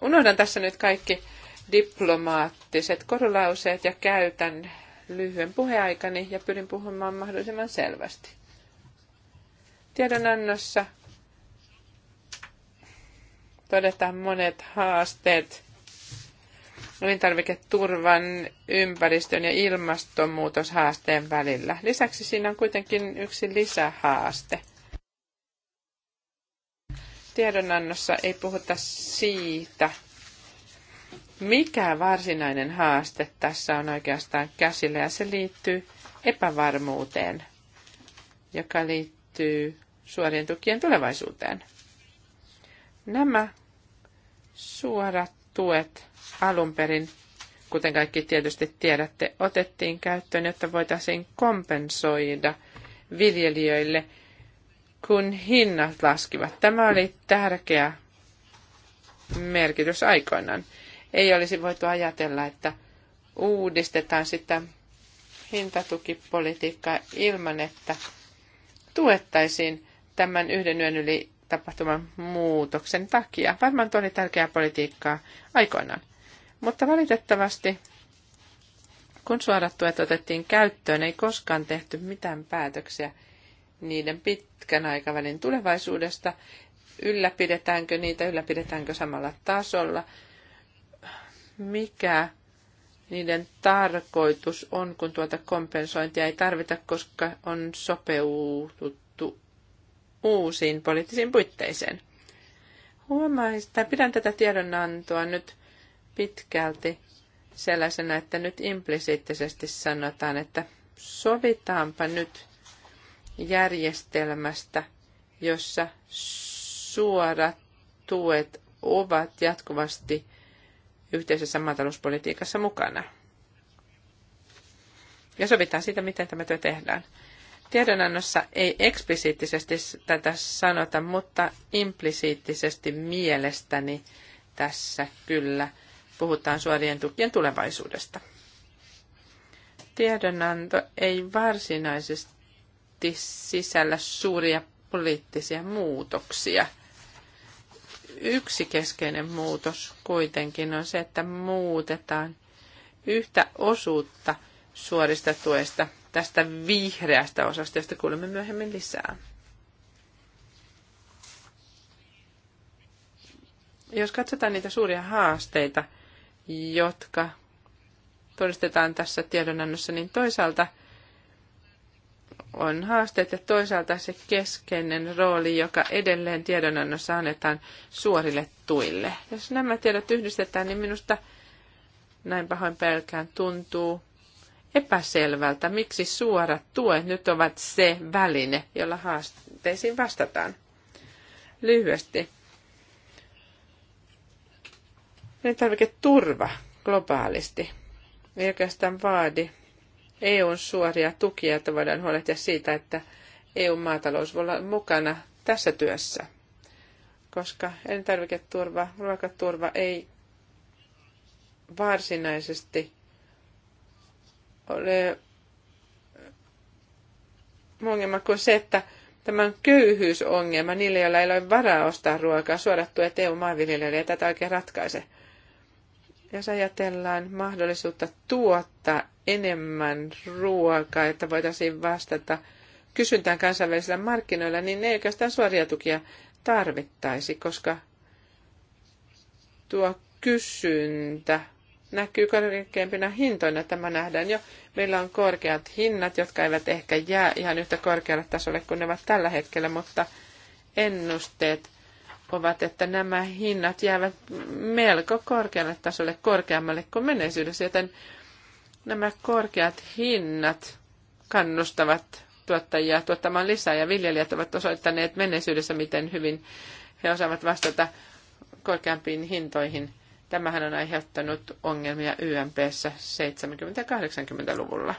unohdan tässä nyt kaikki diplomaattiset korulauseet ja käytän lyhyen puheaikani ja pyrin puhumaan mahdollisimman selvästi. Tiedonannossa todetaan monet haasteet elintarviketurvan, ympäristön ja ilmastonmuutoshaasteen välillä. Lisäksi siinä on kuitenkin yksi lisähaaste. Tiedonannossa ei puhuta siitä, mikä varsinainen haaste tässä on oikeastaan käsillä, ja se liittyy epävarmuuteen, joka liittyy suorien tukien tulevaisuuteen. Nämä suorat tuet alun perin, kuten kaikki tietysti tiedätte, otettiin käyttöön, jotta voitaisiin kompensoida viljelijöille, kun hinnat laskivat. Tämä oli tärkeä merkitys aikoinaan. Ei olisi voitu ajatella, että uudistetaan sitä hintatukipolitiikkaa ilman, että tuettaisiin tämän yhden yön yli tapahtuman muutoksen takia. Varmaan tuo oli tärkeää politiikkaa aikoinaan. Mutta valitettavasti, kun suorat tuet otettiin käyttöön, ei koskaan tehty mitään päätöksiä niiden pitkän aikavälin tulevaisuudesta, ylläpidetäänkö niitä, ylläpidetäänkö samalla tasolla, mikä niiden tarkoitus on, kun tuota kompensointia ei tarvita, koska on sopeutut uusiin poliittisiin puitteisiin. Huomaisin, pidän tätä tiedonantoa nyt pitkälti sellaisena, että nyt implisiittisesti sanotaan, että sovitaanpa nyt järjestelmästä, jossa suorat tuet ovat jatkuvasti yhteisessä maatalouspolitiikassa mukana. Ja sovitaan siitä, miten tämä työ tehdään. Tiedonannossa ei eksplisiittisesti tätä sanota, mutta implisiittisesti mielestäni tässä kyllä puhutaan suorien tukien tulevaisuudesta. Tiedonanto ei varsinaisesti sisällä suuria poliittisia muutoksia. Yksi keskeinen muutos kuitenkin on se, että muutetaan yhtä osuutta suorista tuesta tästä vihreästä osasta, josta kuulemme myöhemmin lisää. Jos katsotaan niitä suuria haasteita, jotka todistetaan tässä tiedonannossa, niin toisaalta on haasteet ja toisaalta se keskeinen rooli, joka edelleen tiedonannossa annetaan suorille tuille. Jos nämä tiedot yhdistetään, niin minusta näin pahoin pelkään tuntuu, epäselvältä, miksi suorat tuet nyt ovat se väline, jolla haasteisiin vastataan. Lyhyesti. Elintarviketurva globaalisti ei oikeastaan vaadi EUn suoria tukia, että voidaan huolehtia siitä, että EUn maatalous voi olla mukana tässä työssä, koska elintarviketurva, ruokaturva ei varsinaisesti – många man kuin se, että tämä köyhyysongelma niille, joilla ei ole varaa ostaa ruokaa, suorat tuet EU-maanviljelijöille, ja tätä oikein ratkaise. Jos ajatellaan mahdollisuutta tuottaa enemmän ruokaa, että voitaisiin vastata kysyntään kansainvälisillä markkinoilla, niin ei oikeastaan suoria tukia tarvittaisi, koska tuo kysyntä näkyy korkeimpina hintoina. Tämä nähdään jo. Meillä on korkeat hinnat, jotka eivät ehkä jää ihan yhtä korkealle tasolle kuin ne ovat tällä hetkellä, mutta ennusteet ovat, että nämä hinnat jäävät melko korkealle tasolle, korkeammalle kuin menneisyydessä, joten nämä korkeat hinnat kannustavat tuottajia tuottamaan lisää, ja viljelijät ovat osoittaneet menneisyydessä, miten hyvin he osaavat vastata korkeampiin hintoihin – Tämähän on aiheuttanut ongelmia YMPssä 70-80-luvulla.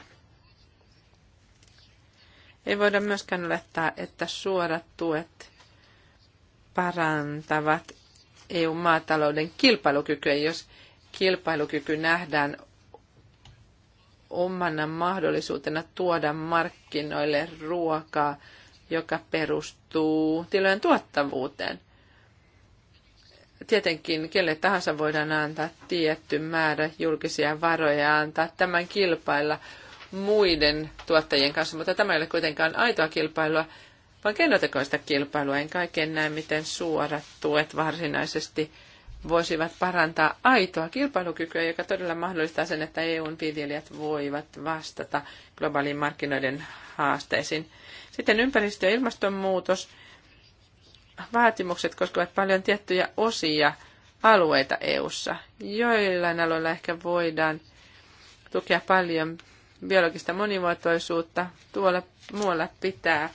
Ei voida myöskään olettaa, että suorat tuet parantavat EU-maatalouden kilpailukykyä, jos kilpailukyky nähdään omana mahdollisuutena tuoda markkinoille ruokaa, joka perustuu tilojen tuottavuuteen tietenkin kelle tahansa voidaan antaa tietty määrä julkisia varoja ja antaa tämän kilpailla muiden tuottajien kanssa, mutta tämä ei ole kuitenkaan aitoa kilpailua, vaan keinotekoista kilpailua. En kaiken näe, miten suorat tuet varsinaisesti voisivat parantaa aitoa kilpailukykyä, joka todella mahdollistaa sen, että EUn viljelijät voivat vastata globaaliin markkinoiden haasteisiin. Sitten ympäristö- ja ilmastonmuutos – vaatimukset koskevat paljon tiettyjä osia alueita EU:ssa. Joillain aloilla ehkä voidaan tukea paljon biologista monimuotoisuutta. Tuolla muualla pitää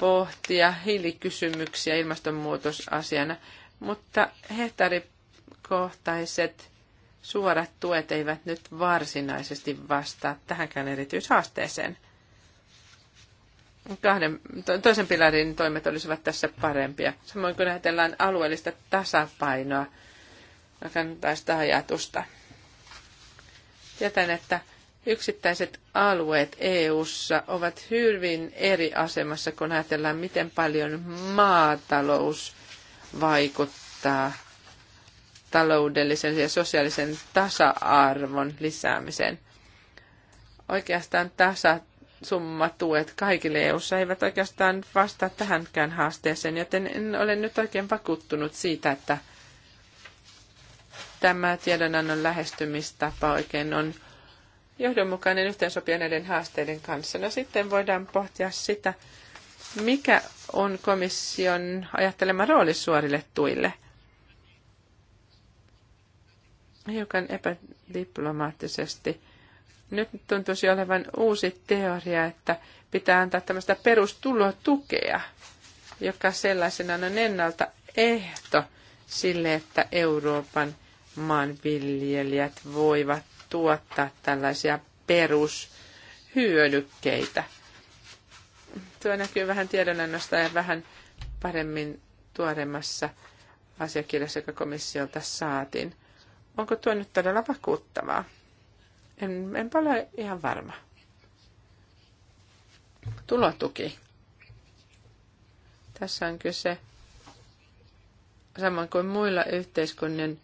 pohtia hiilikysymyksiä ilmastonmuutosasiana, mutta hehtaarikohtaiset suorat tuet eivät nyt varsinaisesti vastaa tähänkään erityishaasteeseen kahden, toisen pilarin toimet olisivat tässä parempia. Samoin kun ajatellaan alueellista tasapainoa, kannattaista ajatusta. Tietän, että yksittäiset alueet EU:ssa ovat hyvin eri asemassa, kun ajatellaan, miten paljon maatalous vaikuttaa taloudellisen ja sosiaalisen tasa-arvon lisäämiseen. Oikeastaan tasa tuet kaikille eu eivät oikeastaan vastaa tähänkään haasteeseen, joten en ole nyt oikein vakuuttunut siitä, että tämä tiedonannon lähestymistapa oikein on johdonmukainen yhteensopijan näiden haasteiden kanssa. No sitten voidaan pohtia sitä, mikä on komission ajattelema rooli suorille tuille. Hiukan epädiplomaattisesti nyt tuntuisi olevan uusi teoria, että pitää antaa tämmöistä perustulotukea, joka sellaisena on ennalta ehto sille, että Euroopan maanviljelijät voivat tuottaa tällaisia perushyödykkeitä. Tuo näkyy vähän tiedonannosta ja vähän paremmin tuoremmassa asiakirjassa, joka komissiolta saatiin. Onko tuo nyt todella vakuuttavaa? En, en ole ihan varma. Tulotuki. Tässä on kyse samoin kuin muilla yhteiskunnan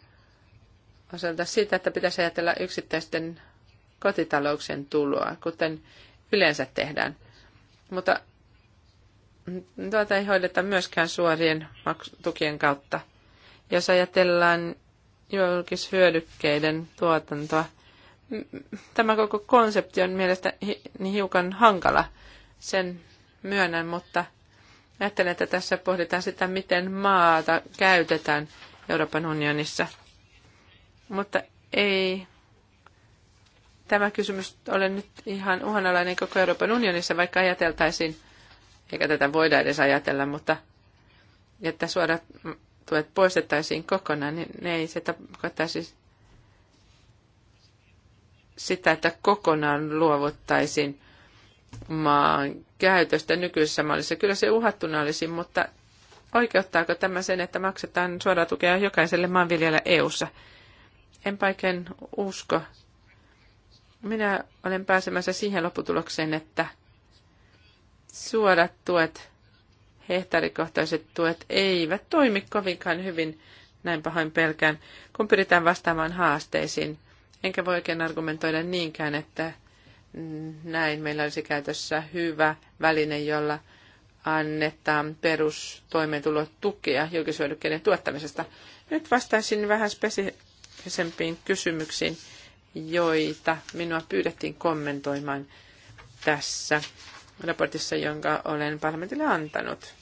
osalta siitä, että pitäisi ajatella yksittäisten kotitalouksien tuloa, kuten yleensä tehdään. Mutta tuota ei hoideta myöskään suorien tukien kautta. Jos ajatellaan julkishyödykkeiden tuotantoa, tämä koko konsepti on mielestäni niin hiukan hankala, sen myönnän, mutta ajattelen, että tässä pohditaan sitä, miten maata käytetään Euroopan unionissa. Mutta ei tämä kysymys ole nyt ihan uhanalainen koko Euroopan unionissa, vaikka ajateltaisiin, eikä tätä voida edes ajatella, mutta että suorat tuet poistettaisiin kokonaan, niin ne ei se tarkoittaisi sitä, että kokonaan luovuttaisiin maan käytöstä nykyisessä mallissa. Kyllä se uhattuna olisi, mutta oikeuttaako tämä sen, että maksetaan suoraa tukea jokaiselle maanviljelijälle EU-ssa? En paiken usko. Minä olen pääsemässä siihen lopputulokseen, että suorat tuet, hehtaarikohtaiset tuet eivät toimi kovinkaan hyvin, näin pahoin pelkään, kun pyritään vastaamaan haasteisiin, Enkä voi oikein argumentoida niinkään, että näin meillä olisi käytössä hyvä väline, jolla annetaan perustoimeentulotukea julkisyödykkeiden tuottamisesta. Nyt vastaisin vähän spesifisempiin kysymyksiin, joita minua pyydettiin kommentoimaan tässä raportissa, jonka olen parlamentille antanut.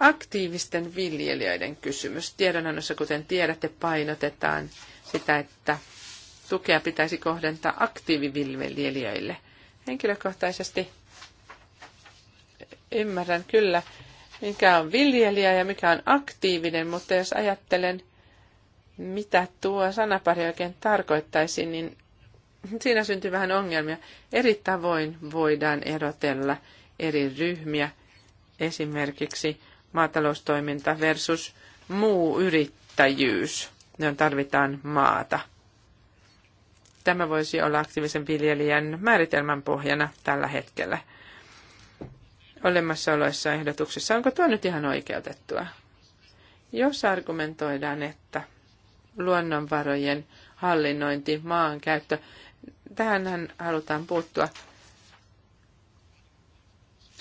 Aktiivisten viljelijöiden kysymys. Tiedonannossa, kuten tiedätte, painotetaan sitä, että tukea pitäisi kohdentaa aktiiviviljelijöille. Henkilökohtaisesti ymmärrän kyllä, mikä on viljelijä ja mikä on aktiivinen, mutta jos ajattelen, mitä tuo sanapari oikein tarkoittaisi, niin siinä syntyy vähän ongelmia. Eri tavoin voidaan erotella eri ryhmiä, esimerkiksi maataloustoiminta versus muu yrittäjyys johon tarvitaan maata. Tämä voisi olla aktiivisen viljelijän määritelmän pohjana tällä hetkellä olemassaoloissa ehdotuksissa, Onko tuo nyt ihan oikeutettua? Jos argumentoidaan, että luonnonvarojen hallinnointi, maankäyttö, tähän halutaan puuttua.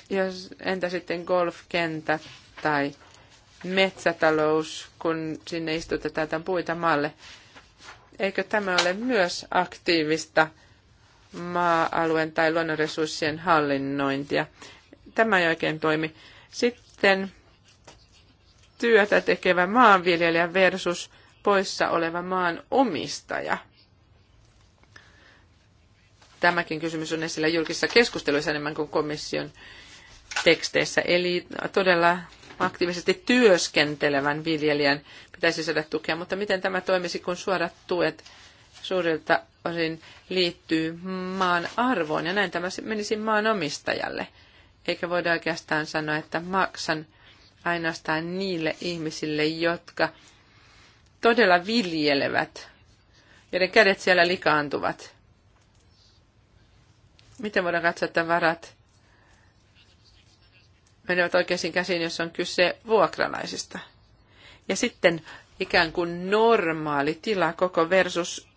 Jos, entä sitten golfkentät tai metsätalous, kun sinne istutetaan puita maalle. Eikö tämä ole myös aktiivista maa-alueen tai luonnonresurssien hallinnointia? Tämä ei oikein toimi. Sitten työtä tekevä maanviljelijä versus poissa oleva maan omistaja. Tämäkin kysymys on esillä julkisissa keskusteluissa enemmän kuin komission teksteissä. Eli todella aktiivisesti työskentelevän viljelijän pitäisi saada tukea, mutta miten tämä toimisi, kun suorat tuet suurilta osin liittyy maan arvoon, ja näin tämä menisi maanomistajalle. Eikä voida oikeastaan sanoa, että maksan ainoastaan niille ihmisille, jotka todella viljelevät, joiden kädet siellä likaantuvat. Miten voidaan katsoa, että varat menevät oikeisiin käsiin, jos on kyse vuokralaisista. Ja sitten ikään kuin normaali tila koko versus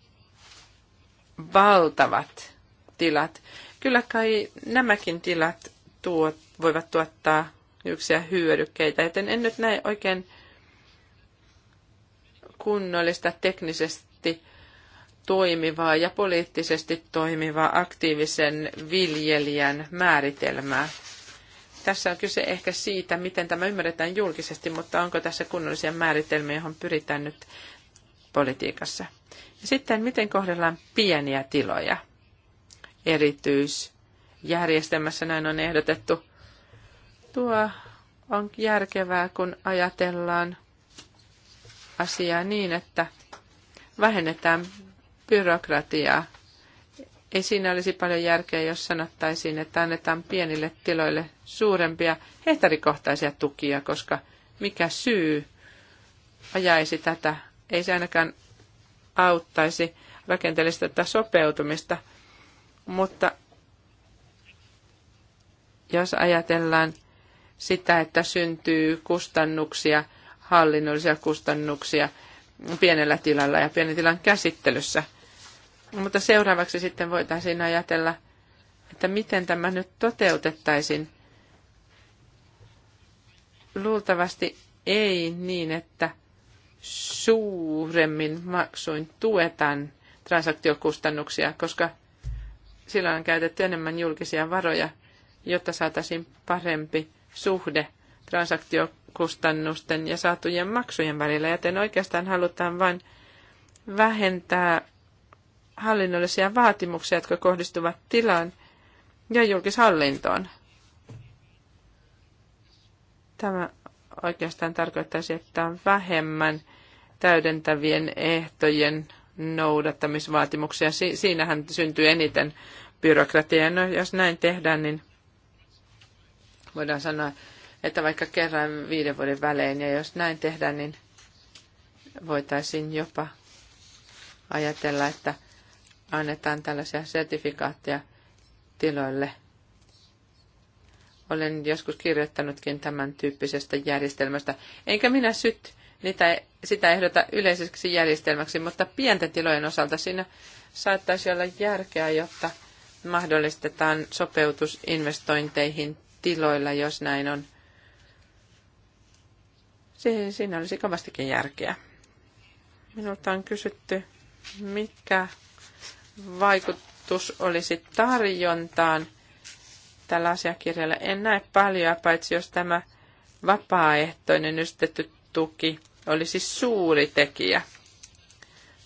valtavat tilat. Kyllä kai nämäkin tilat tuot, voivat tuottaa yksiä hyödykkeitä, joten en nyt näe oikein kunnollista teknisesti toimivaa ja poliittisesti toimivaa aktiivisen viljelijän määritelmää. Tässä on kyse ehkä siitä, miten tämä ymmärretään julkisesti, mutta onko tässä kunnollisia määritelmiä, johon pyritään nyt politiikassa. Ja sitten, miten kohdellaan pieniä tiloja? Erityisjärjestelmässä näin on ehdotettu. Tuo on järkevää, kun ajatellaan asiaa niin, että vähennetään byrokratiaa ei siinä olisi paljon järkeä, jos sanottaisiin, että annetaan pienille tiloille suurempia hehtarikohtaisia tukia, koska mikä syy ajaisi tätä? Ei se ainakaan auttaisi rakenteellista tätä sopeutumista, mutta jos ajatellaan sitä, että syntyy kustannuksia, hallinnollisia kustannuksia pienellä tilalla ja pienen tilan käsittelyssä – mutta seuraavaksi sitten voitaisiin ajatella, että miten tämä nyt toteutettaisiin. Luultavasti ei niin, että suuremmin maksuin tuetaan transaktiokustannuksia, koska silloin on käytetty enemmän julkisia varoja, jotta saataisiin parempi suhde transaktiokustannusten ja saatujen maksujen välillä, joten oikeastaan halutaan vain vähentää hallinnollisia vaatimuksia, jotka kohdistuvat tilaan ja julkishallintoon. Tämä oikeastaan tarkoittaisi, että on vähemmän täydentävien ehtojen noudattamisvaatimuksia. Si- siinähän syntyy eniten byrokratiaa. No, jos näin tehdään, niin voidaan sanoa, että vaikka kerran viiden vuoden välein, ja jos näin tehdään, niin voitaisiin jopa ajatella, että annetaan tällaisia sertifikaatteja tiloille. Olen joskus kirjoittanutkin tämän tyyppisestä järjestelmästä. Enkä minä syt niitä, sitä ehdota yleiseksi järjestelmäksi, mutta pienten tilojen osalta siinä saattaisi olla järkeä, jotta mahdollistetaan sopeutus investointeihin tiloilla, jos näin on. Siinä olisi kovastikin järkeä. Minulta on kysytty, mitkä vaikutus olisi tarjontaan tällä asiakirjalla. En näe paljon, paitsi jos tämä vapaaehtoinen ystetty tuki olisi suuri tekijä.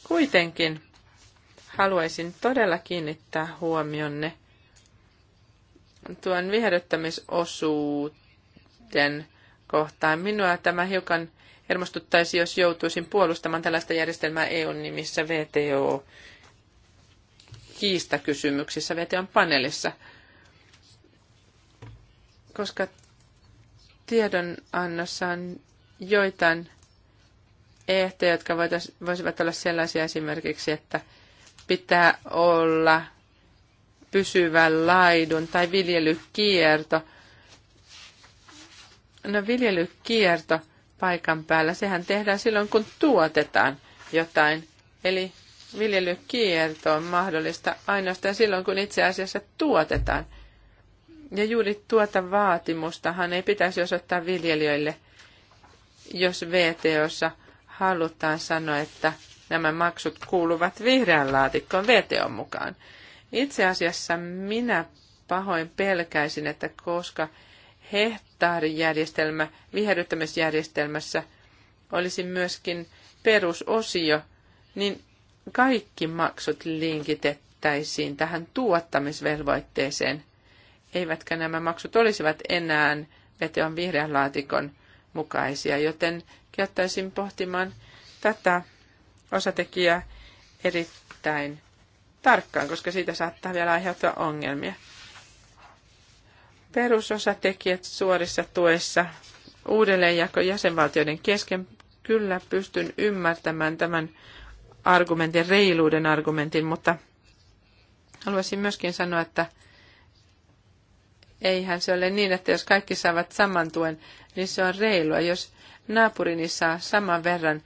Kuitenkin haluaisin todella kiinnittää huomionne tuon viherryttämisosuuden kohtaan. Minua tämä hiukan hermostuttaisi, jos joutuisin puolustamaan tällaista järjestelmää eu nimissä VTO kiistakysymyksissä VTOn paneelissa, koska tiedonannossa on joitain ehtoja, jotka voisivat olla sellaisia esimerkiksi, että pitää olla pysyvä laidun tai viljelykierto. No viljelykierto paikan päällä, sehän tehdään silloin, kun tuotetaan jotain. Eli viljelykielto on mahdollista ainoastaan silloin, kun itse asiassa tuotetaan. Ja juuri tuota vaatimustahan ei pitäisi osoittaa viljelijöille, jos VTOssa halutaan sanoa, että nämä maksut kuuluvat vihreän laatikkoon VTOn mukaan. Itse asiassa minä pahoin pelkäisin, että koska hehtaarijärjestelmä viherryttämisjärjestelmässä olisi myöskin perusosio, niin kaikki maksut linkitettäisiin tähän tuottamisvelvoitteeseen, eivätkä nämä maksut olisivat enää VTOn vihreän laatikon mukaisia, joten kehottaisin pohtimaan tätä osatekijää erittäin tarkkaan, koska siitä saattaa vielä aiheutua ongelmia. Perusosatekijät suorissa tuessa, uudelleenjako jäsenvaltioiden kesken, kyllä pystyn ymmärtämään tämän argumentin, reiluuden argumentin, mutta haluaisin myöskin sanoa, että eihän se ole niin, että jos kaikki saavat saman tuen, niin se on reilua. Jos naapurini saa saman verran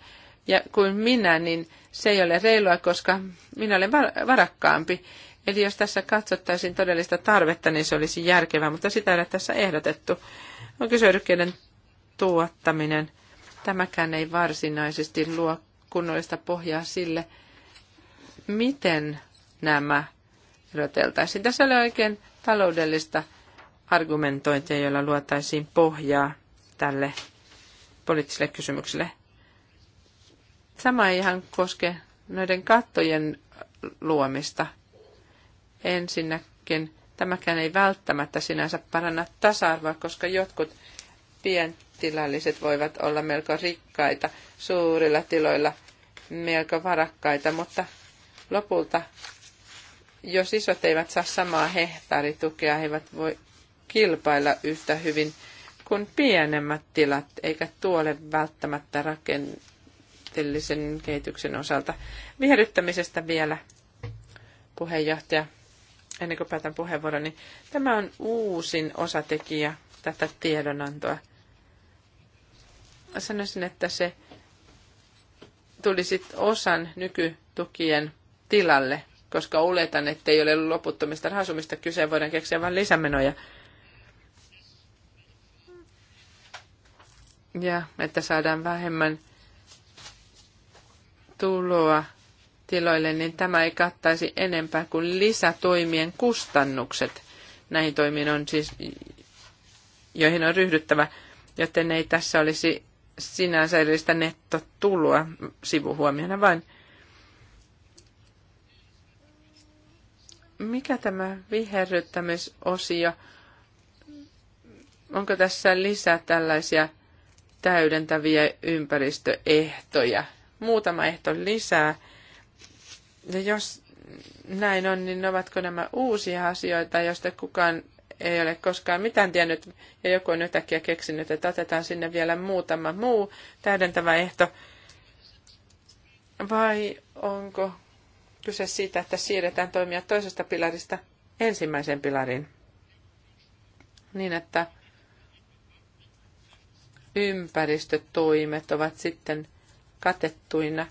ja kuin minä, niin se ei ole reilua, koska minä olen varakkaampi. Eli jos tässä katsottaisiin todellista tarvetta, niin se olisi järkevää, mutta sitä ei ole tässä ehdotettu. On kysyä tuottaminen. Tämäkään ei varsinaisesti luo kunnollista pohjaa sille, miten nämä eroteltaisiin. Tässä oli oikein taloudellista argumentointia, jolla luotaisiin pohjaa tälle poliittiselle kysymykselle. Sama ei ihan koske noiden kattojen luomista. Ensinnäkin tämäkään ei välttämättä sinänsä paranna tasa-arvoa, koska jotkut pien tilalliset voivat olla melko rikkaita, suurilla tiloilla melko varakkaita, mutta lopulta, jos isot eivät saa samaa hehtaaritukea, he eivät voi kilpailla yhtä hyvin kuin pienemmät tilat, eikä tuole välttämättä rakenteellisen kehityksen osalta. Viherryttämisestä vielä, puheenjohtaja, ennen kuin päätän puheenvuoron, Niin tämä on uusin osatekijä tätä tiedonantoa – Sanoisin, että se tuli sitten osan nykytukien tilalle, koska oletan, että ei ole loputtomista rahasumista kyse, voidaan keksiä vain lisämenoja. Ja että saadaan vähemmän tuloa tiloille, niin tämä ei kattaisi enempää kuin lisätoimien kustannukset. Näihin toimiin on siis, joihin on ryhdyttävä, joten ei tässä olisi sinänsä edellistä nettotuloa sivuhuomiona, vaan mikä tämä viherryttämisosio, onko tässä lisää tällaisia täydentäviä ympäristöehtoja? Muutama ehto lisää. Ja jos näin on, niin ovatko nämä uusia asioita, joista kukaan ei ole koskaan mitään tiennyt, ja joku on yhtäkkiä keksinyt, että otetaan sinne vielä muutama muu täydentävä ehto. Vai onko kyse siitä, että siirretään toimia toisesta pilarista ensimmäiseen pilariin? Niin, että ympäristötoimet ovat sitten katettuina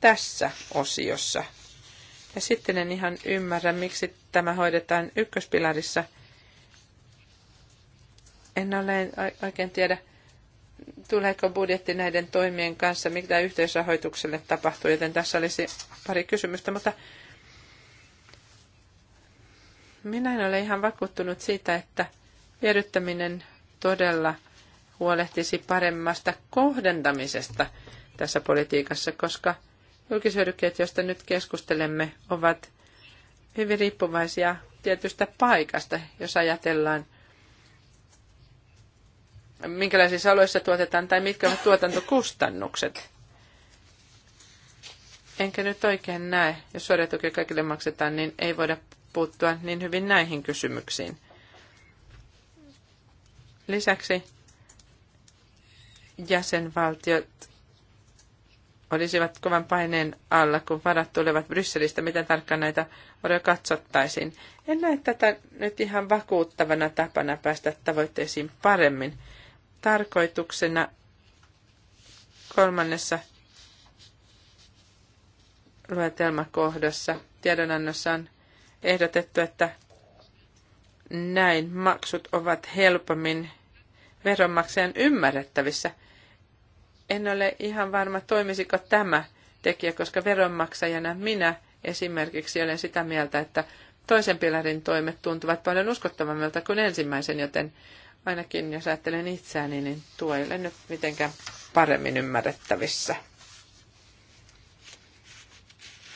tässä osiossa. Ja sitten en ihan ymmärrä, miksi tämä hoidetaan ykköspilarissa – en ole oikein tiedä, tuleeko budjetti näiden toimien kanssa, mitä yhteisrahoitukselle tapahtuu, joten tässä olisi pari kysymystä, mutta minä en ole ihan vakuuttunut siitä, että viedyttäminen todella huolehtisi paremmasta kohdentamisesta tässä politiikassa, koska julkisyödykkeet, joista nyt keskustelemme, ovat hyvin riippuvaisia tietystä paikasta, jos ajatellaan – minkälaisissa aloissa tuotetaan tai mitkä ovat tuotantokustannukset. Enkä nyt oikein näe, jos suoratuki kaikille maksetaan, niin ei voida puuttua niin hyvin näihin kysymyksiin. Lisäksi jäsenvaltiot olisivat kovan paineen alla, kun varat tulevat Brysselistä, miten tarkkaan näitä varoja katsottaisiin. En näe tätä nyt ihan vakuuttavana tapana päästä tavoitteisiin paremmin tarkoituksena kolmannessa luetelmakohdassa tiedonannossa on ehdotettu, että näin maksut ovat helpommin veronmaksajan ymmärrettävissä. En ole ihan varma, toimisiko tämä tekijä, koska veronmaksajana minä esimerkiksi olen sitä mieltä, että toisen pilarin toimet tuntuvat paljon uskottavammilta kuin ensimmäisen, joten ainakin jos ajattelen itseäni, niin tuo ei ole nyt mitenkään paremmin ymmärrettävissä.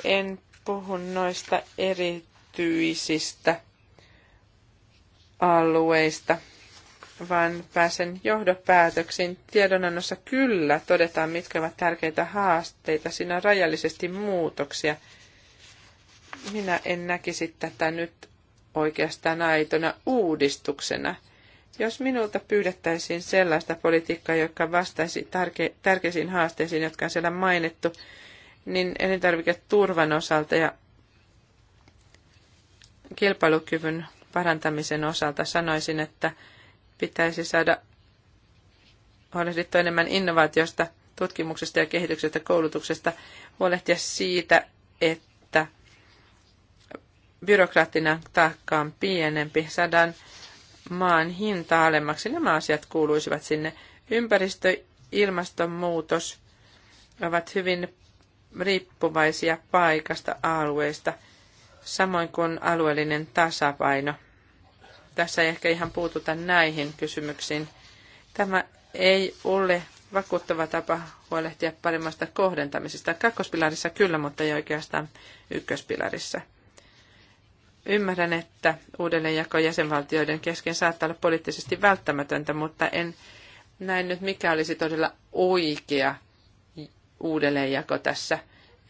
En puhu noista erityisistä alueista, vaan pääsen johdopäätöksiin. Tiedonannossa kyllä todetaan, mitkä ovat tärkeitä haasteita. Siinä on rajallisesti muutoksia. Minä en näkisi tätä nyt oikeastaan aitona uudistuksena – jos minulta pyydettäisiin sellaista politiikkaa, joka vastaisi tärke- tärkeisiin haasteisiin, jotka on siellä mainittu, niin elintarviketurvan osalta ja kilpailukyvyn parantamisen osalta sanoisin, että pitäisi saada huolehdittua enemmän innovaatiosta, tutkimuksesta ja kehityksestä, koulutuksesta, huolehtia siitä, että byrokraattinen taakka on pienempi, saadaan maan hinta alemmaksi. Nämä asiat kuuluisivat sinne. Ympäristö, ilmastonmuutos ovat hyvin riippuvaisia paikasta, alueesta, samoin kuin alueellinen tasapaino. Tässä ei ehkä ihan puututa näihin kysymyksiin. Tämä ei ole vakuuttava tapa huolehtia paremmasta kohdentamisesta. Kakkospilarissa kyllä, mutta ei oikeastaan ykköspilarissa. Ymmärrän, että uudelleenjako jäsenvaltioiden kesken saattaa olla poliittisesti välttämätöntä, mutta en näin nyt, mikä olisi todella oikea uudelleenjako tässä.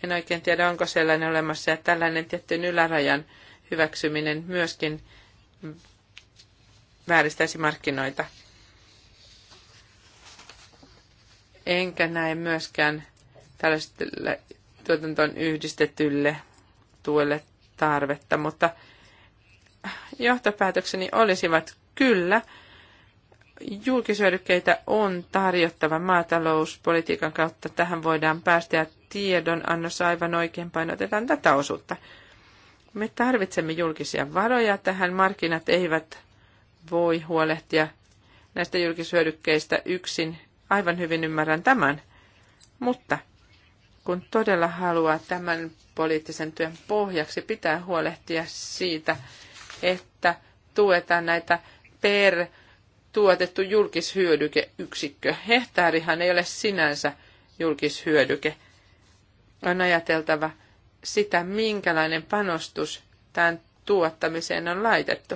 En oikein tiedä, onko sellainen olemassa ja tällainen tietty ylärajan hyväksyminen myöskin vääristäisi markkinoita. Enkä näe myöskään tällaiselle tuotantoon yhdistetylle tuelle tarvetta, mutta johtopäätökseni olisivat kyllä, julkisyödykkeitä on tarjottava maatalouspolitiikan kautta. Tähän voidaan päästä ja tiedonannossa aivan oikein painotetaan tätä osuutta. Me tarvitsemme julkisia varoja tähän. Markkinat eivät voi huolehtia näistä julkisyödykkeistä yksin. Aivan hyvin ymmärrän tämän. Mutta kun todella haluaa tämän poliittisen työn pohjaksi, pitää huolehtia siitä, että tuetaan näitä per tuotettu julkishyödykeyksikkö. Hehtaarihan ei ole sinänsä julkishyödyke. On ajateltava sitä, minkälainen panostus tämän tuottamiseen on laitettu.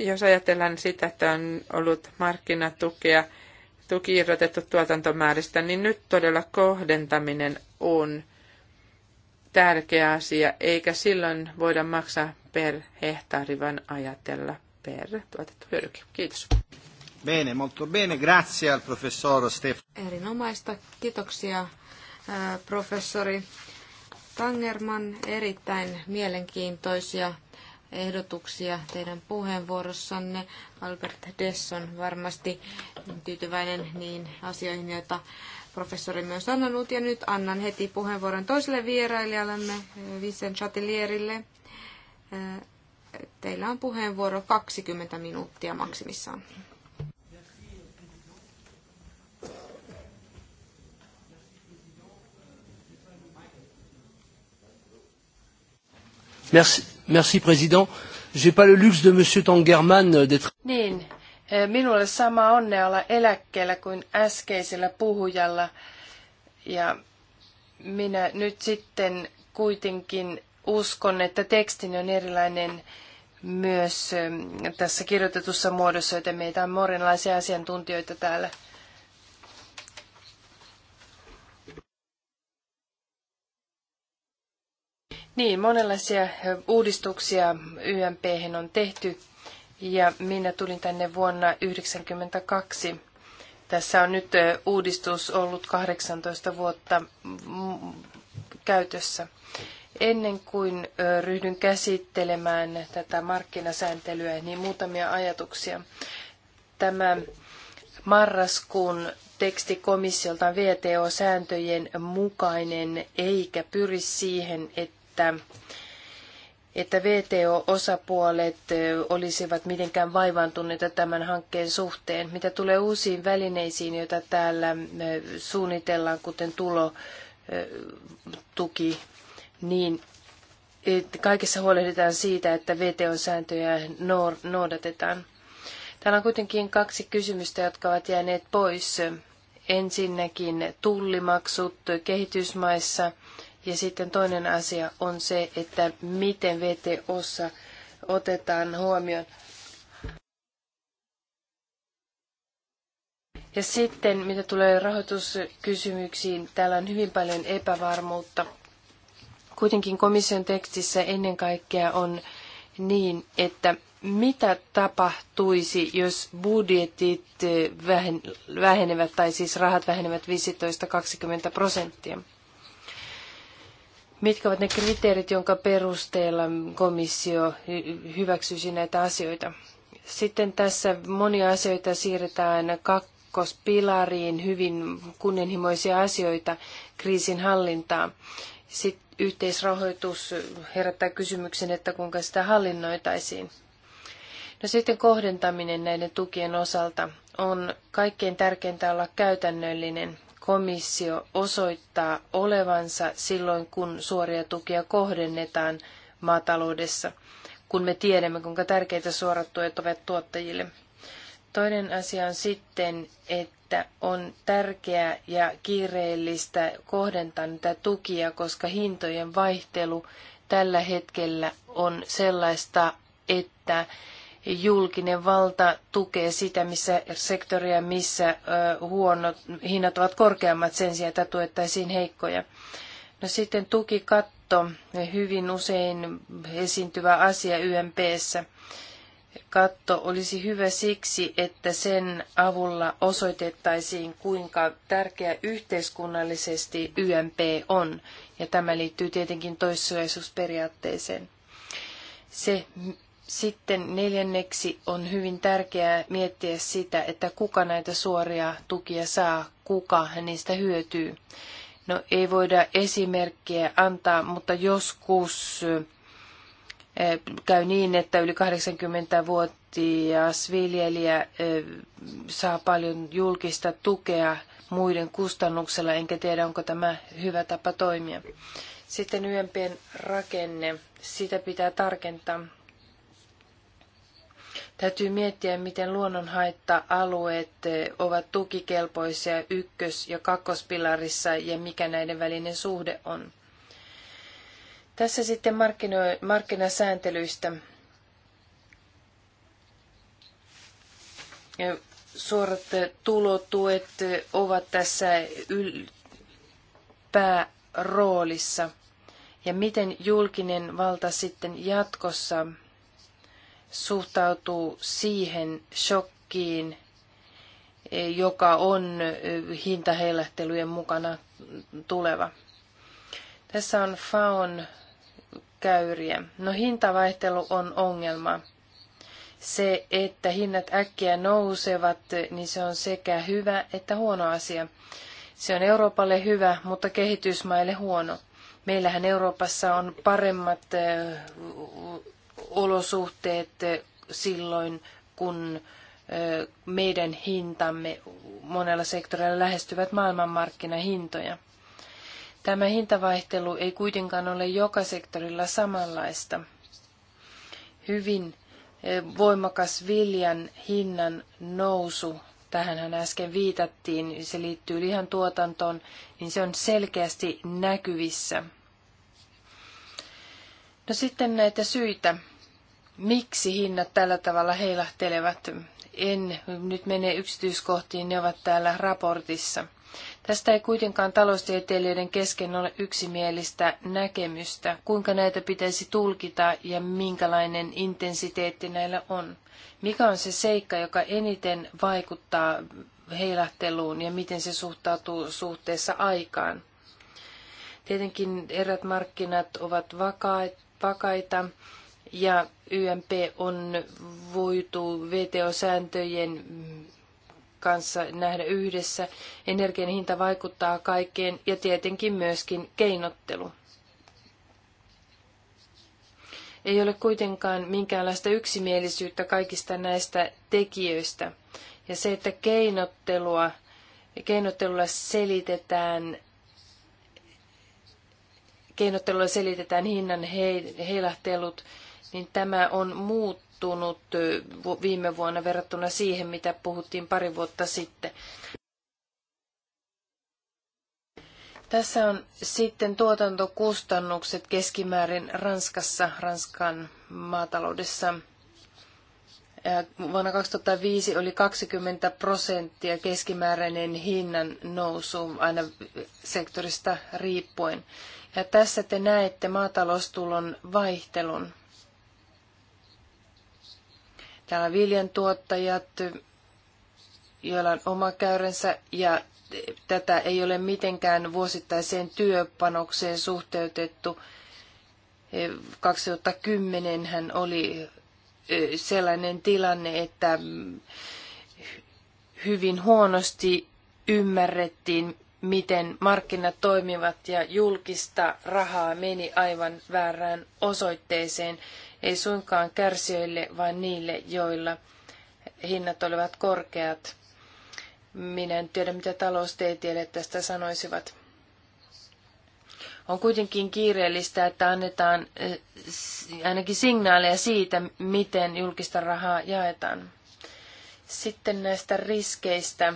Jos ajatellaan sitä, että on ollut markkinatukea tuki irrotettu tuotantomääristä, niin nyt todella kohdentaminen on tärkeä asia, eikä silloin voida maksaa per hehtaari, vaan ajatella per tuotettu hyödyke. Kiitos. Bene, molto bene. Grazie al professor Stefan. Erinomaista. Kiitoksia professori Tangerman. Erittäin mielenkiintoisia ehdotuksia teidän puheenvuorossanne. Albert Desson varmasti tyytyväinen niin asioihin, joita professori myös sanonut. Ja nyt annan heti puheenvuoron toiselle vierailijallemme, Vincent Chatelierille. Teillä on puheenvuoro 20 minuuttia maksimissaan. Merci, Merci, président. J'ai pas le luxe de monsieur Tangerman euh, d'être... Niin, eh, minulle sama onne olla eläkkeellä kuin äskeisellä puhujalla. Ja minä nyt sitten kuitenkin uskon, että tekstin on erilainen myös eh, tässä kirjoitetussa muodossa, joten meitä on morinlaisia asiantuntijoita täällä. Niin, monenlaisia uudistuksia YMP on tehty ja minä tulin tänne vuonna 1992. Tässä on nyt uudistus ollut 18 vuotta käytössä. Ennen kuin ryhdyn käsittelemään tätä markkinasääntelyä, niin muutamia ajatuksia. Tämä marraskuun teksti komissiolta on VTO-sääntöjen mukainen eikä pyri siihen, että että että VTO-osapuolet olisivat mitenkään vaivaantuneita tämän hankkeen suhteen. Mitä tulee uusiin välineisiin, joita täällä suunnitellaan, kuten tulotuki, niin kaikessa huolehditaan siitä, että VTO-sääntöjä noudatetaan. Täällä on kuitenkin kaksi kysymystä, jotka ovat jääneet pois. Ensinnäkin tullimaksut kehitysmaissa ja sitten toinen asia on se, että miten VTOssa otetaan huomioon. Ja sitten, mitä tulee rahoituskysymyksiin, täällä on hyvin paljon epävarmuutta. Kuitenkin komission tekstissä ennen kaikkea on niin, että mitä tapahtuisi, jos budjetit vähenevät tai siis rahat vähenevät 15-20 prosenttia? Mitkä ovat ne kriteerit, jonka perusteella komissio hyväksyisi näitä asioita? Sitten tässä monia asioita siirretään kakkospilariin, hyvin kunnianhimoisia asioita kriisin hallintaan. Sitten yhteisrahoitus herättää kysymyksen, että kuinka sitä hallinnoitaisiin. No sitten kohdentaminen näiden tukien osalta on kaikkein tärkeintä olla käytännöllinen komissio osoittaa olevansa silloin, kun suoria tukia kohdennetaan maataloudessa, kun me tiedämme, kuinka tärkeitä suorat tuet ovat tuottajille. Toinen asia on sitten, että on tärkeää ja kiireellistä kohdentaa näitä tukia, koska hintojen vaihtelu tällä hetkellä on sellaista, että julkinen valta tukee sitä, missä sektoria, missä huonot hinnat ovat korkeammat sen sijaan, että tuettaisiin heikkoja. No sitten tukikatto, hyvin usein esiintyvä asia YMPssä. Katto olisi hyvä siksi, että sen avulla osoitettaisiin, kuinka tärkeä yhteiskunnallisesti YMP on. Ja tämä liittyy tietenkin toissijaisuusperiaatteeseen. Se, sitten neljänneksi on hyvin tärkeää miettiä sitä, että kuka näitä suoria tukia saa, kuka niistä hyötyy. No ei voida esimerkkejä antaa, mutta joskus eh, käy niin, että yli 80-vuotias viljelijä eh, saa paljon julkista tukea muiden kustannuksella, enkä tiedä, onko tämä hyvä tapa toimia. Sitten YMPn rakenne, sitä pitää tarkentaa. Täytyy miettiä, miten luonnonhaitta-alueet eh, ovat tukikelpoisia ykkös- ja kakkospilarissa ja mikä näiden välinen suhde on. Tässä sitten markkino- markkinasääntelyistä. Suorat eh, tulotuet eh, ovat tässä yl- pääroolissa. Ja miten julkinen valta sitten jatkossa suhtautuu siihen shokkiin, joka on hintaheilähtelyjen mukana tuleva. Tässä on faon käyriä. No hintavaihtelu on ongelma. Se, että hinnat äkkiä nousevat, niin se on sekä hyvä että huono asia. Se on Euroopalle hyvä, mutta kehitysmaille huono. Meillähän Euroopassa on paremmat eh, olosuhteet silloin, kun meidän hintamme monella sektorilla lähestyvät maailmanmarkkinahintoja. Tämä hintavaihtelu ei kuitenkaan ole joka sektorilla samanlaista. Hyvin voimakas viljan hinnan nousu, tähän äsken viitattiin, se liittyy lihan tuotantoon, niin se on selkeästi näkyvissä. No sitten näitä syitä miksi hinnat tällä tavalla heilahtelevat. En nyt mene yksityiskohtiin, ne ovat täällä raportissa. Tästä ei kuitenkaan taloustieteilijöiden kesken ole yksimielistä näkemystä, kuinka näitä pitäisi tulkita ja minkälainen intensiteetti näillä on. Mikä on se seikka, joka eniten vaikuttaa heilahteluun ja miten se suhtautuu suhteessa aikaan? Tietenkin erät markkinat ovat vakaita, ja YMP on voitu VTO-sääntöjen kanssa nähdä yhdessä. Energian hinta vaikuttaa kaikkeen ja tietenkin myöskin keinottelu. Ei ole kuitenkaan minkäänlaista yksimielisyyttä kaikista näistä tekijöistä. Ja se, että keinottelua, keinottelulla selitetään keinottelulla selitetään hinnan heilahtelut niin tämä on muuttunut viime vuonna verrattuna siihen, mitä puhuttiin pari vuotta sitten. Tässä on sitten tuotantokustannukset keskimäärin Ranskassa, Ranskan maataloudessa. Vuonna 2005 oli 20 prosenttia keskimääräinen hinnan nousu aina sektorista riippuen. Ja tässä te näette maataloustulon vaihtelun. Täällä on viljantuottajat, joilla on oma käyrensä ja tätä ei ole mitenkään vuosittaiseen työpanokseen suhteutettu. 2010 hän oli sellainen tilanne, että hyvin huonosti ymmärrettiin, miten markkinat toimivat ja julkista rahaa meni aivan väärään osoitteeseen ei suinkaan kärsijöille, vaan niille, joilla hinnat olivat korkeat. Minä en tiedä, mitä taloustieteilijät tästä sanoisivat. On kuitenkin kiireellistä, että annetaan eh, ainakin signaaleja siitä, miten julkista rahaa jaetaan. Sitten näistä riskeistä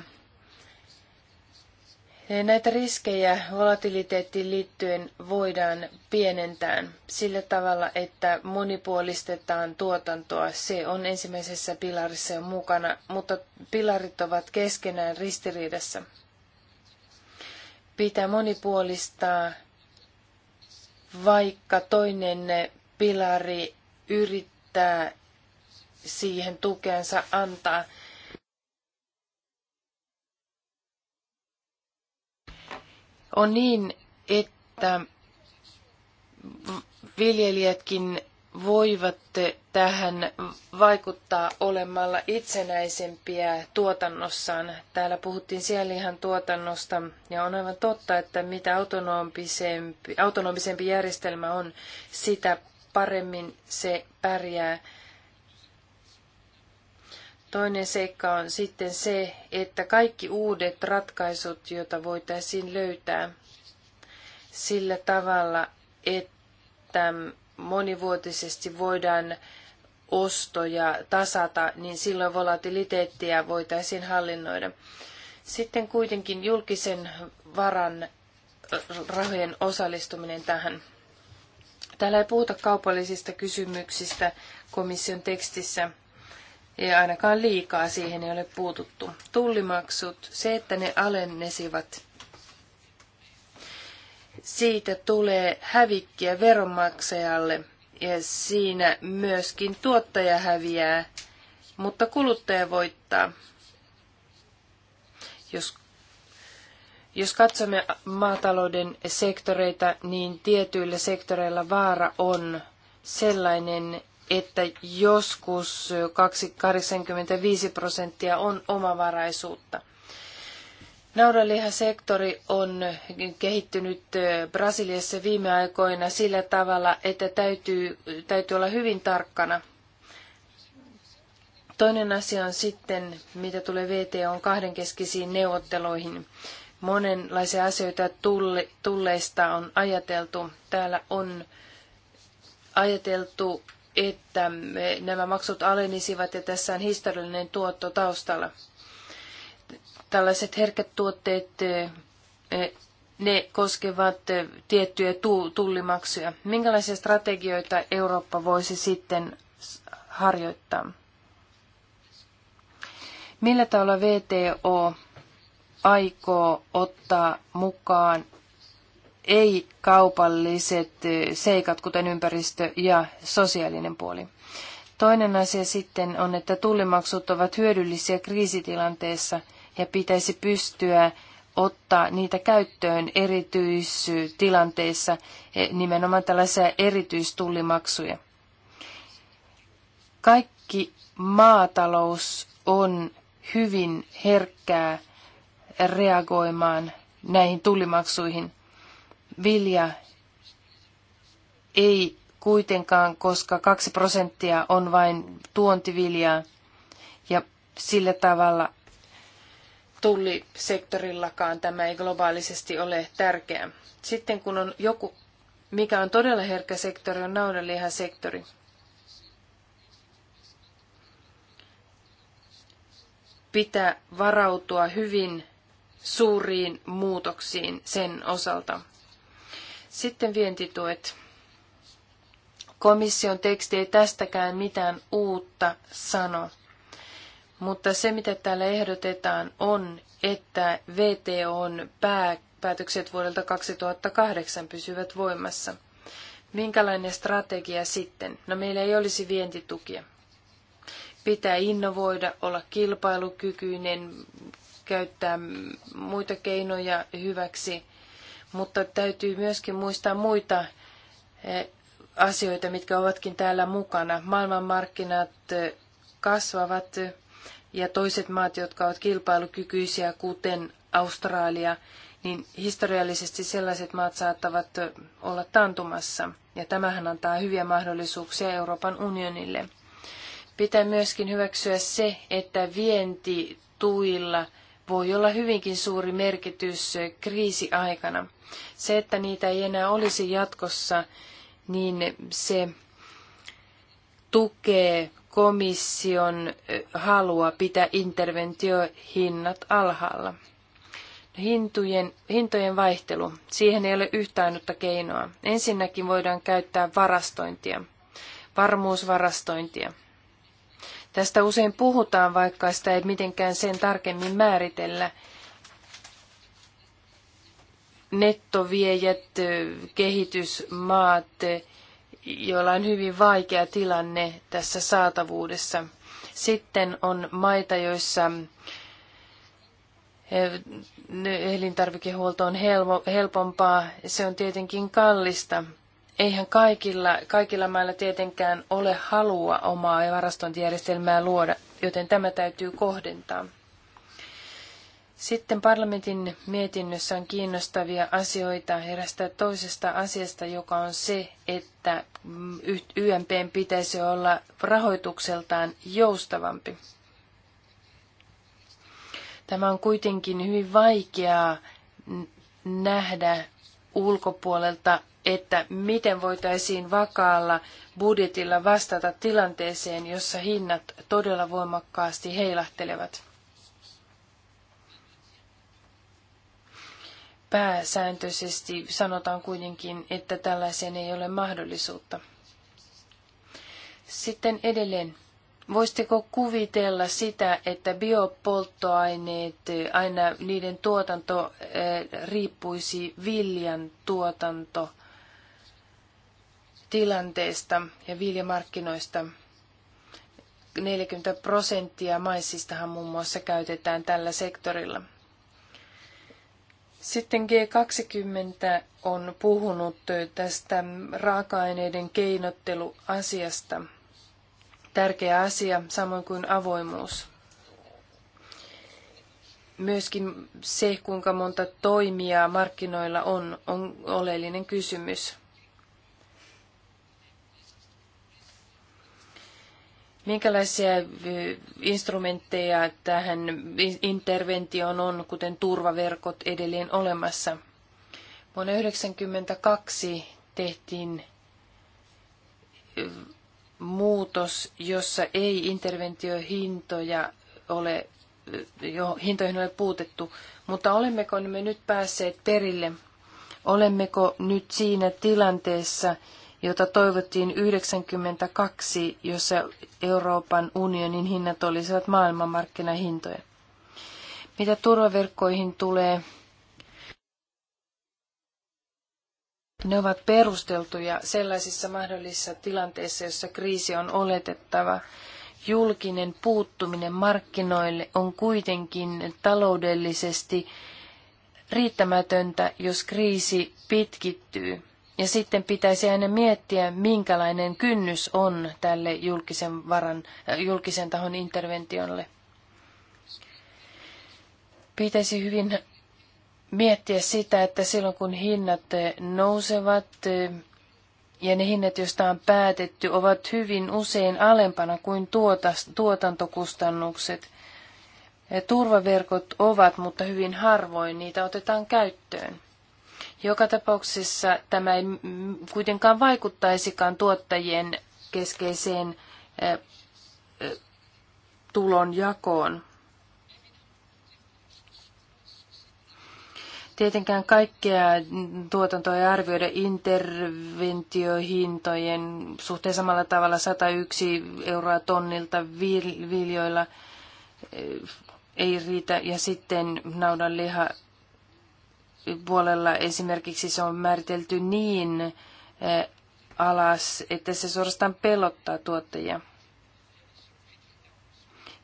Näitä riskejä volatiliteettiin liittyen voidaan pienentää sillä tavalla, että monipuolistetaan tuotantoa. Se on ensimmäisessä pilarissa jo mukana, mutta pilarit ovat keskenään ristiriidassa. Pitää monipuolistaa, vaikka toinen pilari yrittää siihen tukeansa antaa – On niin, että viljelijätkin voivat tähän vaikuttaa olemalla itsenäisempiä tuotannossaan. Täällä puhuttiin ihan tuotannosta ja on aivan totta, että mitä autonomisempi, autonomisempi järjestelmä on, sitä paremmin se pärjää Toinen seikka on sitten se, että kaikki uudet ratkaisut, joita voitaisiin löytää sillä tavalla, että monivuotisesti voidaan ostoja tasata, niin silloin volatiliteettia voitaisiin hallinnoida. Sitten kuitenkin julkisen varan äh, rahojen osallistuminen tähän. Täällä ei puhuta kaupallisista kysymyksistä komission tekstissä – ei ainakaan liikaa siihen ei ole puututtu. Tullimaksut, se että ne alennesivat, siitä tulee hävikkiä veronmaksajalle ja siinä myöskin tuottaja häviää, mutta kuluttaja voittaa. Jos, jos katsomme maatalouden sektoreita, niin tietyillä sektoreilla vaara on sellainen, että joskus 85 prosenttia on omavaraisuutta. Naudanlihasektori on kehittynyt Brasiliassa viime aikoina sillä tavalla, että täytyy, täytyy olla hyvin tarkkana. Toinen asia on sitten, mitä tulee VTOn kahdenkeskisiin neuvotteluihin. Monenlaisia asioita tulleista on ajateltu. Täällä on ajateltu että nämä maksut alenisivat ja tässä on historiallinen tuotto taustalla. Tällaiset herkät tuotteet, ne koskevat tiettyjä tullimaksuja. Minkälaisia strategioita Eurooppa voisi sitten harjoittaa? Millä tavalla VTO aikoo ottaa mukaan ei-kaupalliset seikat, kuten ympäristö ja sosiaalinen puoli. Toinen asia sitten on, että tullimaksut ovat hyödyllisiä kriisitilanteessa ja pitäisi pystyä ottaa niitä käyttöön erityistilanteissa, e, nimenomaan tällaisia erityistullimaksuja. Kaikki maatalous on hyvin herkkää reagoimaan näihin tullimaksuihin – vilja ei kuitenkaan, koska kaksi prosenttia on vain tuontiviljaa ja sillä tavalla tullisektorillakaan tämä ei globaalisesti ole tärkeää. Sitten kun on joku, mikä on todella herkkä sektori, on naudanlihasektori. Pitää varautua hyvin suuriin muutoksiin sen osalta. Sitten vientituet. Komission teksti ei tästäkään mitään uutta sano. Mutta se, mitä täällä ehdotetaan, on, että VTOn päätökset vuodelta 2008 pysyvät voimassa. Minkälainen strategia sitten? No meillä ei olisi vientitukia. Pitää innovoida, olla kilpailukykyinen, käyttää muita keinoja hyväksi mutta täytyy myöskin muistaa muita eh, asioita, mitkä ovatkin täällä mukana. Maailmanmarkkinat eh, kasvavat eh, ja toiset maat, jotka ovat kilpailukykyisiä, kuten Australia, niin historiallisesti sellaiset maat saattavat olla tantumassa. Ja tämähän antaa hyviä mahdollisuuksia Euroopan unionille. Pitää myöskin hyväksyä se, että vientituilla – voi olla hyvinkin suuri merkitys kriisiaikana. Se, että niitä ei enää olisi jatkossa, niin se tukee komission halua pitää interventiohinnat alhaalla. Hintujen, hintojen vaihtelu. Siihen ei ole yhtä ainutta keinoa. Ensinnäkin voidaan käyttää varastointia, varmuusvarastointia – Tästä usein puhutaan, vaikka sitä ei mitenkään sen tarkemmin määritellä. Nettoviejät, kehitysmaat, joilla on hyvin vaikea tilanne tässä saatavuudessa. Sitten on maita, joissa eh, elintarvikehuolto on helpompaa. Se on tietenkin kallista, Eihän kaikilla, kaikilla mailla tietenkään ole halua omaa varastointijärjestelmää luoda, joten tämä täytyy kohdentaa. Sitten parlamentin mietinnössä on kiinnostavia asioita herästä toisesta asiasta, joka on se, että YMP pitäisi olla rahoitukseltaan joustavampi. Tämä on kuitenkin hyvin vaikeaa nähdä ulkopuolelta että miten voitaisiin vakaalla budjetilla vastata tilanteeseen, jossa hinnat todella voimakkaasti heilahtelevat. Pääsääntöisesti sanotaan kuitenkin, että tällaiseen ei ole mahdollisuutta. Sitten edelleen. Voisitteko kuvitella sitä, että biopolttoaineet, aina niiden tuotanto eh, riippuisi viljan tuotantoa? tilanteesta ja viljamarkkinoista. 40 prosenttia maissistahan muun muassa käytetään tällä sektorilla. Sitten G20 on puhunut tästä raaka-aineiden keinotteluasiasta. Tärkeä asia, samoin kuin avoimuus. Myöskin se, kuinka monta toimijaa markkinoilla on, on oleellinen kysymys. Minkälaisia eh, instrumentteja tähän interventioon on, kuten turvaverkot edelleen olemassa? Vuonna 1992 tehtiin eh, muutos, jossa ei interventiohintoja ole, eh, jo, hintoihin ole puutettu, mutta olemmeko me nyt päässeet perille? Olemmeko nyt siinä tilanteessa, jota toivottiin 92, jossa Euroopan unionin hinnat olisivat maailmanmarkkinahintoja. Mitä turvaverkkoihin tulee, ne ovat perusteltuja sellaisissa mahdollisissa tilanteissa, joissa kriisi on oletettava. Julkinen puuttuminen markkinoille on kuitenkin taloudellisesti riittämätöntä, jos kriisi pitkittyy ja sitten pitäisi aina miettiä, minkälainen kynnys on tälle julkisen, varan, äh, julkisen tahon interventiolle. Pitäisi hyvin miettiä sitä, että silloin kun hinnat äh, nousevat äh, ja ne hinnat, joista on päätetty, ovat hyvin usein alempana kuin tuota, tuotantokustannukset. Turvaverkot ovat, mutta hyvin harvoin niitä otetaan käyttöön. Joka tapauksessa tämä ei kuitenkaan vaikuttaisikaan tuottajien keskeiseen jakoon. Tietenkään kaikkea tuotantoa ei arvioida interventiohintojen suhteen samalla tavalla 101 euroa tonnilta viljoilla ei riitä. Ja sitten naudanliha puolella esimerkiksi se on määritelty niin eh, alas, että se suorastaan pelottaa tuottajia.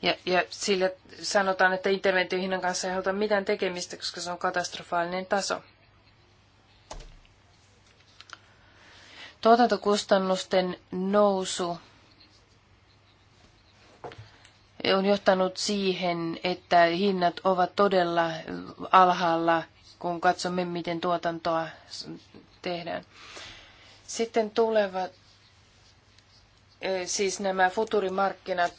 Ja, ja sillä sanotaan, että interventiohinnan kanssa ei haluta mitään tekemistä, koska se on katastrofaalinen taso. Tuotantokustannusten nousu on johtanut siihen, että hinnat ovat todella alhaalla kun katsomme, miten tuotantoa tehdään. Sitten tulevat eh, siis nämä futurimarkkinat.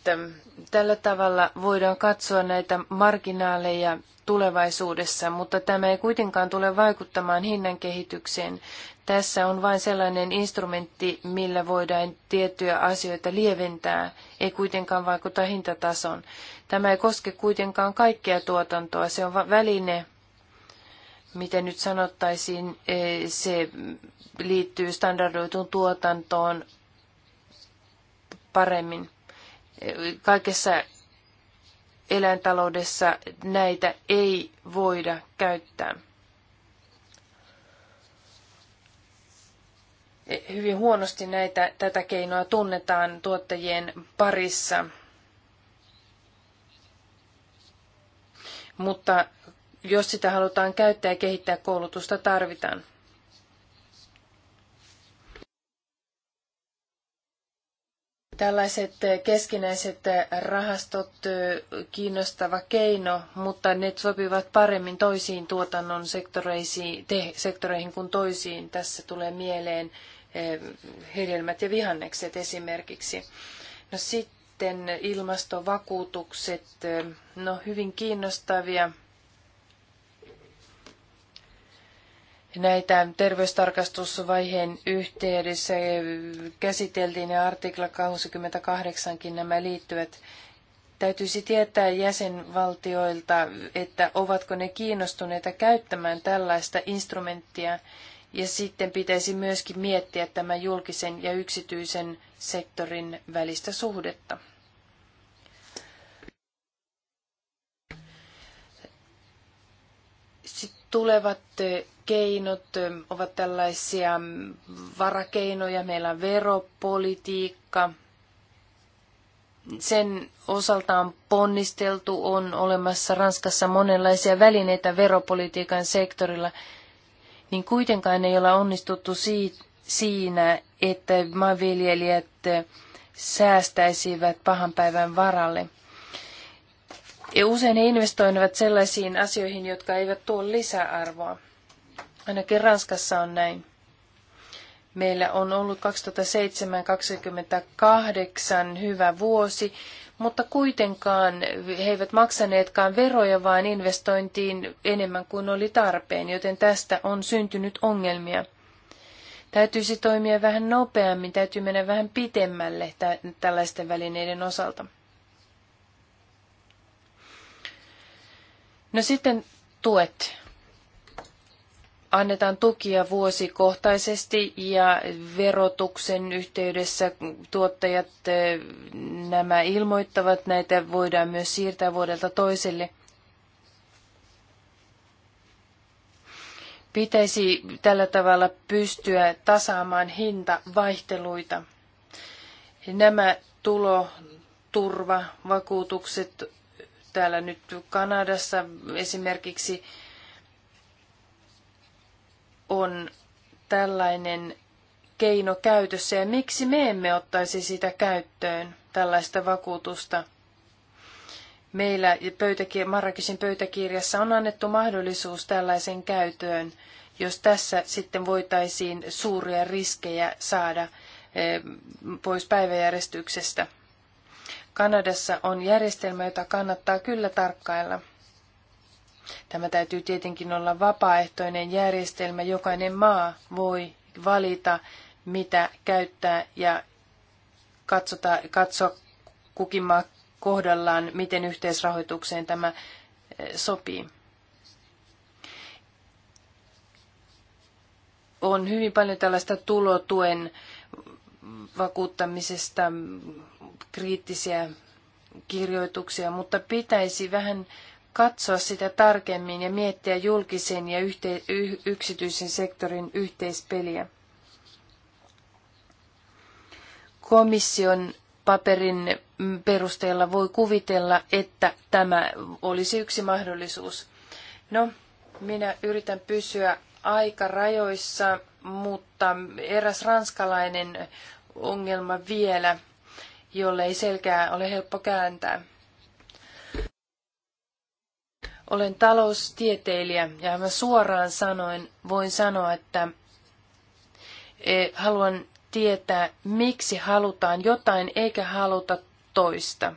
Tällä tavalla voidaan katsoa näitä marginaaleja tulevaisuudessa, mutta tämä ei kuitenkaan tule vaikuttamaan hinnan kehitykseen. Tässä on vain sellainen instrumentti, millä voidaan tiettyjä asioita lieventää, ei kuitenkaan vaikuta hintatasoon. Tämä ei koske kuitenkaan kaikkea tuotantoa, se on väline, Miten nyt sanottaisiin, e, se liittyy standardoituun tuotantoon paremmin. E, kaikessa eläintaloudessa näitä ei voida käyttää. E, hyvin huonosti näitä, tätä keinoa tunnetaan tuottajien parissa. Mutta jos sitä halutaan käyttää ja kehittää koulutusta tarvitaan. tällaiset keskinäiset rahastot kiinnostava keino, mutta ne sopivat paremmin toisiin tuotannon sektoreihin kuin toisiin. Tässä tulee mieleen hedelmät ja vihannekset esimerkiksi. No sitten ilmastovakuutukset, no hyvin kiinnostavia näitä terveystarkastusvaiheen yhteydessä käsiteltiin ja artikla 68kin nämä liittyvät. Täytyisi tietää jäsenvaltioilta, että ovatko ne kiinnostuneita käyttämään tällaista instrumenttia. Ja sitten pitäisi myöskin miettiä tämä julkisen ja yksityisen sektorin välistä suhdetta. Sitten tulevat keinot ovat tällaisia varakeinoja. Meillä on veropolitiikka. Sen osalta on ponnisteltu, on olemassa Ranskassa monenlaisia välineitä veropolitiikan sektorilla, niin kuitenkaan ei olla onnistuttu siinä, että maanviljelijät säästäisivät pahan päivän varalle. Ja usein he investoivat sellaisiin asioihin, jotka eivät tuo lisäarvoa. Ainakin Ranskassa on näin. Meillä on ollut 2007-2028 hyvä vuosi, mutta kuitenkaan he eivät maksaneetkaan veroja, vaan investointiin enemmän kuin oli tarpeen, joten tästä on syntynyt ongelmia. Täytyisi toimia vähän nopeammin, täytyy mennä vähän pitemmälle tällaisten välineiden osalta. No sitten tuet annetaan tukia vuosikohtaisesti ja verotuksen yhteydessä tuottajat eh, nämä ilmoittavat. Näitä voidaan myös siirtää vuodelta toiselle. Pitäisi tällä tavalla pystyä tasaamaan hintavaihteluita. Nämä tuloturvavakuutukset täällä nyt Kanadassa esimerkiksi – on tällainen keino käytössä ja miksi me emme ottaisi sitä käyttöön, tällaista vakuutusta. Meillä pöytäkir- Marrakesin pöytäkirjassa on annettu mahdollisuus tällaisen käytöön, jos tässä sitten voitaisiin suuria riskejä saada eh, pois päiväjärjestyksestä. Kanadassa on järjestelmä, jota kannattaa kyllä tarkkailla. Tämä täytyy tietenkin olla vapaaehtoinen järjestelmä. Jokainen maa voi valita, mitä käyttää ja katsota, katsoa kukin maa kohdallaan, miten yhteisrahoitukseen tämä eh, sopii. On hyvin paljon tällaista tulotuen vakuuttamisesta kriittisiä kirjoituksia, mutta pitäisi vähän katsoa sitä tarkemmin ja miettiä julkisen ja yhte, y, yksityisen sektorin yhteispeliä. Komission paperin perusteella voi kuvitella, että tämä olisi yksi mahdollisuus. No, minä yritän pysyä aikarajoissa, mutta eräs ranskalainen ongelma vielä, jolle ei selkää ole helppo kääntää. Olen taloustieteilijä ja mä suoraan sanoen voin sanoa, että e, haluan tietää, miksi halutaan jotain eikä haluta toista.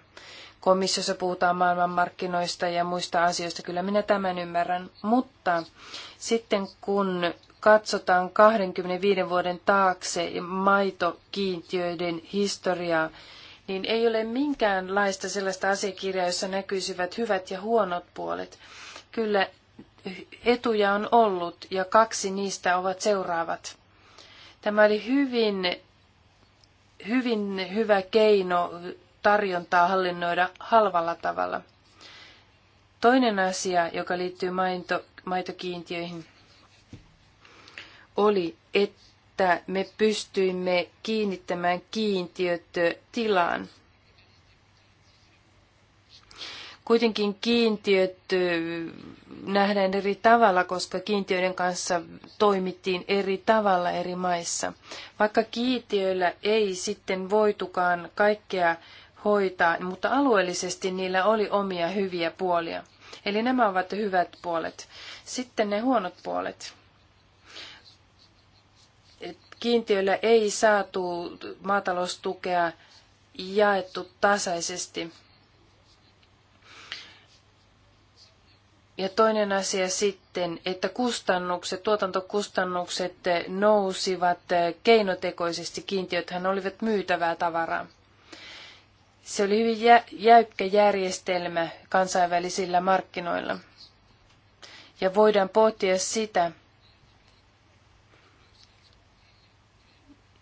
Komissiossa puhutaan maailmanmarkkinoista ja muista asioista, kyllä minä tämän ymmärrän, mutta sitten kun katsotaan 25 vuoden taakse maitokiintiöiden historiaa, niin ei ole minkäänlaista sellaista asiakirjaa, jossa näkyisivät hyvät ja huonot puolet. Kyllä etuja on ollut ja kaksi niistä ovat seuraavat. Tämä oli hyvin, hyvin hyvä keino tarjontaa hallinnoida halvalla tavalla. Toinen asia, joka liittyy maito, maitokiintiöihin, oli, että että me pystyimme kiinnittämään kiintiöt tilaan. Kuitenkin kiintiöt nähdään eri tavalla, koska kiintiöiden kanssa toimittiin eri tavalla eri maissa. Vaikka kiintiöillä ei sitten voitukaan kaikkea hoitaa, mutta alueellisesti niillä oli omia hyviä puolia. Eli nämä ovat hyvät puolet. Sitten ne huonot puolet. Kiintiöillä ei saatu maataloustukea jaettu tasaisesti. Ja toinen asia sitten, että kustannukset, tuotantokustannukset nousivat keinotekoisesti. Kiintiöthän olivat myytävää tavaraa. Se oli hyvin jäykkä järjestelmä kansainvälisillä markkinoilla. Ja voidaan pohtia sitä,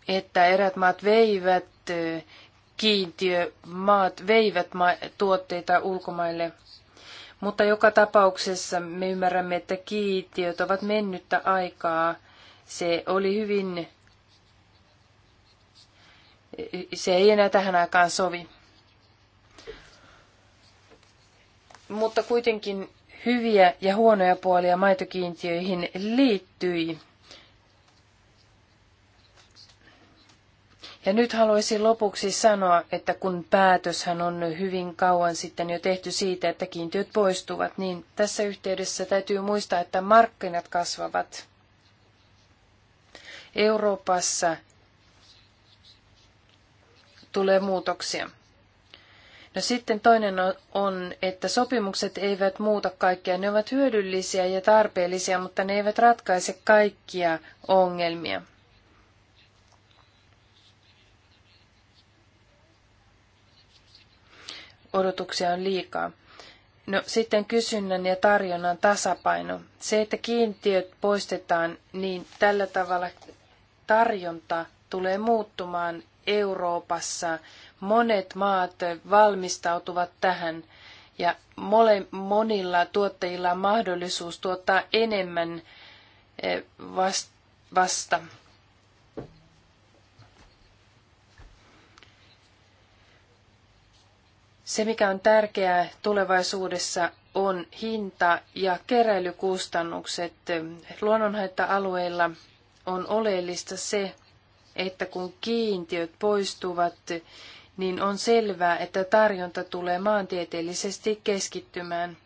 että erät maat veivät kiintiömaat veivät ma- tuotteita ulkomaille. Mutta joka tapauksessa me ymmärrämme, että kiintiöt ovat mennyttä aikaa. Se oli hyvin, se ei enää tähän aikaan sovi. Mutta kuitenkin hyviä ja huonoja puolia maitokiintiöihin liittyi. Ja nyt haluaisin lopuksi sanoa, että kun päätöshän on hyvin kauan sitten jo tehty siitä, että kiintiöt poistuvat, niin tässä yhteydessä täytyy muistaa, että markkinat kasvavat. Euroopassa tulee muutoksia. No sitten toinen on, että sopimukset eivät muuta kaikkea. Ne ovat hyödyllisiä ja tarpeellisia, mutta ne eivät ratkaise kaikkia ongelmia. odotuksia on liikaa. No sitten kysynnän ja tarjonnan tasapaino. Se, että kiintiöt poistetaan, niin tällä tavalla tarjonta tulee muuttumaan Euroopassa. Monet maat valmistautuvat tähän ja mole, monilla tuottajilla on mahdollisuus tuottaa enemmän eh, vasta. Se, mikä on tärkeää tulevaisuudessa, on hinta ja keräilykustannukset. Luonnonhaitta-alueilla on oleellista se, että kun kiintiöt poistuvat, niin on selvää, että tarjonta tulee maantieteellisesti keskittymään.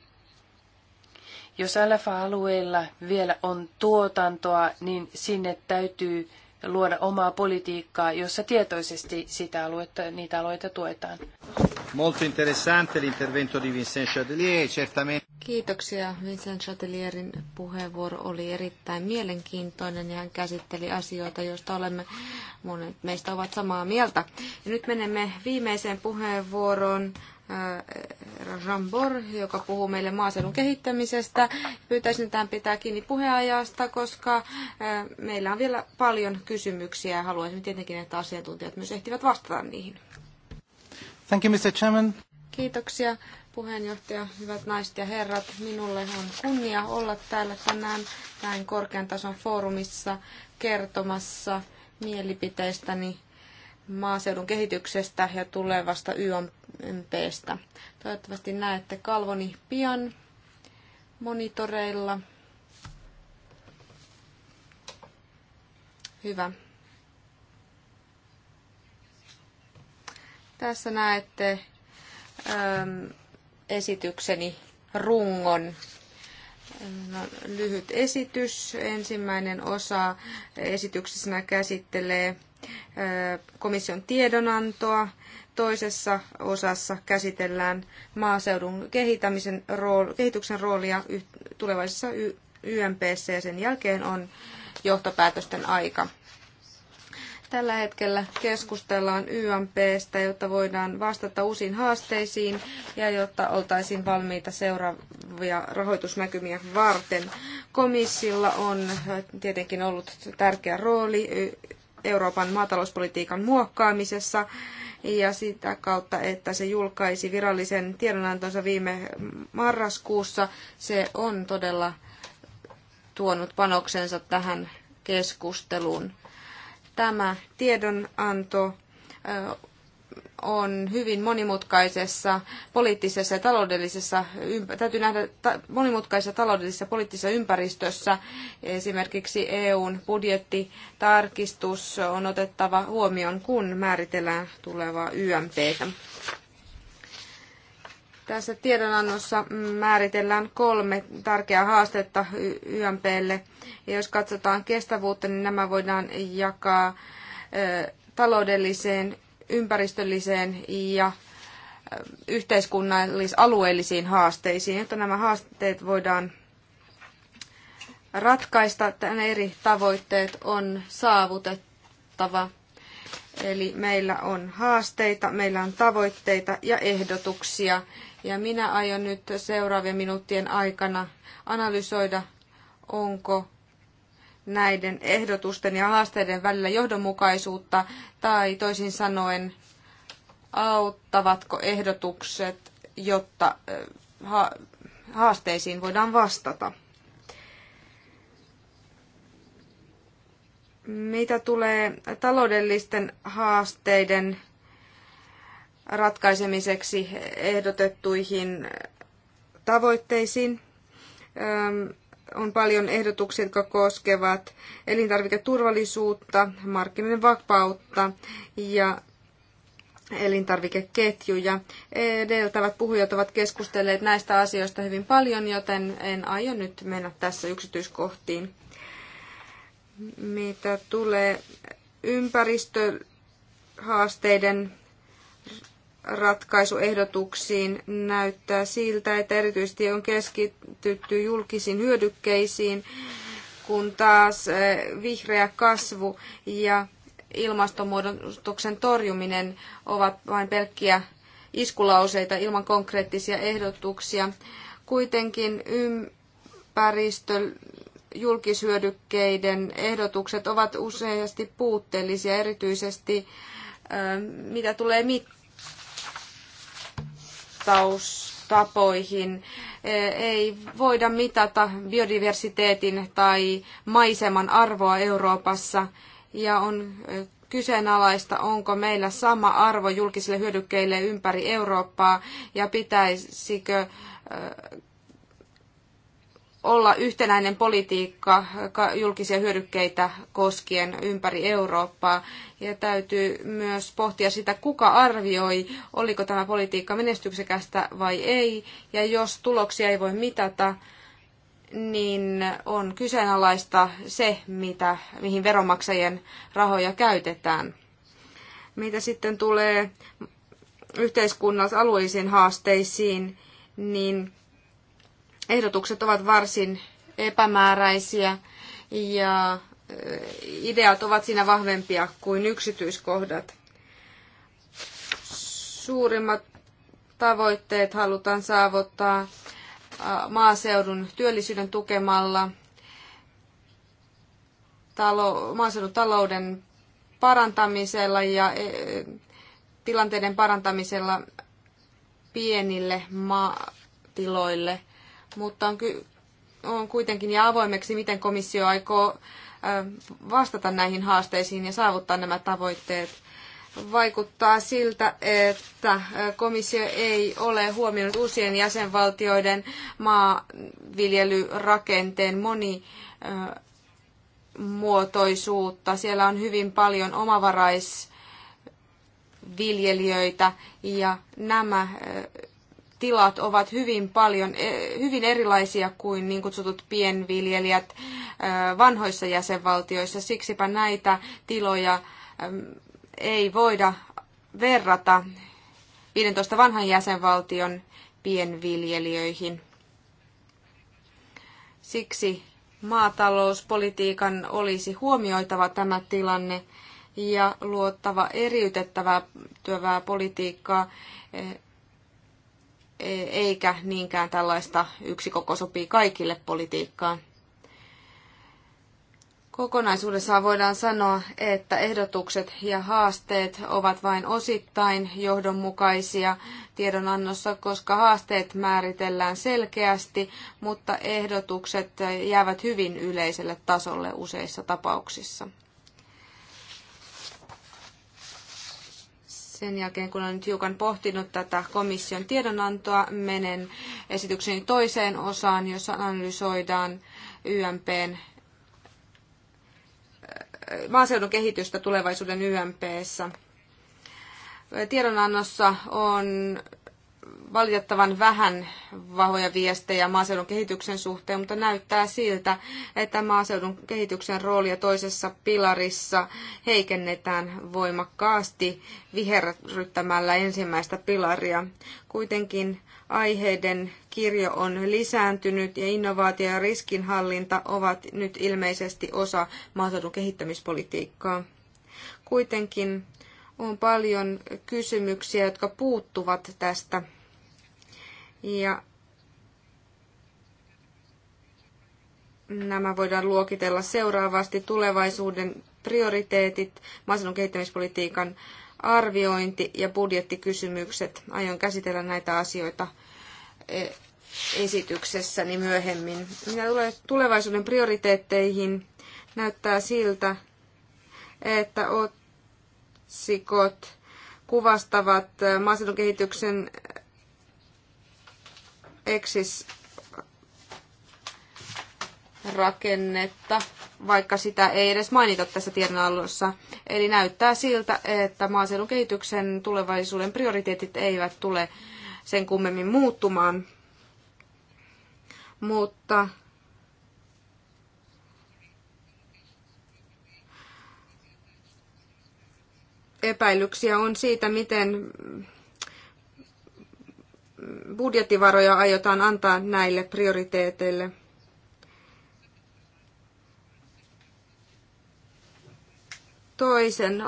Jos LFA-alueilla vielä on tuotantoa, niin sinne täytyy luoda omaa politiikkaa, jossa tietoisesti sitä aluetta, niitä alueita tuetaan. Molto interessante l'intervento di Vincent Chatelier, e certamente. Kiitoksia. Vincent Chatelierin puheenvuoro oli erittäin mielenkiintoinen ja hän käsitteli asioita, joista olemme monet meistä ovat samaa mieltä. Ja nyt menemme viimeiseen puheenvuoroon. Rambor, joka puhuu meille maaseudun kehittämisestä. Pyytäisin, että hän pitää kiinni puheajasta, koska meillä on vielä paljon kysymyksiä ja haluaisin tietenkin, että asiantuntijat myös ehtivät vastata niihin. Thank you, Mr. Chairman. Kiitoksia puheenjohtaja, hyvät naiset ja herrat. Minulle on kunnia olla täällä tänään näin korkean tason foorumissa kertomassa mielipiteistäni maaseudun kehityksestä ja tulevasta MPstä. Toivottavasti näette kalvoni pian monitoreilla. Hyvä. Tässä näette äm, esitykseni rungon. No, lyhyt esitys. Ensimmäinen osa esityksessä käsittelee äh, komission tiedonantoa Toisessa osassa käsitellään maaseudun kehittämisen rool, kehityksen roolia tulevaisessa YMPssä ja sen jälkeen on johtopäätösten aika. Tällä hetkellä keskustellaan YMPstä, jotta voidaan vastata uusiin haasteisiin ja jotta oltaisiin valmiita seuraavia rahoitusnäkymiä varten. Komissilla on tietenkin ollut tärkeä rooli Euroopan maatalouspolitiikan muokkaamisessa ja sitä kautta, että se julkaisi virallisen tiedonantonsa viime marraskuussa. Se on todella tuonut panoksensa tähän keskusteluun. Tämä tiedonanto on hyvin monimutkaisessa poliittisessa ja taloudellisessa, täytyy nähdä monimutkaisessa taloudellisessa poliittisessa ympäristössä. Esimerkiksi EUn budjettitarkistus on otettava huomioon, kun määritellään tulevaa YMPtä. Tässä tiedonannossa määritellään kolme tärkeää haastetta YMPlle. Ja jos katsotaan kestävyyttä, niin nämä voidaan jakaa taloudelliseen ympäristölliseen ja äh, yhteiskunnallis-alueellisiin haasteisiin, jotta nämä haasteet voidaan ratkaista. Tämän eri tavoitteet on saavutettava. Eli meillä on haasteita, meillä on tavoitteita ja ehdotuksia. Ja minä aion nyt seuraavien minuuttien aikana analysoida, onko näiden ehdotusten ja haasteiden välillä johdonmukaisuutta tai toisin sanoen auttavatko ehdotukset, jotta haasteisiin voidaan vastata. Mitä tulee taloudellisten haasteiden ratkaisemiseksi ehdotettuihin tavoitteisiin, on paljon ehdotuksia, jotka koskevat elintarviketurvallisuutta, markkinoiden vapautta ja elintarvikeketjuja. Edeltävät puhujat ovat keskustelleet näistä asioista hyvin paljon, joten en aio nyt mennä tässä yksityiskohtiin. Mitä tulee ympäristöhaasteiden ratkaisuehdotuksiin näyttää siltä, että erityisesti on keskitytty julkisiin hyödykkeisiin, kun taas eh, vihreä kasvu ja ilmastonmuutoksen torjuminen ovat vain pelkkiä iskulauseita ilman konkreettisia ehdotuksia. Kuitenkin ympäristö julkishyödykkeiden ehdotukset ovat useasti puutteellisia, erityisesti eh, mitä tulee mittauksiin tuottaustapoihin. Ei voida mitata biodiversiteetin tai maiseman arvoa Euroopassa ja on kyseenalaista, onko meillä sama arvo julkisille hyödykkeille ympäri Eurooppaa ja pitäisikö olla yhtenäinen politiikka julkisia hyödykkeitä koskien ympäri Eurooppaa. Ja täytyy myös pohtia sitä, kuka arvioi, oliko tämä politiikka menestyksekästä vai ei. Ja jos tuloksia ei voi mitata, niin on kyseenalaista se, mitä, mihin veronmaksajien rahoja käytetään. Mitä sitten tulee yhteiskunnallis-alueisiin haasteisiin, niin ehdotukset ovat varsin epämääräisiä ja äh, ideat ovat siinä vahvempia kuin yksityiskohdat. Suurimmat tavoitteet halutaan saavuttaa äh, maaseudun työllisyyden tukemalla, maaseudun talouden parantamisella ja e, tilanteiden parantamisella pienille maatiloille mutta on, ky- on kuitenkin ja avoimeksi, miten komissio aikoo vastata näihin haasteisiin ja saavuttaa nämä tavoitteet. Vaikuttaa siltä, että komissio ei ole huomioinut uusien jäsenvaltioiden maanviljelyrakenteen monimuotoisuutta. Siellä on hyvin paljon omavaraisviljelijöitä ja nämä tilat ovat hyvin paljon, e, hyvin erilaisia kuin niin kutsutut pienviljelijät vanhoissa jäsenvaltioissa. Siksipä näitä tiloja ei voida verrata 15 vanhan jäsenvaltion pienviljelijöihin. Siksi maatalouspolitiikan olisi huomioitava tämä tilanne ja luottava eriytettävää politiikkaa eikä niinkään tällaista yksi koko sopii kaikille politiikkaa. Kokonaisuudessaan voidaan sanoa, että ehdotukset ja haasteet ovat vain osittain johdonmukaisia tiedonannossa, koska haasteet määritellään selkeästi, mutta ehdotukset jäävät hyvin yleiselle tasolle useissa tapauksissa. Sen jälkeen, kun olen hiukan pohtinut tätä komission tiedonantoa, menen esitykseni toiseen osaan, jossa analysoidaan YMPn äh, maaseudun kehitystä tulevaisuuden YMPssä. Tiedonannossa on valitettavan vähän vahvoja viestejä maaseudun kehityksen suhteen, mutta näyttää siltä, että maaseudun kehityksen roolia toisessa pilarissa heikennetään voimakkaasti viherryttämällä ensimmäistä pilaria. Kuitenkin aiheiden kirjo on lisääntynyt ja innovaatio ja riskinhallinta ovat nyt ilmeisesti osa maaseudun kehittämispolitiikkaa. Kuitenkin on paljon kysymyksiä, jotka puuttuvat tästä ja nämä voidaan luokitella seuraavasti tulevaisuuden prioriteetit, maaseudun kehittämispolitiikan arviointi ja budjettikysymykset. Aion käsitellä näitä asioita e, esityksessäni myöhemmin. Mitä tulee tulevaisuuden prioriteetteihin, näyttää siltä, että otsikot kuvastavat maaseudun kehityksen eksis rakennetta, vaikka sitä ei edes mainita tässä tiedonannossa. Eli näyttää siltä, että maaseudun kehityksen tulevaisuuden prioriteetit eivät tule sen kummemmin muuttumaan. Mutta epäilyksiä on siitä, miten budjettivaroja aiotaan antaa näille prioriteeteille? Toisen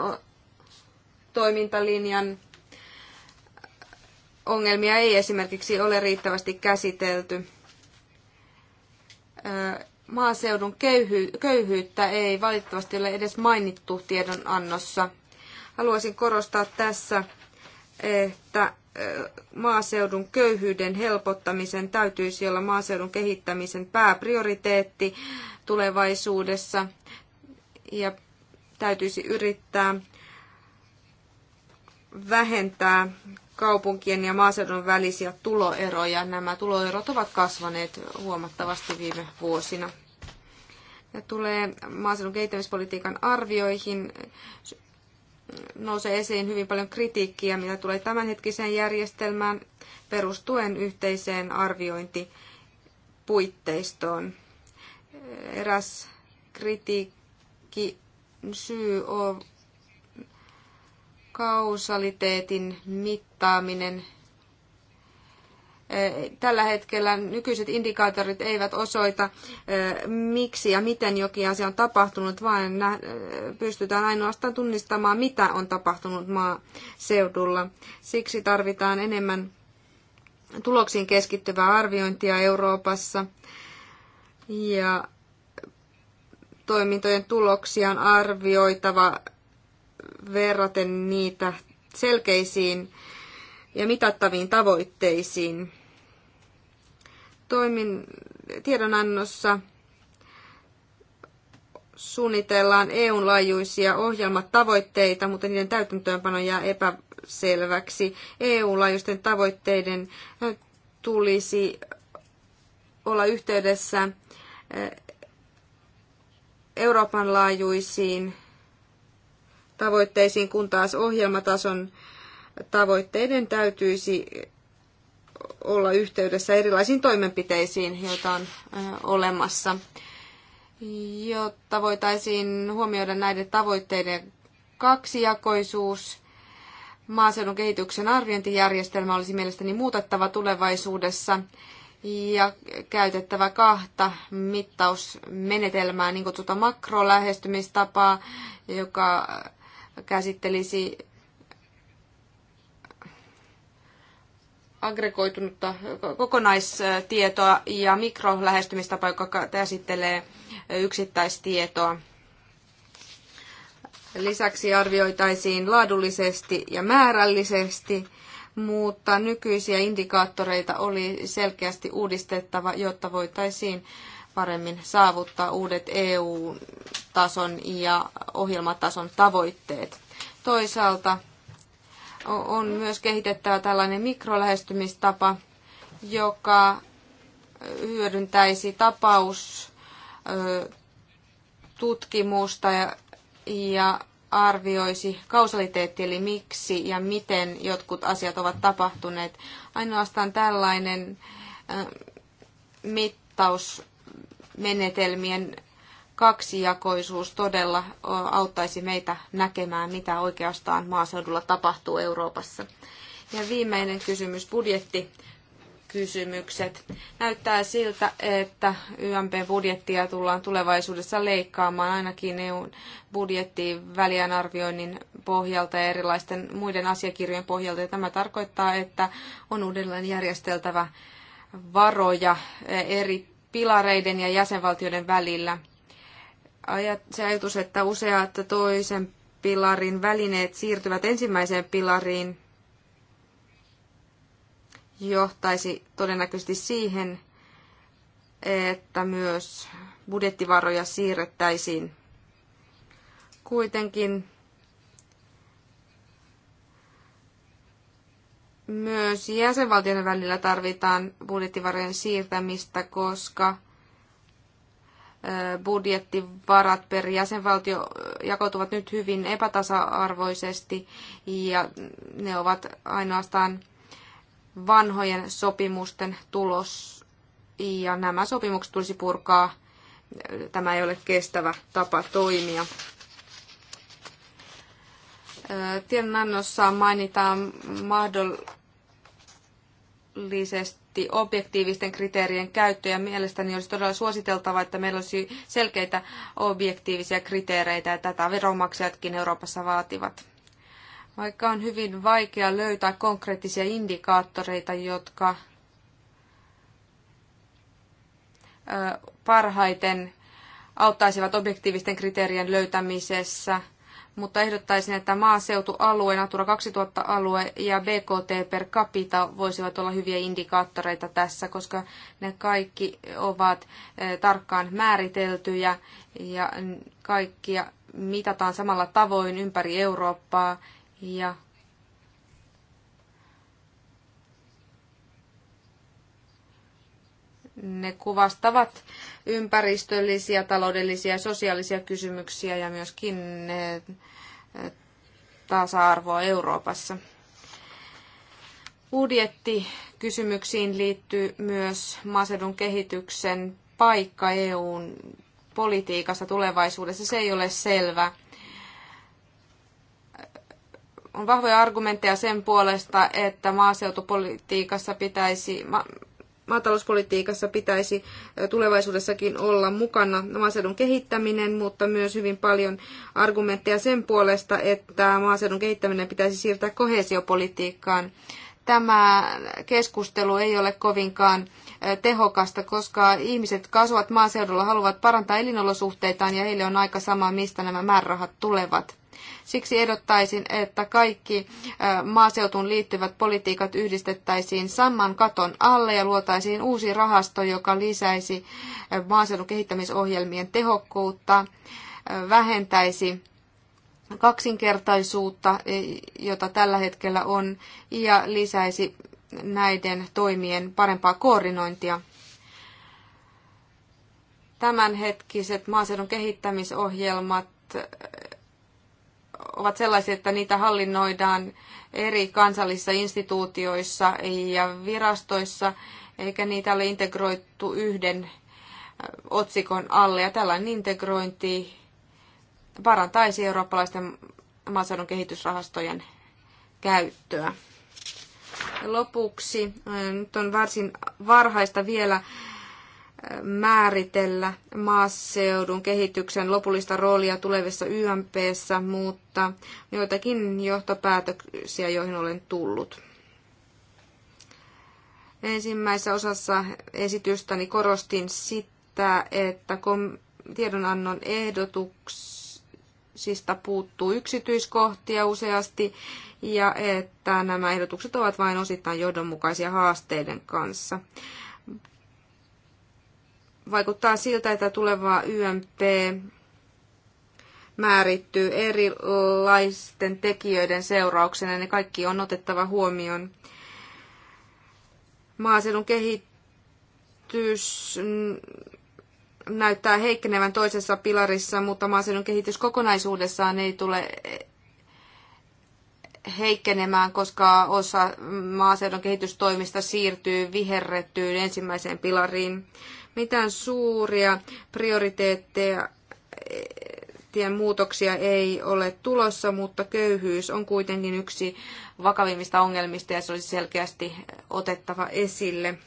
toimintalinjan ongelmia ei esimerkiksi ole riittävästi käsitelty. Maaseudun köyhyyttä ei valitettavasti ole edes mainittu tiedonannossa. Haluaisin korostaa tässä, että maaseudun köyhyyden helpottamisen täytyisi olla maaseudun kehittämisen pääprioriteetti tulevaisuudessa ja täytyisi yrittää vähentää kaupunkien ja maaseudun välisiä tuloeroja. Nämä tuloerot ovat kasvaneet huomattavasti viime vuosina. Ja tulee maaseudun kehittämispolitiikan arvioihin nousee esiin hyvin paljon kritiikkiä, mitä tulee tämänhetkiseen järjestelmään perustuen yhteiseen arviointipuitteistoon. Eräs kritiikki syy on kausaliteetin mittaaminen Eh, tällä hetkellä nykyiset indikaattorit eivät osoita, eh, miksi ja miten jokin asia on tapahtunut, vaan eh, pystytään ainoastaan tunnistamaan, mitä on tapahtunut maaseudulla. Siksi tarvitaan enemmän tuloksiin keskittyvää arviointia Euroopassa. Ja toimintojen tuloksia on arvioitava verraten niitä selkeisiin ja mitattaviin tavoitteisiin toimin, tiedonannossa suunnitellaan EUn laajuisia ohjelmatavoitteita, mutta niiden täytäntöönpano jää epäselväksi. EU-laajuisten tavoitteiden tulisi olla yhteydessä Euroopan laajuisiin tavoitteisiin, kun taas ohjelmatason tavoitteiden täytyisi olla yhteydessä erilaisiin toimenpiteisiin, joita on olemassa, jotta voitaisiin huomioida näiden tavoitteiden kaksijakoisuus. Maaseudun kehityksen arviointijärjestelmä olisi mielestäni muutettava tulevaisuudessa ja käytettävä kahta mittausmenetelmää, niin kutsuta makrolähestymistapaa, joka käsittelisi aggregoitunutta kokonaistietoa ja mikrolähestymistapa, joka käsittelee yksittäistietoa. Lisäksi arvioitaisiin laadullisesti ja määrällisesti, mutta nykyisiä indikaattoreita oli selkeästi uudistettava, jotta voitaisiin paremmin saavuttaa uudet EU-tason ja ohjelmatason tavoitteet. Toisaalta on myös kehitettävä tällainen mikrolähestymistapa, joka hyödyntäisi tapaustutkimusta ja, ja arvioisi kausaliteetti, eli miksi ja miten jotkut asiat ovat tapahtuneet. Ainoastaan tällainen mittausmenetelmien kaksijakoisuus todella auttaisi meitä näkemään, mitä oikeastaan maaseudulla tapahtuu Euroopassa. Ja viimeinen kysymys, budjetti kysymykset. Näyttää siltä, että YMP-budjettia tullaan tulevaisuudessa leikkaamaan ainakin eu budjettiin väliän arvioinnin pohjalta ja erilaisten muiden asiakirjojen pohjalta. Ja tämä tarkoittaa, että on uudelleen järjesteltävä varoja eri pilareiden ja jäsenvaltioiden välillä se ajatus, että useat toisen pilarin välineet siirtyvät ensimmäiseen pilariin, johtaisi todennäköisesti siihen, että myös budjettivaroja siirrettäisiin. Kuitenkin myös jäsenvaltioiden välillä tarvitaan budjettivarojen siirtämistä, koska budjettivarat per jäsenvaltio jakautuvat nyt hyvin epätasa-arvoisesti ja ne ovat ainoastaan vanhojen sopimusten tulos ja nämä sopimukset tulisi purkaa. Tämä ei ole kestävä tapa toimia. Tiedonannossa mainitaan mahdollisesti kohti objektiivisten kriteerien käyttöä. Mielestäni olisi todella suositeltavaa, että meillä olisi selkeitä objektiivisia kriteereitä ja tätä veronmaksajatkin Euroopassa vaativat. Vaikka on hyvin vaikea löytää konkreettisia indikaattoreita, jotka parhaiten auttaisivat objektiivisten kriteerien löytämisessä – mutta ehdottaisin, että maaseutualue, Natura 2000-alue ja BKT per capita voisivat olla hyviä indikaattoreita tässä, koska ne kaikki ovat e, tarkkaan määriteltyjä ja kaikkia mitataan samalla tavoin ympäri Eurooppaa ja Ne kuvastavat ympäristöllisiä, taloudellisia ja sosiaalisia kysymyksiä ja myöskin eh, tasa-arvoa Euroopassa. Budjettikysymyksiin liittyy myös maaseudun kehityksen paikka EUn politiikassa tulevaisuudessa. Se ei ole selvä. On vahvoja argumentteja sen puolesta, että maaseutupolitiikassa pitäisi, maatalouspolitiikassa pitäisi tulevaisuudessakin olla mukana maaseudun kehittäminen, mutta myös hyvin paljon argumentteja sen puolesta, että maaseudun kehittäminen pitäisi siirtää kohesiopolitiikkaan. Tämä keskustelu ei ole kovinkaan tehokasta, koska ihmiset, jotka asuvat maaseudulla, haluavat parantaa elinolosuhteitaan ja heille on aika sama, mistä nämä määrärahat tulevat. Siksi ehdottaisin, että kaikki maaseutun liittyvät politiikat yhdistettäisiin saman katon alle ja luotaisiin uusi rahasto, joka lisäisi maaseudun kehittämisohjelmien tehokkuutta, vähentäisi kaksinkertaisuutta, e, jota tällä hetkellä on, ja lisäisi näiden toimien parempaa koordinointia. Tämänhetkiset maaseudun kehittämisohjelmat ovat sellaisia, että niitä hallinnoidaan eri kansallisissa instituutioissa ja virastoissa, eikä niitä ole integroittu yhden otsikon alle. Ja tällainen integrointi parantaisi eurooppalaisten maaseudun kehitysrahastojen käyttöä. Ja lopuksi, nyt on varsin varhaista vielä määritellä maaseudun kehityksen lopullista roolia tulevissa YMPssä, mutta joitakin johtopäätöksiä, joihin olen tullut. Ensimmäisessä osassa esitystäni korostin sitä, että tiedonannon ehdotuksista puuttuu yksityiskohtia useasti ja että nämä ehdotukset ovat vain osittain johdonmukaisia haasteiden kanssa vaikuttaa siltä, että tuleva YMP määrittyy erilaisten tekijöiden seurauksena ne kaikki on otettava huomioon. Maaseudun kehitys näyttää heikkenevän toisessa pilarissa, mutta maaseudun kehitys kokonaisuudessaan ei tule heikkenemään, koska osa maaseudun kehitystoimista siirtyy viherrettyyn ensimmäiseen pilariin. Mitään suuria prioriteetteja tien e, muutoksia ei ole tulossa, mutta köyhyys on kuitenkin yksi vakavimmista ongelmista ja se olisi selkeästi otettava esille.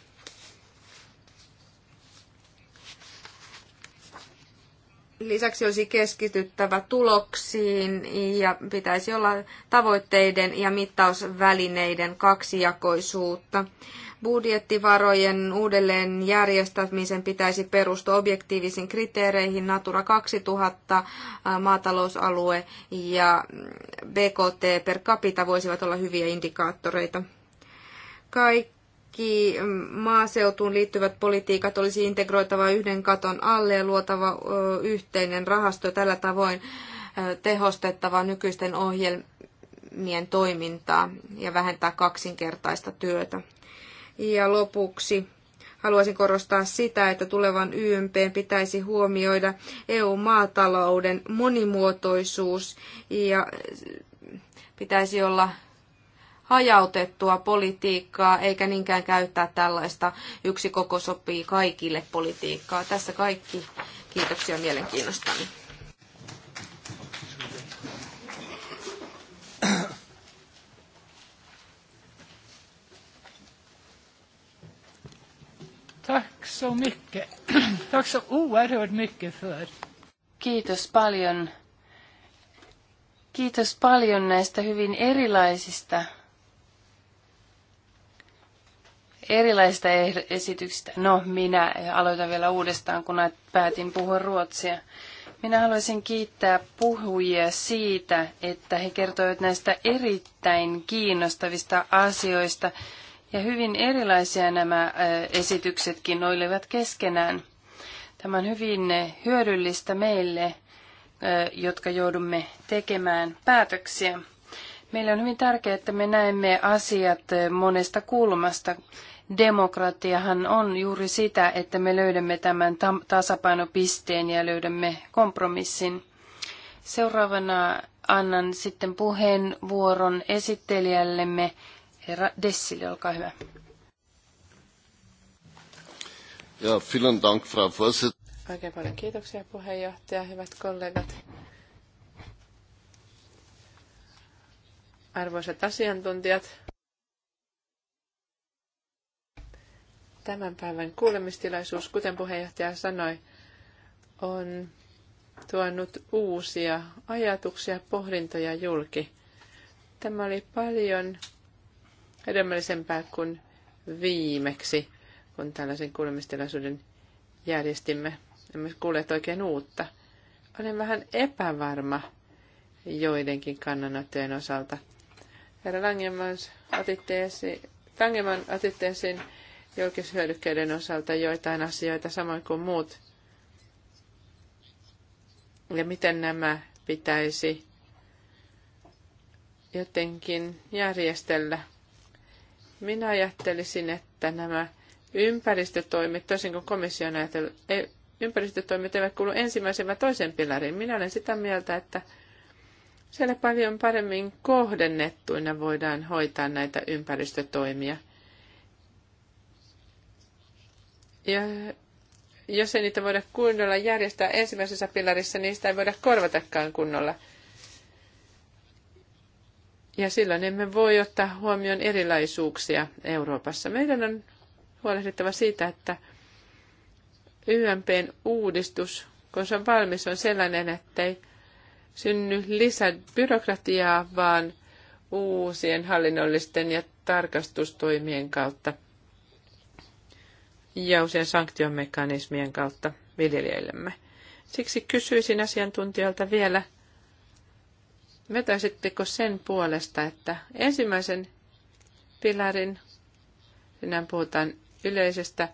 Lisäksi olisi keskityttävä tuloksiin ja pitäisi olla tavoitteiden ja mittausvälineiden kaksijakoisuutta. Budjettivarojen uudelleen järjestämisen pitäisi perustua objektiivisiin kriteereihin Natura 2000, äh, maatalousalue ja BKT per capita voisivat olla hyviä indikaattoreita. Kaikki mm, maaseutuun liittyvät politiikat olisi integroitava yhden katon alle ja luotava yhteinen rahasto tällä tavoin tehostettava nykyisten ohjelmien toimintaa ja vähentää kaksinkertaista työtä. Ja lopuksi haluaisin korostaa sitä, että tulevan YMP pitäisi huomioida EU-maatalouden monimuotoisuus ja pitäisi olla hajautettua politiikkaa, eikä niinkään käyttää tällaista yksi koko sopii kaikille politiikkaa. Tässä kaikki. Kiitoksia mielenkiinnostani. Tack så mycket. Tack så oerhört mycket för. Kiitos paljon. Kiitos paljon näistä hyvin erilaisista erilaisista eh- esityksistä. No, minä aloitan vielä uudestaan, kun päätin puhua ruotsia. Minä haluaisin kiittää puhujia siitä, että he kertoivat näistä erittäin kiinnostavista asioista, ja hyvin erilaisia nämä esityksetkin olivat keskenään. Tämä on hyvin hyödyllistä meille, jotka joudumme tekemään päätöksiä. Meille on hyvin tärkeää, että me näemme asiat monesta kulmasta. Demokratiahan on juuri sitä, että me löydämme tämän tasapainopisteen ja löydämme kompromissin. Seuraavana annan sitten puheenvuoron esittelijällemme Herra Dessille, olkaa hyvä. Ja, vielen Dank, Frau Oikein paljon kiitoksia puheenjohtaja, hyvät kollegat. Arvoisat asiantuntijat, tämän päivän kuulemistilaisuus, kuten puheenjohtaja sanoi, on tuonut uusia ajatuksia, pohdintoja julki. Tämä oli paljon hedelmällisempää kuin viimeksi, kun tällaisen kuulemistilaisuuden järjestimme. Emme kuulleet oikein uutta. Olen vähän epävarma joidenkin kannanottojen osalta. Herra Langeman otitte esiin, Langeman otitte esiin julkishyödykkeiden osalta joitain asioita samoin kuin muut. Ja miten nämä pitäisi jotenkin järjestellä minä ajattelisin, että nämä ympäristötoimet, toisin kuin komissio on ajatellut, e, ympäristötoimet eivät kuulu ensimmäisen vai toisen pilarin. Minä olen sitä mieltä, että siellä paljon paremmin kohdennettuina voidaan hoitaa näitä ympäristötoimia. Ja jos ei niitä voida kunnolla järjestää ensimmäisessä pilarissa, niin sitä ei voida korvatakaan kunnolla – ja silloin emme voi ottaa huomioon erilaisuuksia Euroopassa. Meidän on huolehdittava siitä, että YMPn uudistus, kun se on valmis, on sellainen, ettei synny lisää byrokratiaa, vaan uusien hallinnollisten ja tarkastustoimien kautta ja usein sanktiomekanismien kautta viljelijöillemme. Siksi kysyisin asiantuntijalta vielä, vetäisittekö sen puolesta, että ensimmäisen pilarin, sinä puhutaan yleisestä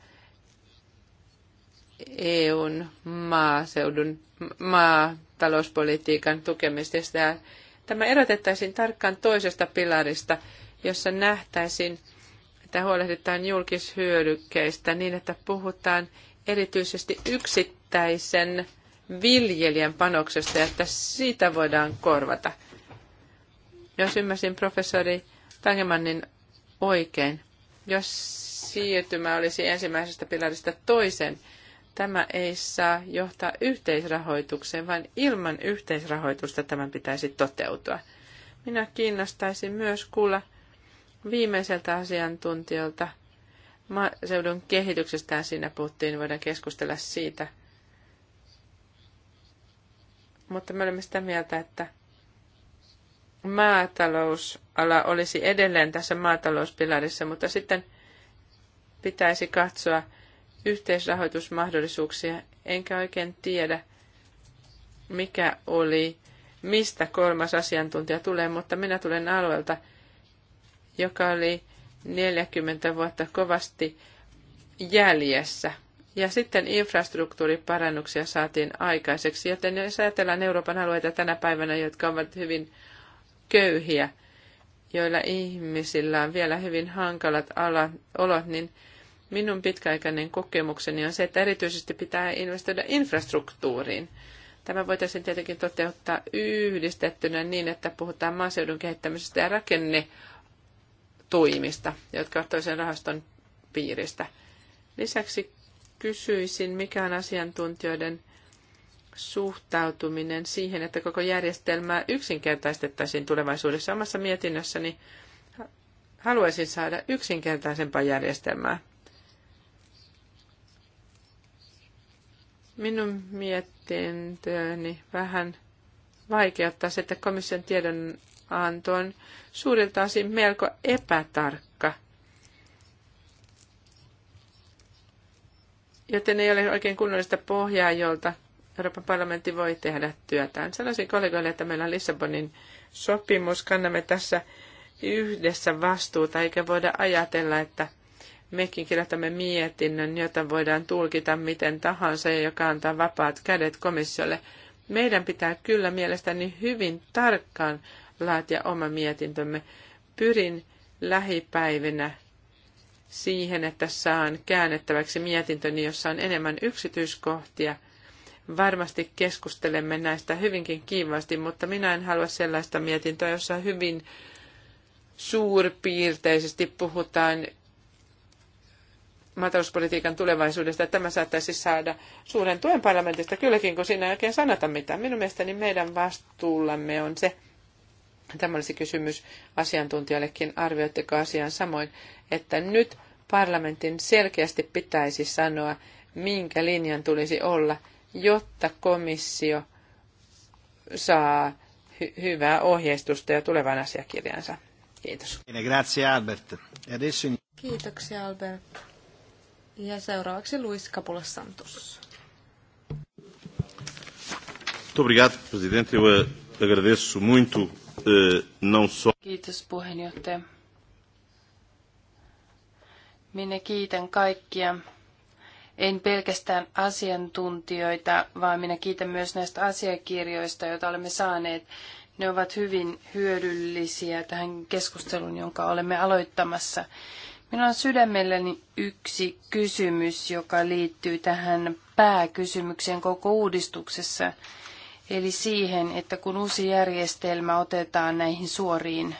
EUn maaseudun, maatalouspolitiikan tukemisesta. Ja tämä erotettaisiin tarkkaan toisesta pilarista, jossa nähtäisiin, että huolehditaan julkishyödykkeistä niin, että puhutaan erityisesti yksittäisen viljelijän panoksesta ja että siitä voidaan korvata. Jos ymmärsin professori Tangemannin oikein, jos siirtymä olisi ensimmäisestä pilarista toisen, tämä ei saa johtaa yhteisrahoitukseen, vaan ilman yhteisrahoitusta tämän pitäisi toteutua. Minä kiinnostaisin myös kuulla viimeiseltä asiantuntijalta maaseudun kehityksestä. Siinä puhuttiin, voidaan keskustella siitä – mutta me olemme sitä mieltä, että maatalousala olisi edelleen tässä maatalouspilarissa, mutta sitten pitäisi katsoa yhteisrahoitusmahdollisuuksia. Enkä oikein tiedä, mikä oli, mistä kolmas asiantuntija tulee, mutta minä tulen alueelta, joka oli 40 vuotta kovasti jäljessä – ja sitten infrastruktuuriparannuksia saatiin aikaiseksi, joten jos ajatellaan Euroopan alueita tänä päivänä, jotka ovat hyvin köyhiä, joilla ihmisillä on vielä hyvin hankalat ala, olot, niin minun pitkäaikainen kokemukseni on se, että erityisesti pitää investoida infrastruktuuriin. Tämä voitaisiin tietenkin toteuttaa yhdistettynä niin, että puhutaan maaseudun kehittämisestä ja rakennetuimista, jotka ovat toisen rahaston piiristä. Lisäksi kysyisin, mikä on asiantuntijoiden suhtautuminen siihen, että koko järjestelmää yksinkertaistettaisiin tulevaisuudessa. Omassa mietinnössäni haluaisin saada yksinkertaisempaa järjestelmää. Minun mietintöni vähän vaikeuttaa se, että komission tiedonanto on suurilta osin melko epätarkka – joten ei ole oikein kunnollista pohjaa, jolta Euroopan parlamentti voi tehdä työtään. Sanoisin kollegoille, että meillä on Lissabonin sopimus, kannamme tässä yhdessä vastuuta, eikä voida ajatella, että mekin kirjoitamme mietinnön, jota voidaan tulkita miten tahansa ja joka antaa vapaat kädet komissiolle. Meidän pitää kyllä mielestäni hyvin tarkkaan laatia oma mietintömme. Pyrin lähipäivinä siihen, että saan käännettäväksi mietintöni, jossa on enemmän yksityiskohtia. Varmasti keskustelemme näistä hyvinkin kiivasti, mutta minä en halua sellaista mietintöä, jossa hyvin suurpiirteisesti puhutaan matalouspolitiikan tulevaisuudesta. Tämä saattaisi saada suuren tuen parlamentista kylläkin, kun siinä ei oikein sanota mitään. Minun mielestäni meidän vastuullamme on se, Tämä olisi kysymys asiantuntijallekin, arvioitteko asian samoin, että nyt parlamentin selkeästi pitäisi sanoa, minkä linjan tulisi olla, jotta komissio saa hy- hyvää ohjeistusta ja tulevan asiakirjansa. Kiitos. Grazie Albert. E Kiitoksia Albert. Ja seuraavaksi Luis Capula Santos. Muito obrigado, Presidente. Eu eh, agradeço muito Eh, Kiitos puheenjohtaja. Minä kiitän kaikkia. En pelkästään asiantuntijoita, vaan minä kiitän myös näistä asiakirjoista, joita olemme saaneet. Ne ovat hyvin hyödyllisiä tähän keskusteluun, jonka olemme aloittamassa. Minulla on sydämelläni yksi kysymys, joka liittyy tähän pääkysymykseen koko uudistuksessa, Eli siihen, että kun uusi järjestelmä otetaan näihin suoriin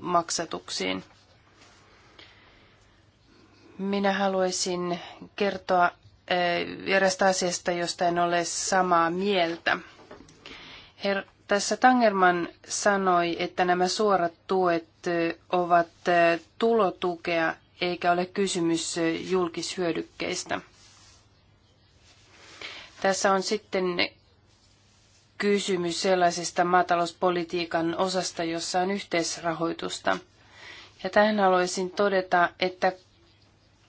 maksatuksiin. Minä haluaisin kertoa eh, erästä asiasta, josta en ole samaa mieltä. Her- tässä Tangerman sanoi, että nämä suorat tuet eh, ovat eh, tulotukea eikä ole kysymys julkishyödykkeistä. Tässä on sitten kysymys sellaisesta maatalouspolitiikan osasta, jossa on yhteisrahoitusta. Ja tähän haluaisin todeta, että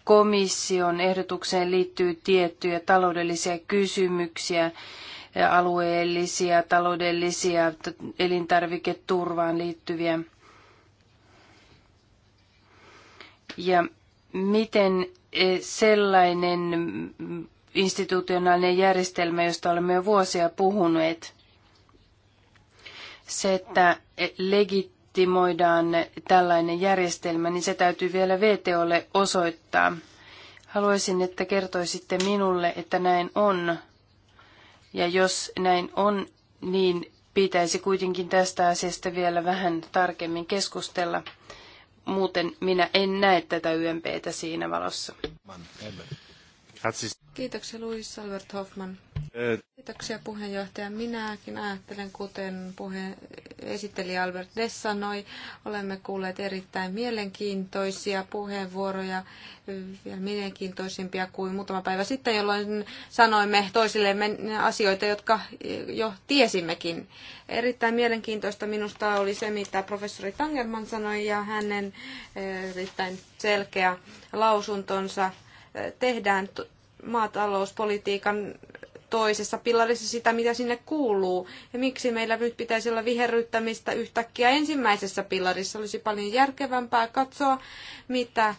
komission ehdotukseen liittyy tiettyjä taloudellisia kysymyksiä, alueellisia, taloudellisia, elintarviketurvaan liittyviä. Ja miten e, sellainen institutionaalinen järjestelmä, josta olemme jo vuosia puhuneet, se, että legitimoidaan tällainen järjestelmä, niin se täytyy vielä VTOlle osoittaa. Haluaisin, että kertoisitte minulle, että näin on. Ja jos näin on, niin pitäisi kuitenkin tästä asiasta vielä vähän tarkemmin keskustella. Muuten minä en näe tätä YMPtä siinä valossa. Kiitoksia Luis Albert Hoffman. Kiitoksia puheenjohtaja. Minäkin ajattelen, kuten puhe, esittelijä Albert Dess sanoi, olemme kuulleet erittäin mielenkiintoisia puheenvuoroja, vielä mielenkiintoisimpia kuin muutama päivä sitten, jolloin sanoimme toisillemme asioita, jotka jo tiesimmekin. Erittäin mielenkiintoista minusta oli se, mitä professori Tangerman sanoi ja hänen eh, erittäin selkeä lausuntonsa eh, tehdään maatalouspolitiikan toisessa pilarissa sitä, mitä sinne kuuluu. Ja miksi meillä nyt pitäisi olla viherryttämistä yhtäkkiä ensimmäisessä pilarissa? Olisi paljon järkevämpää katsoa, mitä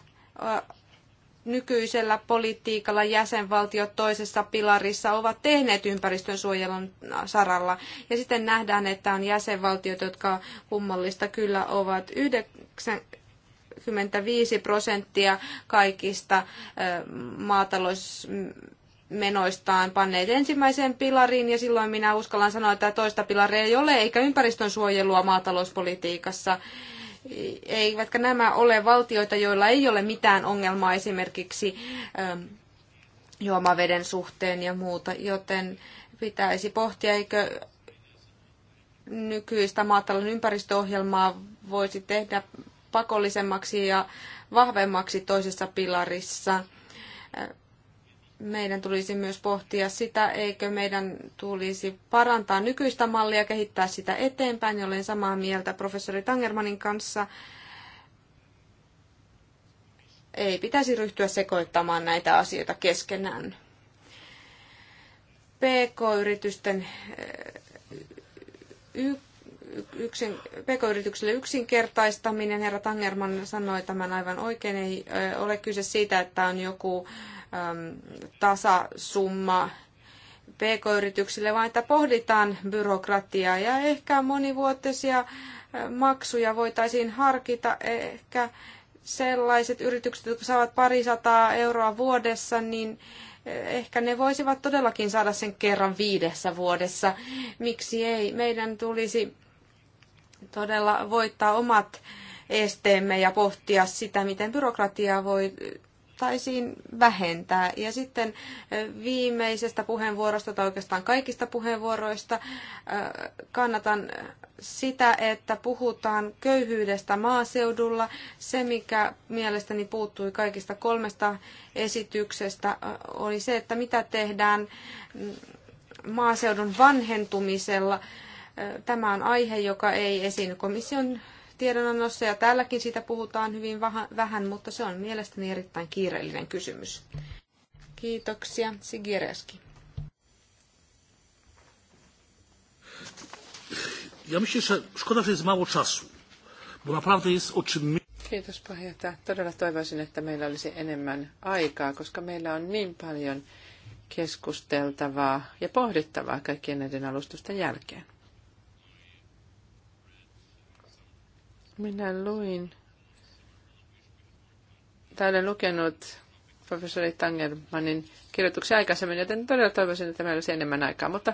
nykyisellä politiikalla jäsenvaltiot toisessa pilarissa ovat tehneet ympäristönsuojelun saralla. Ja sitten nähdään, että on jäsenvaltiot, jotka kummallista kyllä ovat 95 prosenttia kaikista maatalous menoistaan panneet ensimmäiseen pilariin ja silloin minä uskallan sanoa, että toista pilaria ei ole eikä ympäristön suojelua maatalouspolitiikassa. Eivätkä nämä ole valtioita, joilla ei ole mitään ongelmaa esimerkiksi ähm, juomaveden suhteen ja muuta, joten pitäisi pohtia, eikö nykyistä maatalouden ympäristöohjelmaa voisi tehdä pakollisemmaksi ja vahvemmaksi toisessa pilarissa meidän tulisi myös pohtia sitä, eikö meidän tulisi parantaa nykyistä mallia, kehittää sitä eteenpäin. Ja olen samaa mieltä professori Tangermanin kanssa. Ei pitäisi ryhtyä sekoittamaan näitä asioita keskenään. PK-yritysten eh, yksin, pk-yrityksille yksinkertaistaminen, herra Tangerman sanoi tämän aivan oikein, ei eh, ole kyse siitä, että on joku Ähm, tasasumma pk-yrityksille, vaan että pohditaan byrokratiaa ja ehkä monivuotisia äh, maksuja voitaisiin harkita ehkä sellaiset yritykset, jotka saavat pari euroa vuodessa, niin äh, ehkä ne voisivat todellakin saada sen kerran viidessä vuodessa. Miksi ei? Meidän tulisi todella voittaa omat esteemme ja pohtia sitä, miten byrokratiaa voi voitaisiin vähentää. Ja sitten viimeisestä puheenvuorosta tai oikeastaan kaikista puheenvuoroista kannatan sitä, että puhutaan köyhyydestä maaseudulla. Se, mikä mielestäni puuttui kaikista kolmesta esityksestä, oli se, että mitä tehdään mm, maaseudun vanhentumisella. Tämä on aihe, joka ei esiin komission tiedonannossa ja täälläkin siitä puhutaan hyvin vähän, mutta se on mielestäni erittäin kiireellinen kysymys. Kiitoksia. Sigiereski. Ja myślę, że szkoda, że jest mało czasu, bo naprawdę jest o czym... Kiitos puheenjohtaja. Todella toivoisin, että meillä olisi enemmän aikaa, koska meillä on niin paljon keskusteltavaa ja pohdittavaa kaikkien näiden alustusten jälkeen. Minä luin, tai olen lukenut professori Tangermanin kirjoituksia aikaisemmin, joten todella toivoisin, että meillä olisi enemmän aikaa. Mutta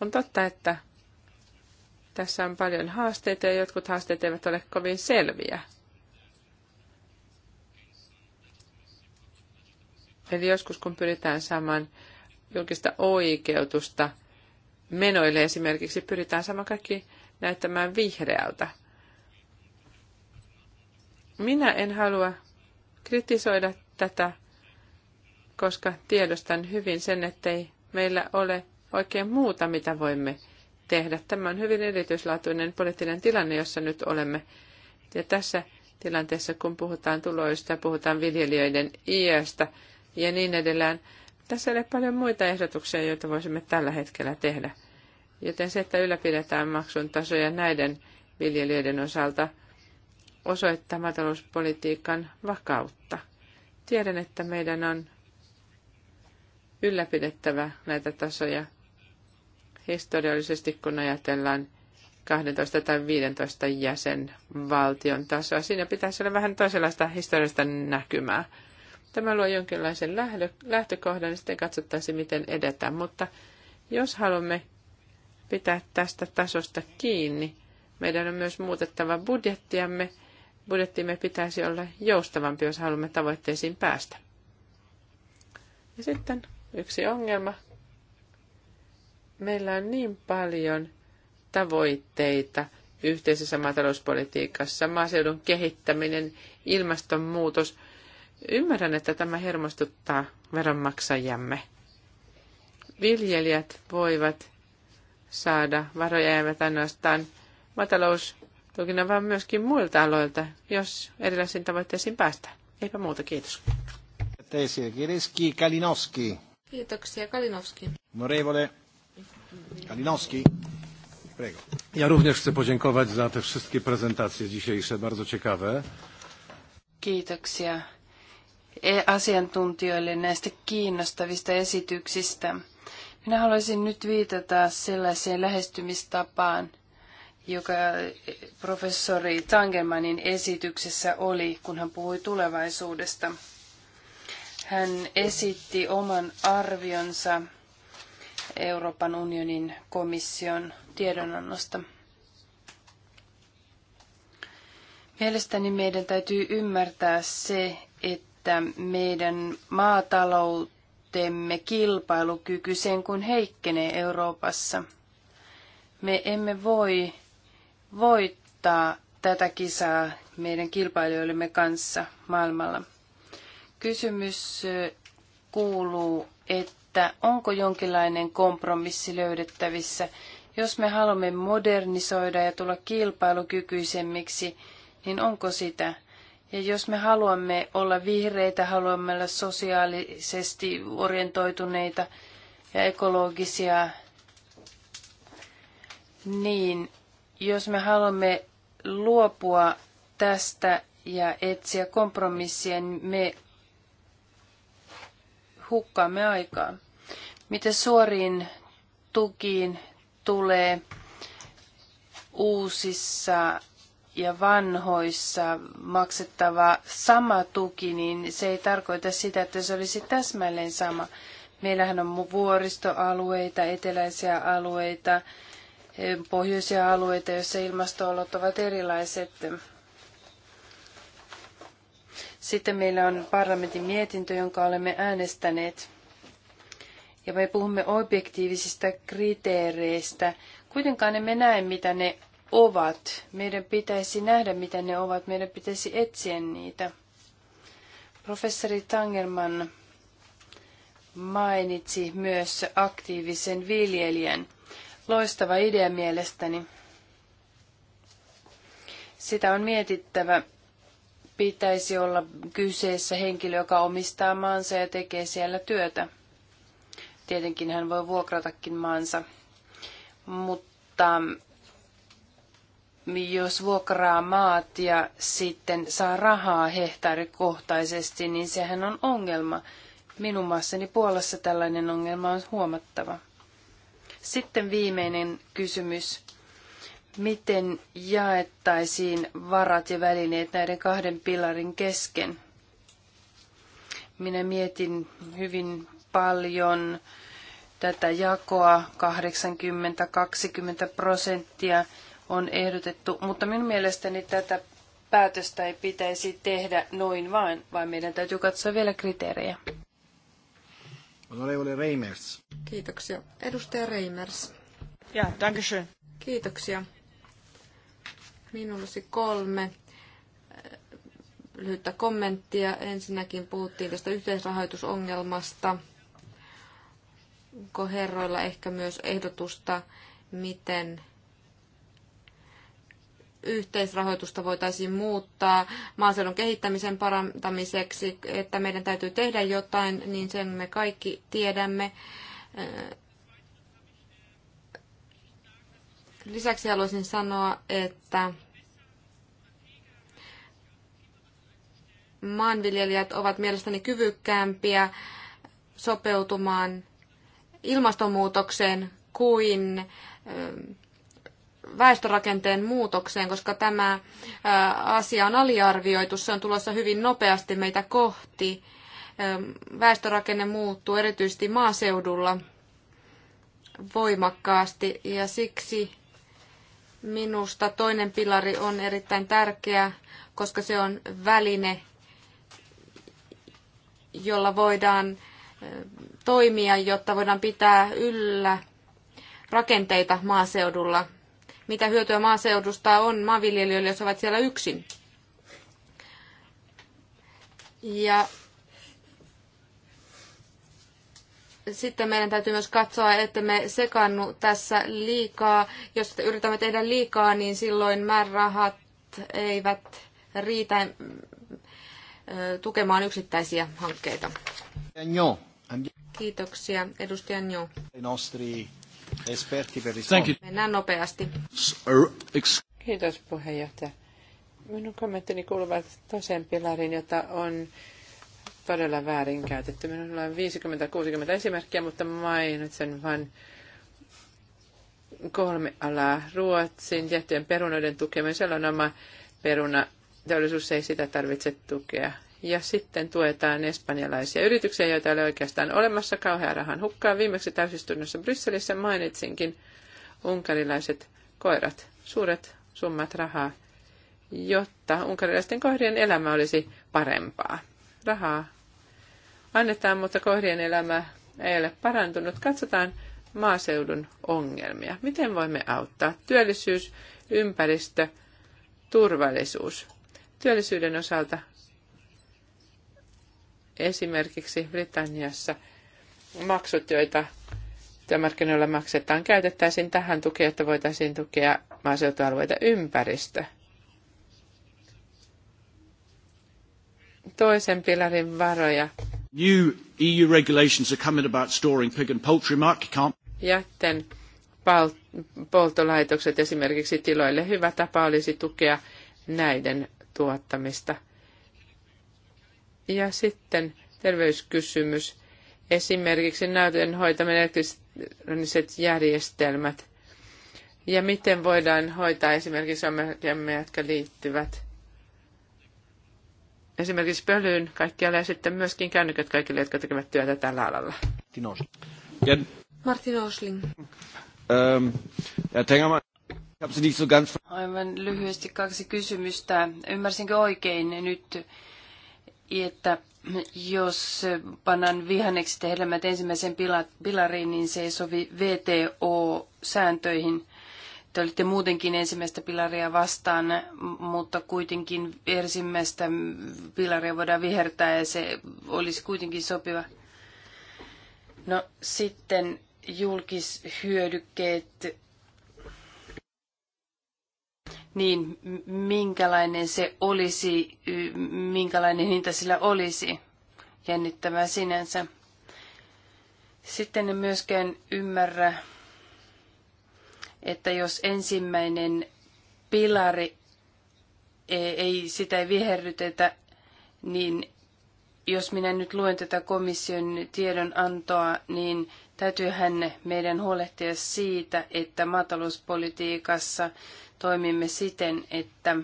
on totta, että tässä on paljon haasteita ja jotkut haasteet eivät ole kovin selviä. Eli joskus kun pyritään saamaan julkista oikeutusta menoille esimerkiksi, pyritään saamaan kaikki näyttämään vihreältä – minä en halua kritisoida tätä, koska tiedostan hyvin sen, ettei meillä ole oikein muuta, mitä voimme tehdä. Tämä on hyvin erityislaatuinen poliittinen tilanne, jossa nyt olemme. Ja tässä tilanteessa, kun puhutaan tuloista, puhutaan viljelijöiden iästä ja niin edellään tässä ei ole paljon muita ehdotuksia, joita voisimme tällä hetkellä tehdä. Joten se, että ylläpidetään maksun tasoja näiden viljelijöiden osalta – osoittaa maatalouspolitiikan vakautta. Tiedän, että meidän on ylläpidettävä näitä tasoja historiallisesti, kun ajatellaan 12 tai 15 jäsenvaltion tasoa. Siinä pitäisi olla vähän toisenlaista historiallista näkymää. Tämä luo jonkinlaisen lähtökohdan ja niin sitten katsottaisiin, miten edetään. Mutta jos haluamme pitää tästä tasosta kiinni, meidän on myös muutettava budjettiamme – budjettimme pitäisi olla joustavampi, jos haluamme tavoitteisiin päästä. Ja sitten yksi ongelma. Meillä on niin paljon tavoitteita yhteisessä maatalouspolitiikassa, maaseudun kehittäminen, ilmastonmuutos. Ymmärrän, että tämä hermostuttaa veronmaksajamme. Viljelijät voivat saada varoja eivät ainoastaan maatalous tutkinnon, vaan myöskin muilta aloilta, jos erilaisiin tavoitteisiin päästään. Eipä muuta, kiitos. Kiireski Kalinowski. Kiitoksia, Kalinowski. Norevole Kalinowski. Prego. Ja również chcę podziękować za te wszystkie prezentacje dzisiejsze, bardzo ciekawe. Kiitoksia e- asiantuntijoille näistä kiinnostavista esityksistä. Minä haluaisin nyt viitata sellaiseen lähestymistapaan, joka professori Tangermanin esityksessä oli, kun hän puhui tulevaisuudesta. Hän esitti oman arvionsa Euroopan unionin komission tiedonannosta. Mielestäni meidän täytyy ymmärtää se, että meidän maataloutemme kilpailukyky sen kun heikkenee Euroopassa. Me emme voi voittaa tätä kisaa meidän kilpailijoillemme kanssa maailmalla. Kysymys kuuluu, että onko jonkinlainen kompromissi löydettävissä. Jos me haluamme modernisoida ja tulla kilpailukykyisemmiksi, niin onko sitä? Ja jos me haluamme olla vihreitä, haluamme olla sosiaalisesti orientoituneita ja ekologisia, niin jos me haluamme luopua tästä ja etsiä kompromissia, niin me hukkaamme aikaa. Mitä suoriin tukiin tulee uusissa ja vanhoissa maksettava sama tuki, niin se ei tarkoita sitä, että se olisi täsmälleen sama. Meillähän on vuoristoalueita, eteläisiä alueita, pohjoisia alueita, joissa ilmastoolot ovat erilaiset. Sitten meillä on parlamentin mietintö, jonka olemme äänestäneet. Ja me puhumme objektiivisista kriteereistä. Kuitenkaan emme näe, mitä ne ovat. Meidän pitäisi nähdä, mitä ne ovat. Meidän pitäisi etsiä niitä. Professori Tangerman mainitsi myös aktiivisen viljelijän loistava idea mielestäni. Sitä on mietittävä. Pitäisi olla kyseessä henkilö, joka omistaa maansa ja tekee siellä työtä. Tietenkin hän voi vuokratakin maansa. Mutta jos vuokraa maat ja sitten saa rahaa hehtaarikohtaisesti, niin sehän on ongelma. Minun maassani Puolassa tällainen ongelma on huomattava. Sitten viimeinen kysymys. Miten jaettaisiin varat ja välineet näiden kahden pilarin kesken? Minä mietin hyvin paljon tätä jakoa 80-20 prosenttia on ehdotettu, mutta minun mielestäni tätä päätöstä ei pitäisi tehdä noin vain, vaan meidän täytyy katsoa vielä kriteerejä. Honorable Reimers. Kiitoksia. Edustaja Reimers. Ja, danke schön. Kiitoksia. Minulla olisi kolme eh, lyhyttä kommenttia. Ensinnäkin puhuttiin tästä yhteisrahoitusongelmasta. Onko herroilla ehkä myös ehdotusta, miten yhteisrahoitusta voitaisiin muuttaa maaseudun kehittämisen parantamiseksi, että meidän täytyy tehdä jotain, niin sen me kaikki tiedämme. Lisäksi haluaisin sanoa, että maanviljelijät ovat mielestäni kyvykkäämpiä sopeutumaan ilmastonmuutokseen kuin väestörakenteen muutokseen, koska tämä asia on aliarvioitu. Se on tulossa hyvin nopeasti meitä kohti. Väestörakenne muuttuu erityisesti maaseudulla voimakkaasti ja siksi minusta toinen pilari on erittäin tärkeä, koska se on väline, jolla voidaan toimia, jotta voidaan pitää yllä rakenteita maaseudulla mitä hyötyä maaseudusta on maanviljelijöille, jos ovat siellä yksin. Ja sitten meidän täytyy myös katsoa, että me sekannu tässä liikaa. Jos yritämme tehdä liikaa, niin silloin määrärahat eivät riitä mm, tukemaan yksittäisiä hankkeita. Kiitoksia, edustaja Njo. Thank you. Mennään nopeasti. Kiitos puheenjohtaja. Minun kommenttini kuuluvat toiseen pilariin, jota on todella väärinkäytetty. Minulla on 50-60 esimerkkiä, mutta mainitsen vain kolme alaa. Ruotsin tiettyjen perunoiden tukeminen, siellä on oma peruna. Teollisuus ei sitä tarvitse tukea ja sitten tuetaan espanjalaisia yrityksiä, joita ei ole oikeastaan olemassa kauhea rahan hukkaa. Viimeksi täysistunnossa Brysselissä mainitsinkin unkarilaiset koirat, suuret summat rahaa, jotta unkarilaisten kohdien elämä olisi parempaa. Rahaa annetaan, mutta kohdien elämä ei ole parantunut. Katsotaan maaseudun ongelmia. Miten voimme auttaa? Työllisyys, ympäristö, turvallisuus. Työllisyyden osalta esimerkiksi Britanniassa maksut, joita työmarkkinoilla maksetaan, käytettäisiin tähän tukeen, että voitaisiin tukea maaseutualueita ympäristö. Toisen pilarin varoja. New EU regulations are coming about storing pig and poultry market can't... Jätten polttolaitokset esimerkiksi tiloille. Hyvä tapa olisi tukea näiden tuottamista – ja sitten terveyskysymys. Esimerkiksi näytön hoitaminen elektroniset järjestelmät. Ja miten voidaan hoitaa esimerkiksi ongelmia, jotka liittyvät esimerkiksi pölyyn kaikkialla ja sitten myöskin kännykät kaikille, jotka tekevät työtä tällä alalla. Martin Osling. Ähm, ja Tengaman. Aivan lyhyesti kaksi kysymystä. Ymmärsinkö oikein nyt että jos pannaan vihannekset ja hedelmät ensimmäiseen pilariin, niin se ei sovi VTO-sääntöihin. Te olitte muutenkin ensimmäistä pilaria vastaan, mutta kuitenkin ensimmäistä pilaria voidaan vihertää ja se olisi kuitenkin sopiva. No sitten julkishyödykkeet niin minkälainen se olisi, minkälainen hinta sillä olisi. Jännittävää sinänsä. Sitten en myöskään ymmärrä, että jos ensimmäinen pilari e, ei, sitä ei viherrytetä, niin jos minä nyt luen tätä komission tiedonantoa, niin täytyyhän meidän huolehtia siitä, että maatalouspolitiikassa toimimme siten, että,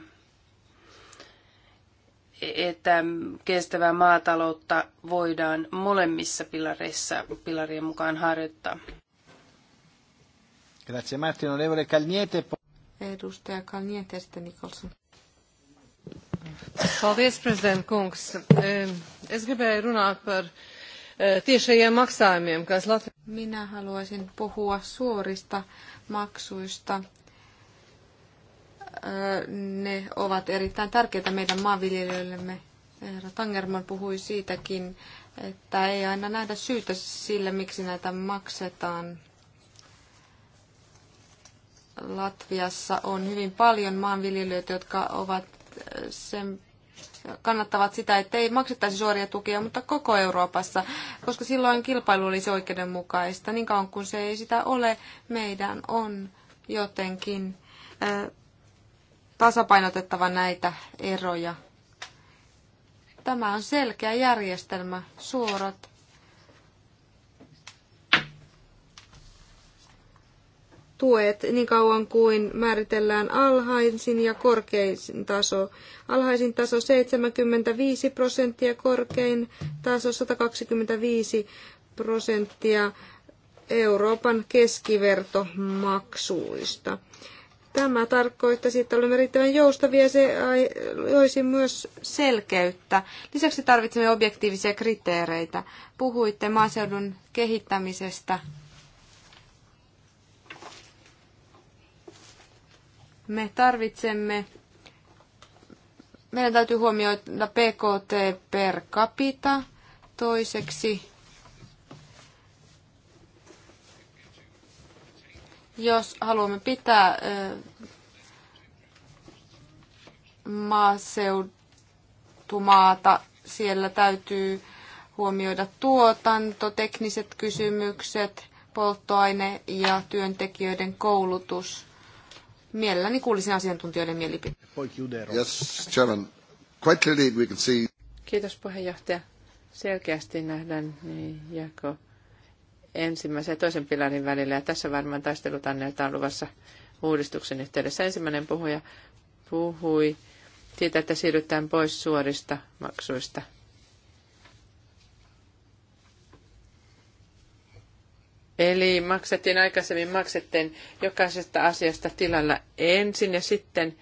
että kestävää maataloutta voidaan molemmissa pilareissa pilarien mukaan harjoittaa. Grazie Martin, onorevole Calniete. Edustaja Calniete sitten Nicholson. Paldies, president kungs. Es gribēju runāt par e, tiešajiem maksājumiem, kas Latvijas... Minä haluaisin puhua suorista maksuista ne ovat erittäin tärkeitä meidän maanviljelijöillemme. Herra Tangerman puhui siitäkin, että ei aina nähdä syytä sille, miksi näitä maksetaan. Latviassa on hyvin paljon maanviljelijöitä, jotka ovat eh, sen kannattavat sitä, että ei maksettaisi suoria tukia, mutta koko Euroopassa, koska silloin kilpailu olisi oikeudenmukaista. Niin kauan kuin se ei sitä ole, meidän on jotenkin eh, tasapainotettava näitä eroja. Tämä on selkeä järjestelmä, suorat tuet niin kauan kuin määritellään alhaisin ja korkein taso. Alhaisin taso 75 prosenttia, korkein taso 125 prosenttia Euroopan keskivertomaksuista. Tämä tarkoittaisi, että olemme riittävän joustavia ja se loisi myös selkeyttä. Lisäksi tarvitsemme objektiivisia kriteereitä. Puhuitte maaseudun kehittämisestä. Me tarvitsemme, meidän täytyy huomioida PKT per capita. Toiseksi Jos haluamme pitää maaseutumaata, siellä täytyy huomioida tuotanto, tekniset kysymykset, polttoaine ja työntekijöiden koulutus. Mielelläni kuulisin asiantuntijoiden mielipiteitä. Yes, Chairman. Quite clearly we can see... Kiitos puheenjohtaja. Selkeästi nähdään niin Jakob ensimmäisen ja toisen pilarin välillä, ja tässä varmaan taistelut annetaan luvassa uudistuksen yhteydessä. Ensimmäinen puhuja puhui siitä, että siirrytään pois suorista maksuista. Eli maksettiin aikaisemmin, maksettiin jokaisesta asiasta tilalla ensin ja sitten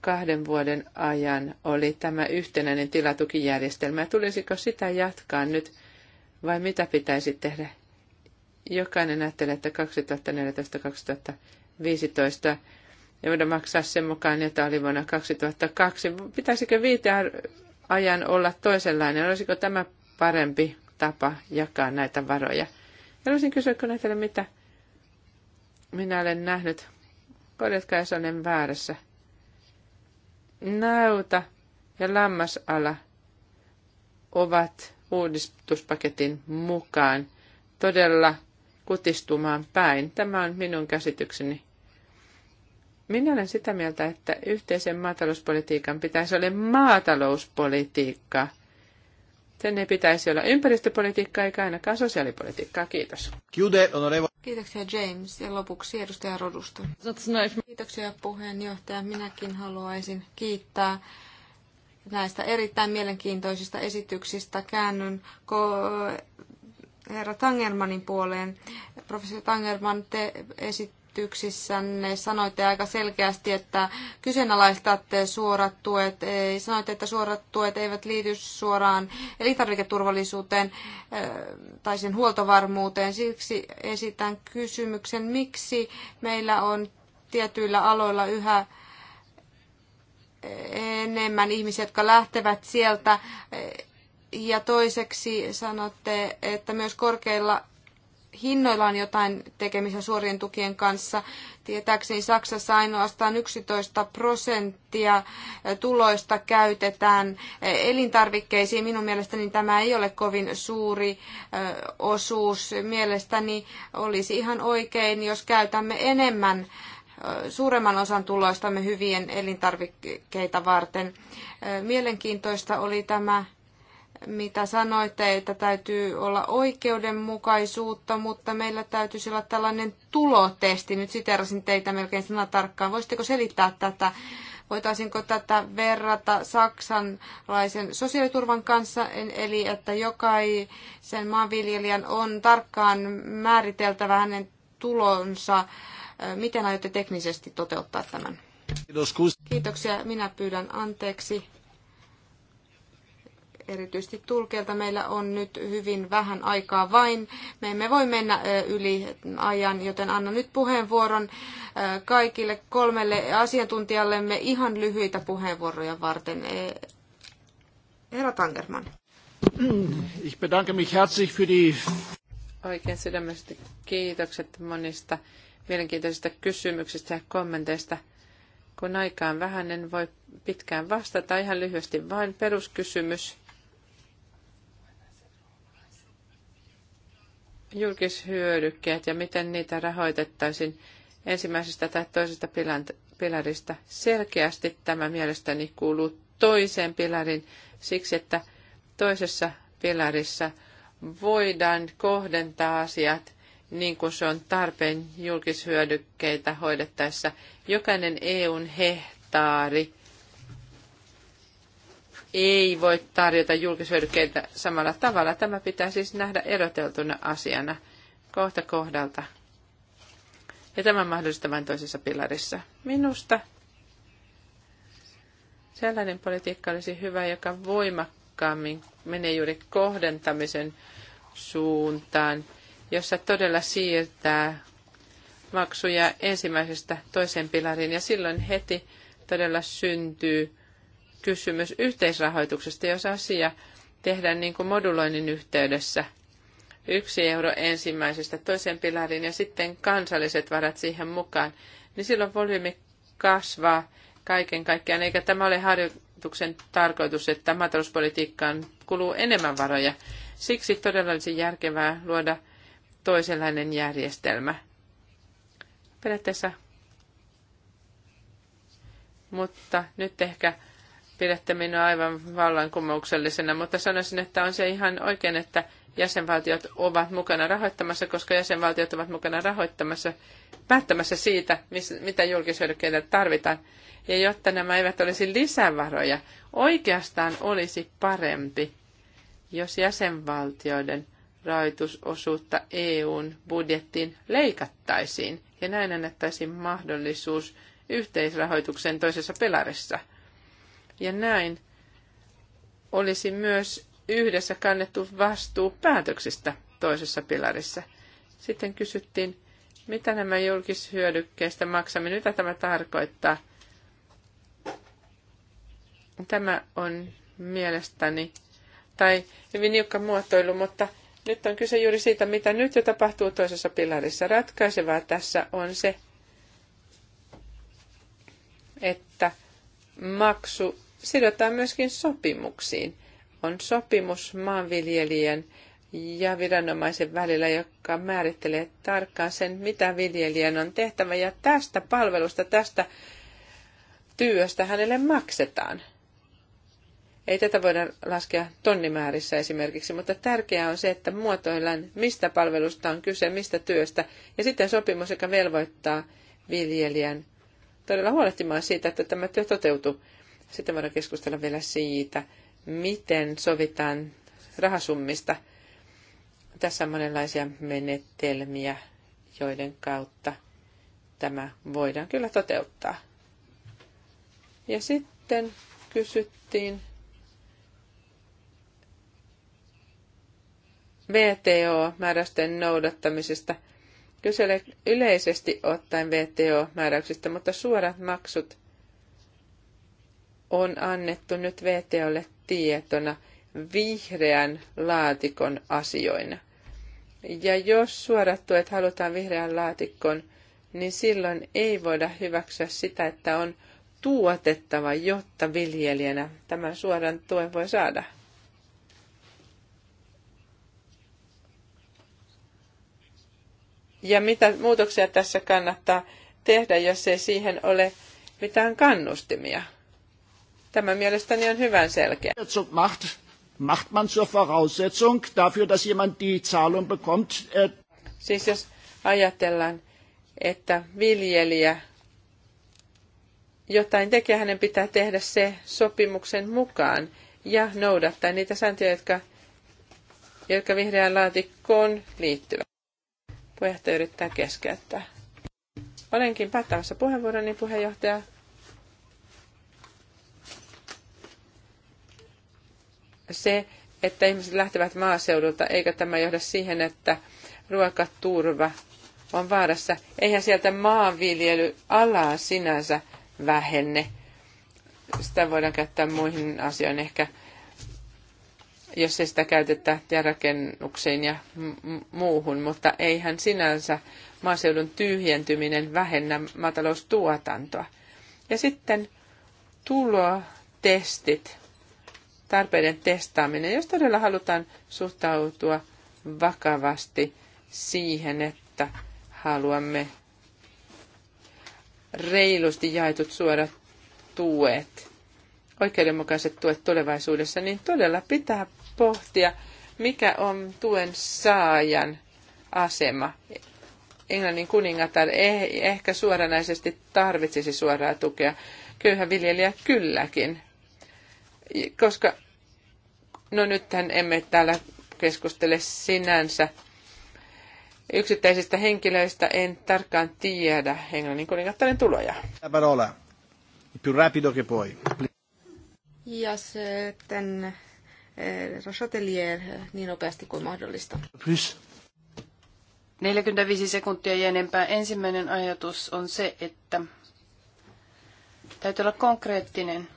kahden vuoden ajan oli tämä yhtenäinen tilatukijärjestelmä. Tulisiko sitä jatkaa nyt vai mitä pitäisi tehdä? jokainen ajattelee, että 2014-2015 ja voidaan maksaa sen mukaan, jota oli vuonna 2002. Pitäisikö viiteajan olla toisenlainen? Olisiko tämä parempi tapa jakaa näitä varoja? Haluaisin kysyä, kun näitä mitä minä olen nähnyt. Korjatkaa, jos olen väärässä. Nauta ja lammasala ovat uudistuspaketin mukaan todella – kutistumaan päin. Tämä on minun käsitykseni. Minä olen sitä mieltä, että yhteisen maatalouspolitiikan pitäisi olla maatalouspolitiikka. Sen ei pitäisi olla ympäristöpolitiikkaa eikä ainakaan sosiaalipolitiikkaa. Kiitos. Kiitoksia James ja lopuksi edustaja Rodusta. Kiitoksia puheenjohtaja. Minäkin haluaisin kiittää näistä erittäin mielenkiintoisista esityksistä. Käännyn herra Tangermanin puoleen. Professori Tangerman, te esityksissänne sanoitte aika selkeästi, että kyseenalaistatte suorat tuet. Sanoitte, että suorat tuet eivät liity suoraan elintarviketurvallisuuteen eh, tai sen huoltovarmuuteen. Siksi esitän kysymyksen, miksi meillä on tietyillä aloilla yhä enemmän ihmisiä, jotka lähtevät sieltä eh, ja toiseksi sanotte, että myös korkeilla hinnoilla on jotain tekemistä suorien tukien kanssa. Tietääkseni Saksassa ainoastaan 11 prosenttia tuloista käytetään elintarvikkeisiin. Minun mielestäni tämä ei ole kovin suuri osuus. Mielestäni olisi ihan oikein, jos käytämme enemmän suuremman osan tuloistamme hyvien elintarvikkeita varten. Mielenkiintoista oli tämä mitä sanoitte, että täytyy olla oikeudenmukaisuutta, mutta meillä täytyisi olla tällainen tulotesti. Nyt siterasin teitä melkein sana tarkkaan. Voisitteko selittää tätä? Voitaisinko tätä verrata saksanlaisen sosiaaliturvan kanssa, eli että jokaisen maanviljelijän on tarkkaan määriteltävä hänen tulonsa. Miten aiotte teknisesti toteuttaa tämän? Kiitoksia. Minä pyydän anteeksi erityisesti tulkeilta. Meillä on nyt hyvin vähän aikaa vain. Me emme voi mennä yli ajan, joten annan nyt puheenvuoron kaikille kolmelle asiantuntijallemme ihan lyhyitä puheenvuoroja varten. E, herra Tangerman. Ich bedanke mich herzlich für die... Oikein sydämellisesti kiitokset monista mielenkiintoisista kysymyksistä ja kommenteista. Kun aikaan vähän en voi pitkään vastata, ihan lyhyesti vain peruskysymys. julkishyödykkeet ja miten niitä rahoitettaisiin ensimmäisestä tai toisesta pilarista. Selkeästi tämä mielestäni kuuluu toiseen pilarin siksi, että toisessa pilarissa voidaan kohdentaa asiat niin kuin se on tarpeen julkishyödykkeitä hoidettaessa. Jokainen EUn hehtaari ei voi tarjota julkishyödykkeitä samalla tavalla. Tämä pitää siis nähdä eroteltuna asiana kohta kohdalta. Ja tämä on mahdollista vain toisessa pilarissa. Minusta sellainen politiikka olisi hyvä, joka voimakkaammin menee juuri kohdentamisen suuntaan, jossa todella siirtää maksuja ensimmäisestä toiseen pilariin ja silloin heti todella syntyy kysymys yhteisrahoituksesta, jos asia tehdään niin kuin moduloinnin yhteydessä. Yksi euro ensimmäisestä toiseen pilariin ja sitten kansalliset varat siihen mukaan, niin silloin volyymi kasvaa kaiken kaikkiaan, eikä tämä ole harjoituksen tarkoitus, että maatalouspolitiikkaan kuluu enemmän varoja. Siksi todella olisi järkevää luoda toisenlainen järjestelmä. Periaatteessa. Mutta nyt ehkä pidätte minua aivan vallankumouksellisena, mutta sanoisin, että on se ihan oikein, että jäsenvaltiot ovat mukana rahoittamassa, koska jäsenvaltiot ovat mukana rahoittamassa, päättämässä siitä, mitä julkishyödykkeitä tarvitaan. Ja jotta nämä eivät olisi lisävaroja, oikeastaan olisi parempi, jos jäsenvaltioiden rahoitusosuutta EUn budjettiin leikattaisiin ja näin annettaisiin mahdollisuus yhteisrahoituksen toisessa pelarissa – ja näin olisi myös yhdessä kannettu vastuu päätöksistä toisessa pilarissa. Sitten kysyttiin, mitä nämä julkishyödykkeistä maksaminen, mitä tämä tarkoittaa. Tämä on mielestäni, tai hyvin niukka muotoilu, mutta nyt on kyse juuri siitä, mitä nyt jo tapahtuu toisessa pilarissa. Ratkaisevaa tässä on se, että maksu sidotaan myöskin sopimuksiin. On sopimus maanviljelijän ja viranomaisen välillä, joka määrittelee tarkkaan sen, mitä viljelijän on tehtävä ja tästä palvelusta, tästä työstä hänelle maksetaan. Ei tätä voida laskea tonnimäärissä esimerkiksi, mutta tärkeää on se, että muotoillaan, mistä palvelusta on kyse, mistä työstä, ja sitten sopimus, joka velvoittaa viljelijän todella huolehtimaan siitä, että tämä työ toteutuu. Sitten voidaan keskustella vielä siitä, miten sovitaan rahasummista. Tässä on monenlaisia menetelmiä, joiden kautta tämä voidaan kyllä toteuttaa. Ja sitten kysyttiin VTO-määräysten noudattamisesta. Kysele yleisesti ottaen VTO-määräyksistä, mutta suorat maksut on annettu nyt VTOlle tietona vihreän laatikon asioina. Ja jos suorat tuet halutaan vihreän laatikon, niin silloin ei voida hyväksyä sitä, että on tuotettava, jotta viljelijänä tämän suoran tuen voi saada. Ja mitä muutoksia tässä kannattaa tehdä, jos ei siihen ole mitään kannustimia? Tämä mielestäni on hyvän selkeä. Macht, macht man zur Voraussetzung dafür, dass jemand die Zahlung bekommt. Äh, siis jos ajatellaan, että viljelijä jotain tekee, hänen pitää tehdä se sopimuksen mukaan ja noudattaa niitä sääntöjä, jotka, jotka vihreään laatikkoon liittyvät. Puheenjohtaja yrittää keskeyttää. Olenkin päättämässä puheenvuoroni puheenjohtaja. se, että ihmiset lähtevät maaseudulta, eikä tämä johda siihen, että ruokaturva on vaarassa. Eihän sieltä maanviljelyalaa sinänsä vähenne. Sitä voidaan käyttää muihin asioihin ehkä, jos ei sitä käytetä tierakennuksiin ja muuhun, mutta eihän sinänsä maaseudun tyhjentyminen vähennä maataloustuotantoa. Ja sitten tulotestit tarpeiden testaaminen, jos todella halutaan suhtautua vakavasti siihen, että haluamme reilusti jaetut suorat tuet, oikeudenmukaiset tuet tulevaisuudessa, niin todella pitää pohtia, mikä on tuen saajan asema. Englannin kuningatar ei ehkä suoranaisesti tarvitsisi suoraa tukea. Köyhä viljelijä kylläkin, koska no nythän emme täällä keskustele sinänsä yksittäisistä henkilöistä, en tarkkaan tiedä Englannin kuningattaren tuloja. Parola. Più rapido che puoi. Ja sitten eh, Rochatelier niin nopeasti kuin mahdollista. Plus. 45 sekuntia ja enempää. Ensimmäinen ajatus on se, että täytyy olla konkreettinen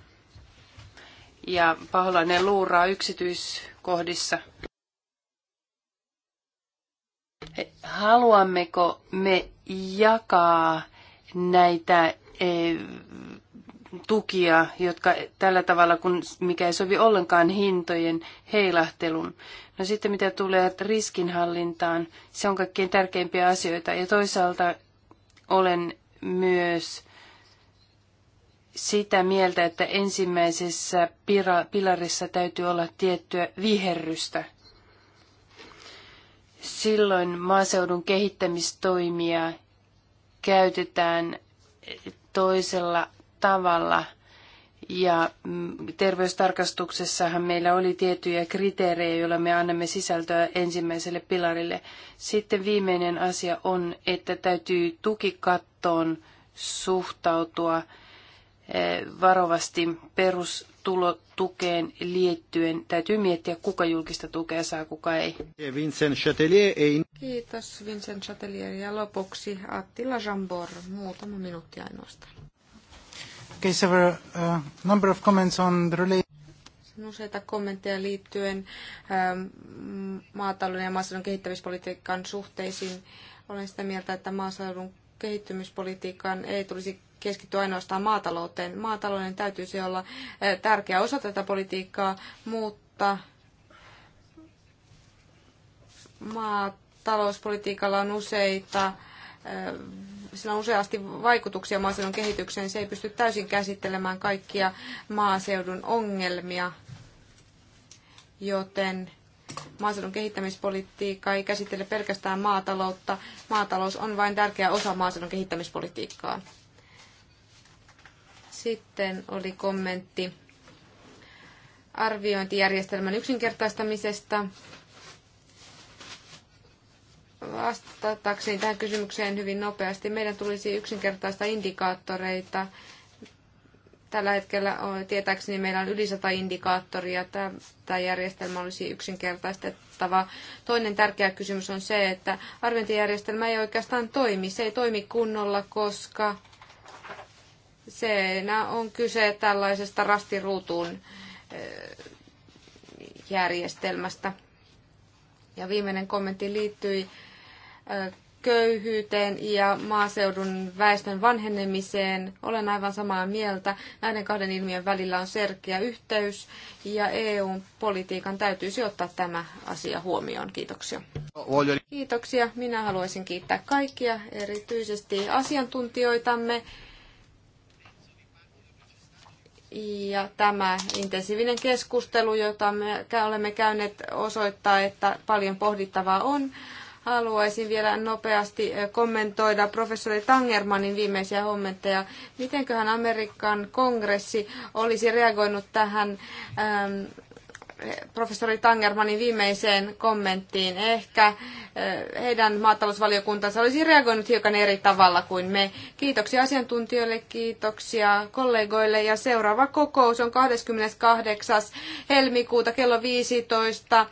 ja paholainen luuraa yksityiskohdissa. Haluammeko me jakaa näitä e, tukia, jotka tällä tavalla, kun mikä ei sovi ollenkaan hintojen heilahtelun. No sitten mitä tulee riskinhallintaan, se on kaikkein tärkeimpiä asioita. Ja toisaalta olen myös sitä mieltä, että ensimmäisessä pilarissa täytyy olla tiettyä viherrystä. Silloin maaseudun kehittämistoimia käytetään toisella tavalla. Ja mm, terveystarkastuksessahan meillä oli tiettyjä kriteerejä, joilla me annamme sisältöä ensimmäiselle pilarille. Sitten viimeinen asia on, että täytyy tukikattoon suhtautua – Eh, varovasti perustulotukeen liittyen. Täytyy miettiä, kuka julkista tukea saa, kuka ei. E Vincent ei. E Kiitos Vincent Chatelier. Ja lopuksi Attila Jambor, muutama minuutti ainoastaan. Okay, several, uh, number of comments on the relation useita kommentteja liittyen ähm, maatalouden ja maaseudun kehittämispolitiikan suhteisiin. Olen sitä mieltä, että maaseudun kehittymispolitiikan ei tulisi keskitty ainoastaan maatalouteen. Maatalouden täytyisi olla eh, tärkeä osa tätä politiikkaa, mutta maatalouspolitiikalla on useita eh, sillä on useasti vaikutuksia maaseudun kehitykseen. Se ei pysty täysin käsittelemään kaikkia maaseudun ongelmia, joten maaseudun kehittämispolitiikka ei käsittele pelkästään maataloutta. Maatalous on vain tärkeä osa maaseudun kehittämispolitiikkaa. Sitten oli kommentti arviointijärjestelmän yksinkertaistamisesta. Vastatakseni tähän kysymykseen hyvin nopeasti, meidän tulisi yksinkertaista indikaattoreita. Tällä hetkellä tietääkseni meillä on yli 100 indikaattoria. Tämä järjestelmä olisi yksinkertaistettava. Toinen tärkeä kysymys on se, että arviointijärjestelmä ei oikeastaan toimi. Se ei toimi kunnolla, koska siinä on kyse tällaisesta rastiruutuun järjestelmästä. Ja viimeinen kommentti liittyi köyhyyteen ja maaseudun väestön vanhenemiseen. Olen aivan samaa mieltä. Näiden kahden ilmiön välillä on selkeä yhteys ja EU-politiikan täytyisi ottaa tämä asia huomioon. Kiitoksia. Kiitoksia. Minä haluaisin kiittää kaikkia, erityisesti asiantuntijoitamme. Ja tämä intensiivinen keskustelu, jota me olemme käyneet, osoittaa, että paljon pohdittavaa on. Haluaisin vielä nopeasti eh, kommentoida professori Tangermanin viimeisiä kommentteja. Mitenköhän Amerikan kongressi olisi reagoinut tähän ähm, professori Tangermanin viimeiseen kommenttiin. Ehkä eh, heidän maatalousvaliokuntansa olisi reagoinut hiukan eri tavalla kuin me. Kiitoksia asiantuntijoille, kiitoksia kollegoille ja seuraava kokous on 28. helmikuuta kello 15.